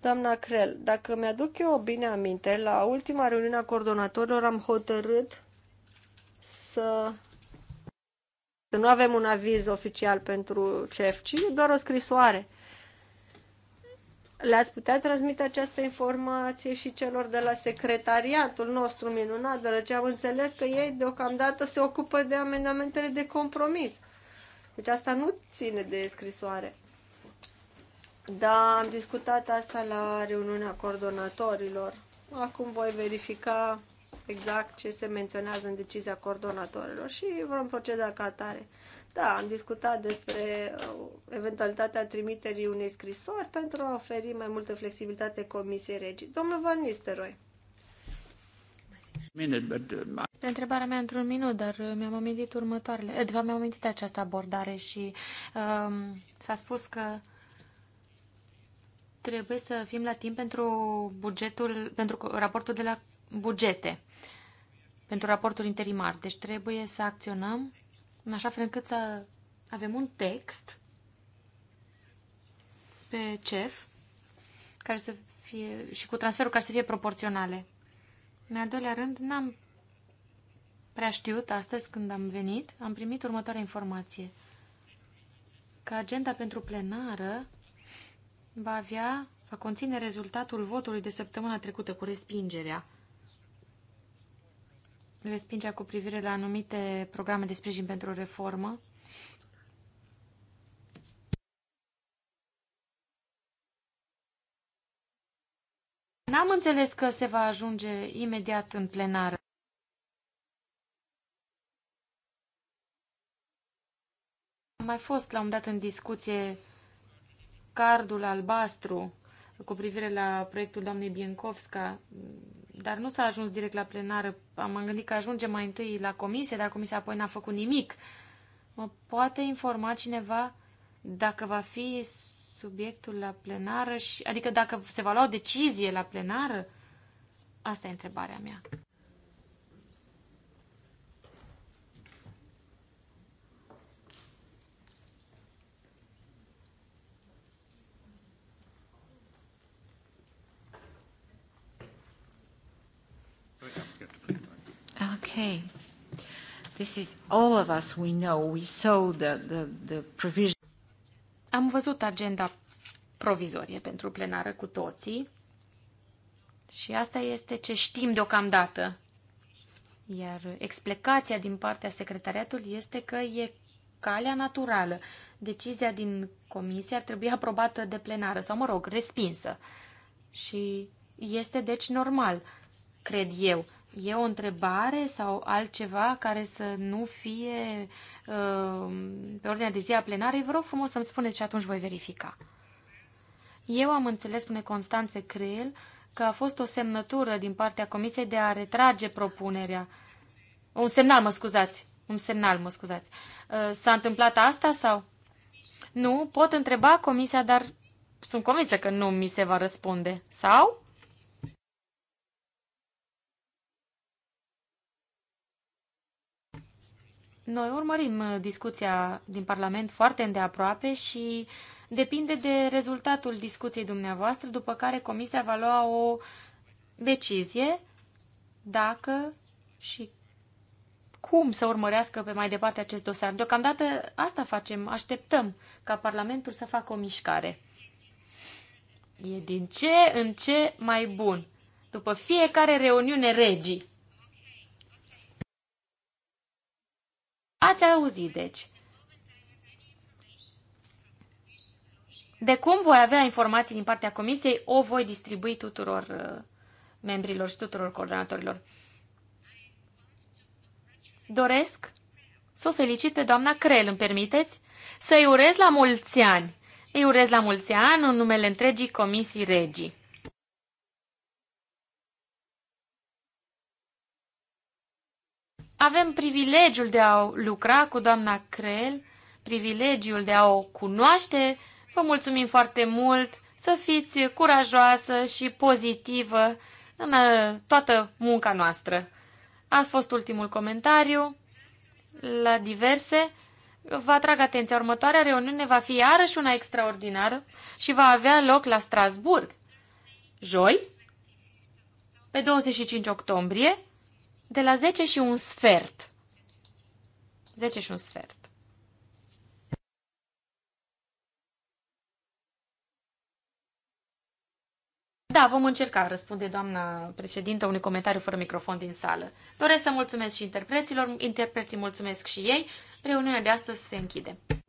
S3: Doamna Crel, dacă mi-aduc eu bine aminte, la ultima reuniune a coordonatorilor am hotărât să, să nu avem un aviz oficial pentru CEF, ci doar o scrisoare. Le-ați putea transmite această informație și celor de la secretariatul nostru minunat, deoarece am înțeles că ei deocamdată se ocupă de amendamentele de compromis. Deci asta nu ține de scrisoare. Da, am discutat asta la reuniunea coordonatorilor. Acum voi verifica exact ce se menționează în decizia coordonatorilor și vom proceda ca atare. Da, am discutat despre uh, eventualitatea trimiterii unei scrisori pentru a oferi mai multă flexibilitate Comisiei Regii.
S2: Domnul Van Nistelrooy. Spre întrebarea mea într-un minut, dar uh, mi-am amintit următoarele. Eh, de fapt, mi-am amintit această abordare și um, s-a spus că trebuie să fim la timp pentru bugetul, pentru raportul de la bugete, pentru raportul interimar. Deci trebuie să acționăm în așa fel încât să avem un text pe CEF care să fie, și cu transferul care să fie proporționale. În al doilea rând, n-am prea știut astăzi când am venit, am primit următoarea informație. Că agenda pentru plenară va avea, va conține rezultatul votului de săptămâna trecută cu respingerea respingea cu privire la anumite programe de sprijin pentru reformă. N-am înțeles că se va ajunge imediat în plenară. Am mai fost la un dat în discuție cardul albastru cu privire la proiectul doamnei Biencovska, dar nu s-a ajuns direct la plenară. Am gândit că ajungem mai întâi la comisie, dar comisia apoi n-a făcut nimic. Mă poate informa cineva dacă va fi subiectul la plenară și adică dacă se va lua o decizie la plenară? Asta e întrebarea mea. Okay. This is all of us we know. We saw the, the, the provision. Am văzut agenda provizorie pentru plenară cu toții. Și asta este ce știm deocamdată. Iar explicația din partea secretariatului este că e calea naturală. Decizia din comisie ar trebui aprobată de plenară sau, mă rog, respinsă. Și este deci normal cred eu. E o întrebare sau altceva care să nu fie uh, pe ordinea de zi a plenarei? Vă rog frumos să-mi spuneți și atunci voi verifica. Eu am înțeles, spune Constanțe Creel, că a fost o semnătură din partea Comisiei de a retrage propunerea. Un semnal, mă scuzați. Un semnal, mă scuzați. Uh, S-a întâmplat asta sau? Nu, pot întreba Comisia, dar sunt convinsă că nu mi se va răspunde. Sau? Noi urmărim uh, discuția din Parlament foarte îndeaproape și depinde de rezultatul discuției dumneavoastră, după care Comisia va lua o decizie dacă și cum să urmărească pe mai departe acest dosar. Deocamdată asta facem, așteptăm ca Parlamentul să facă o mișcare. E din ce în ce mai bun. După fiecare reuniune regii. Ați auzit, deci. De cum voi avea informații din partea comisiei, o voi distribui tuturor uh, membrilor și tuturor coordonatorilor. Doresc să o felicit pe doamna Crel, îmi permiteți? Să-i urez la mulți ani! Îi urez la mulți ani în numele întregii comisii regii. Avem privilegiul de a lucra cu doamna Crel, privilegiul de a o cunoaște. Vă mulțumim foarte mult, să fiți curajoasă și pozitivă în uh, toată munca noastră. A fost ultimul comentariu la diverse. Vă atrag atenția, următoarea reuniune va fi iarăși una extraordinară și va avea loc la Strasburg. Joi, pe 25 octombrie, de la 10 și un sfert. 10 și un sfert. Da, vom încerca, răspunde doamna președintă unui comentariu fără microfon din sală. Doresc să mulțumesc și interpreților, interpreții mulțumesc și ei. Reuniunea de astăzi se închide.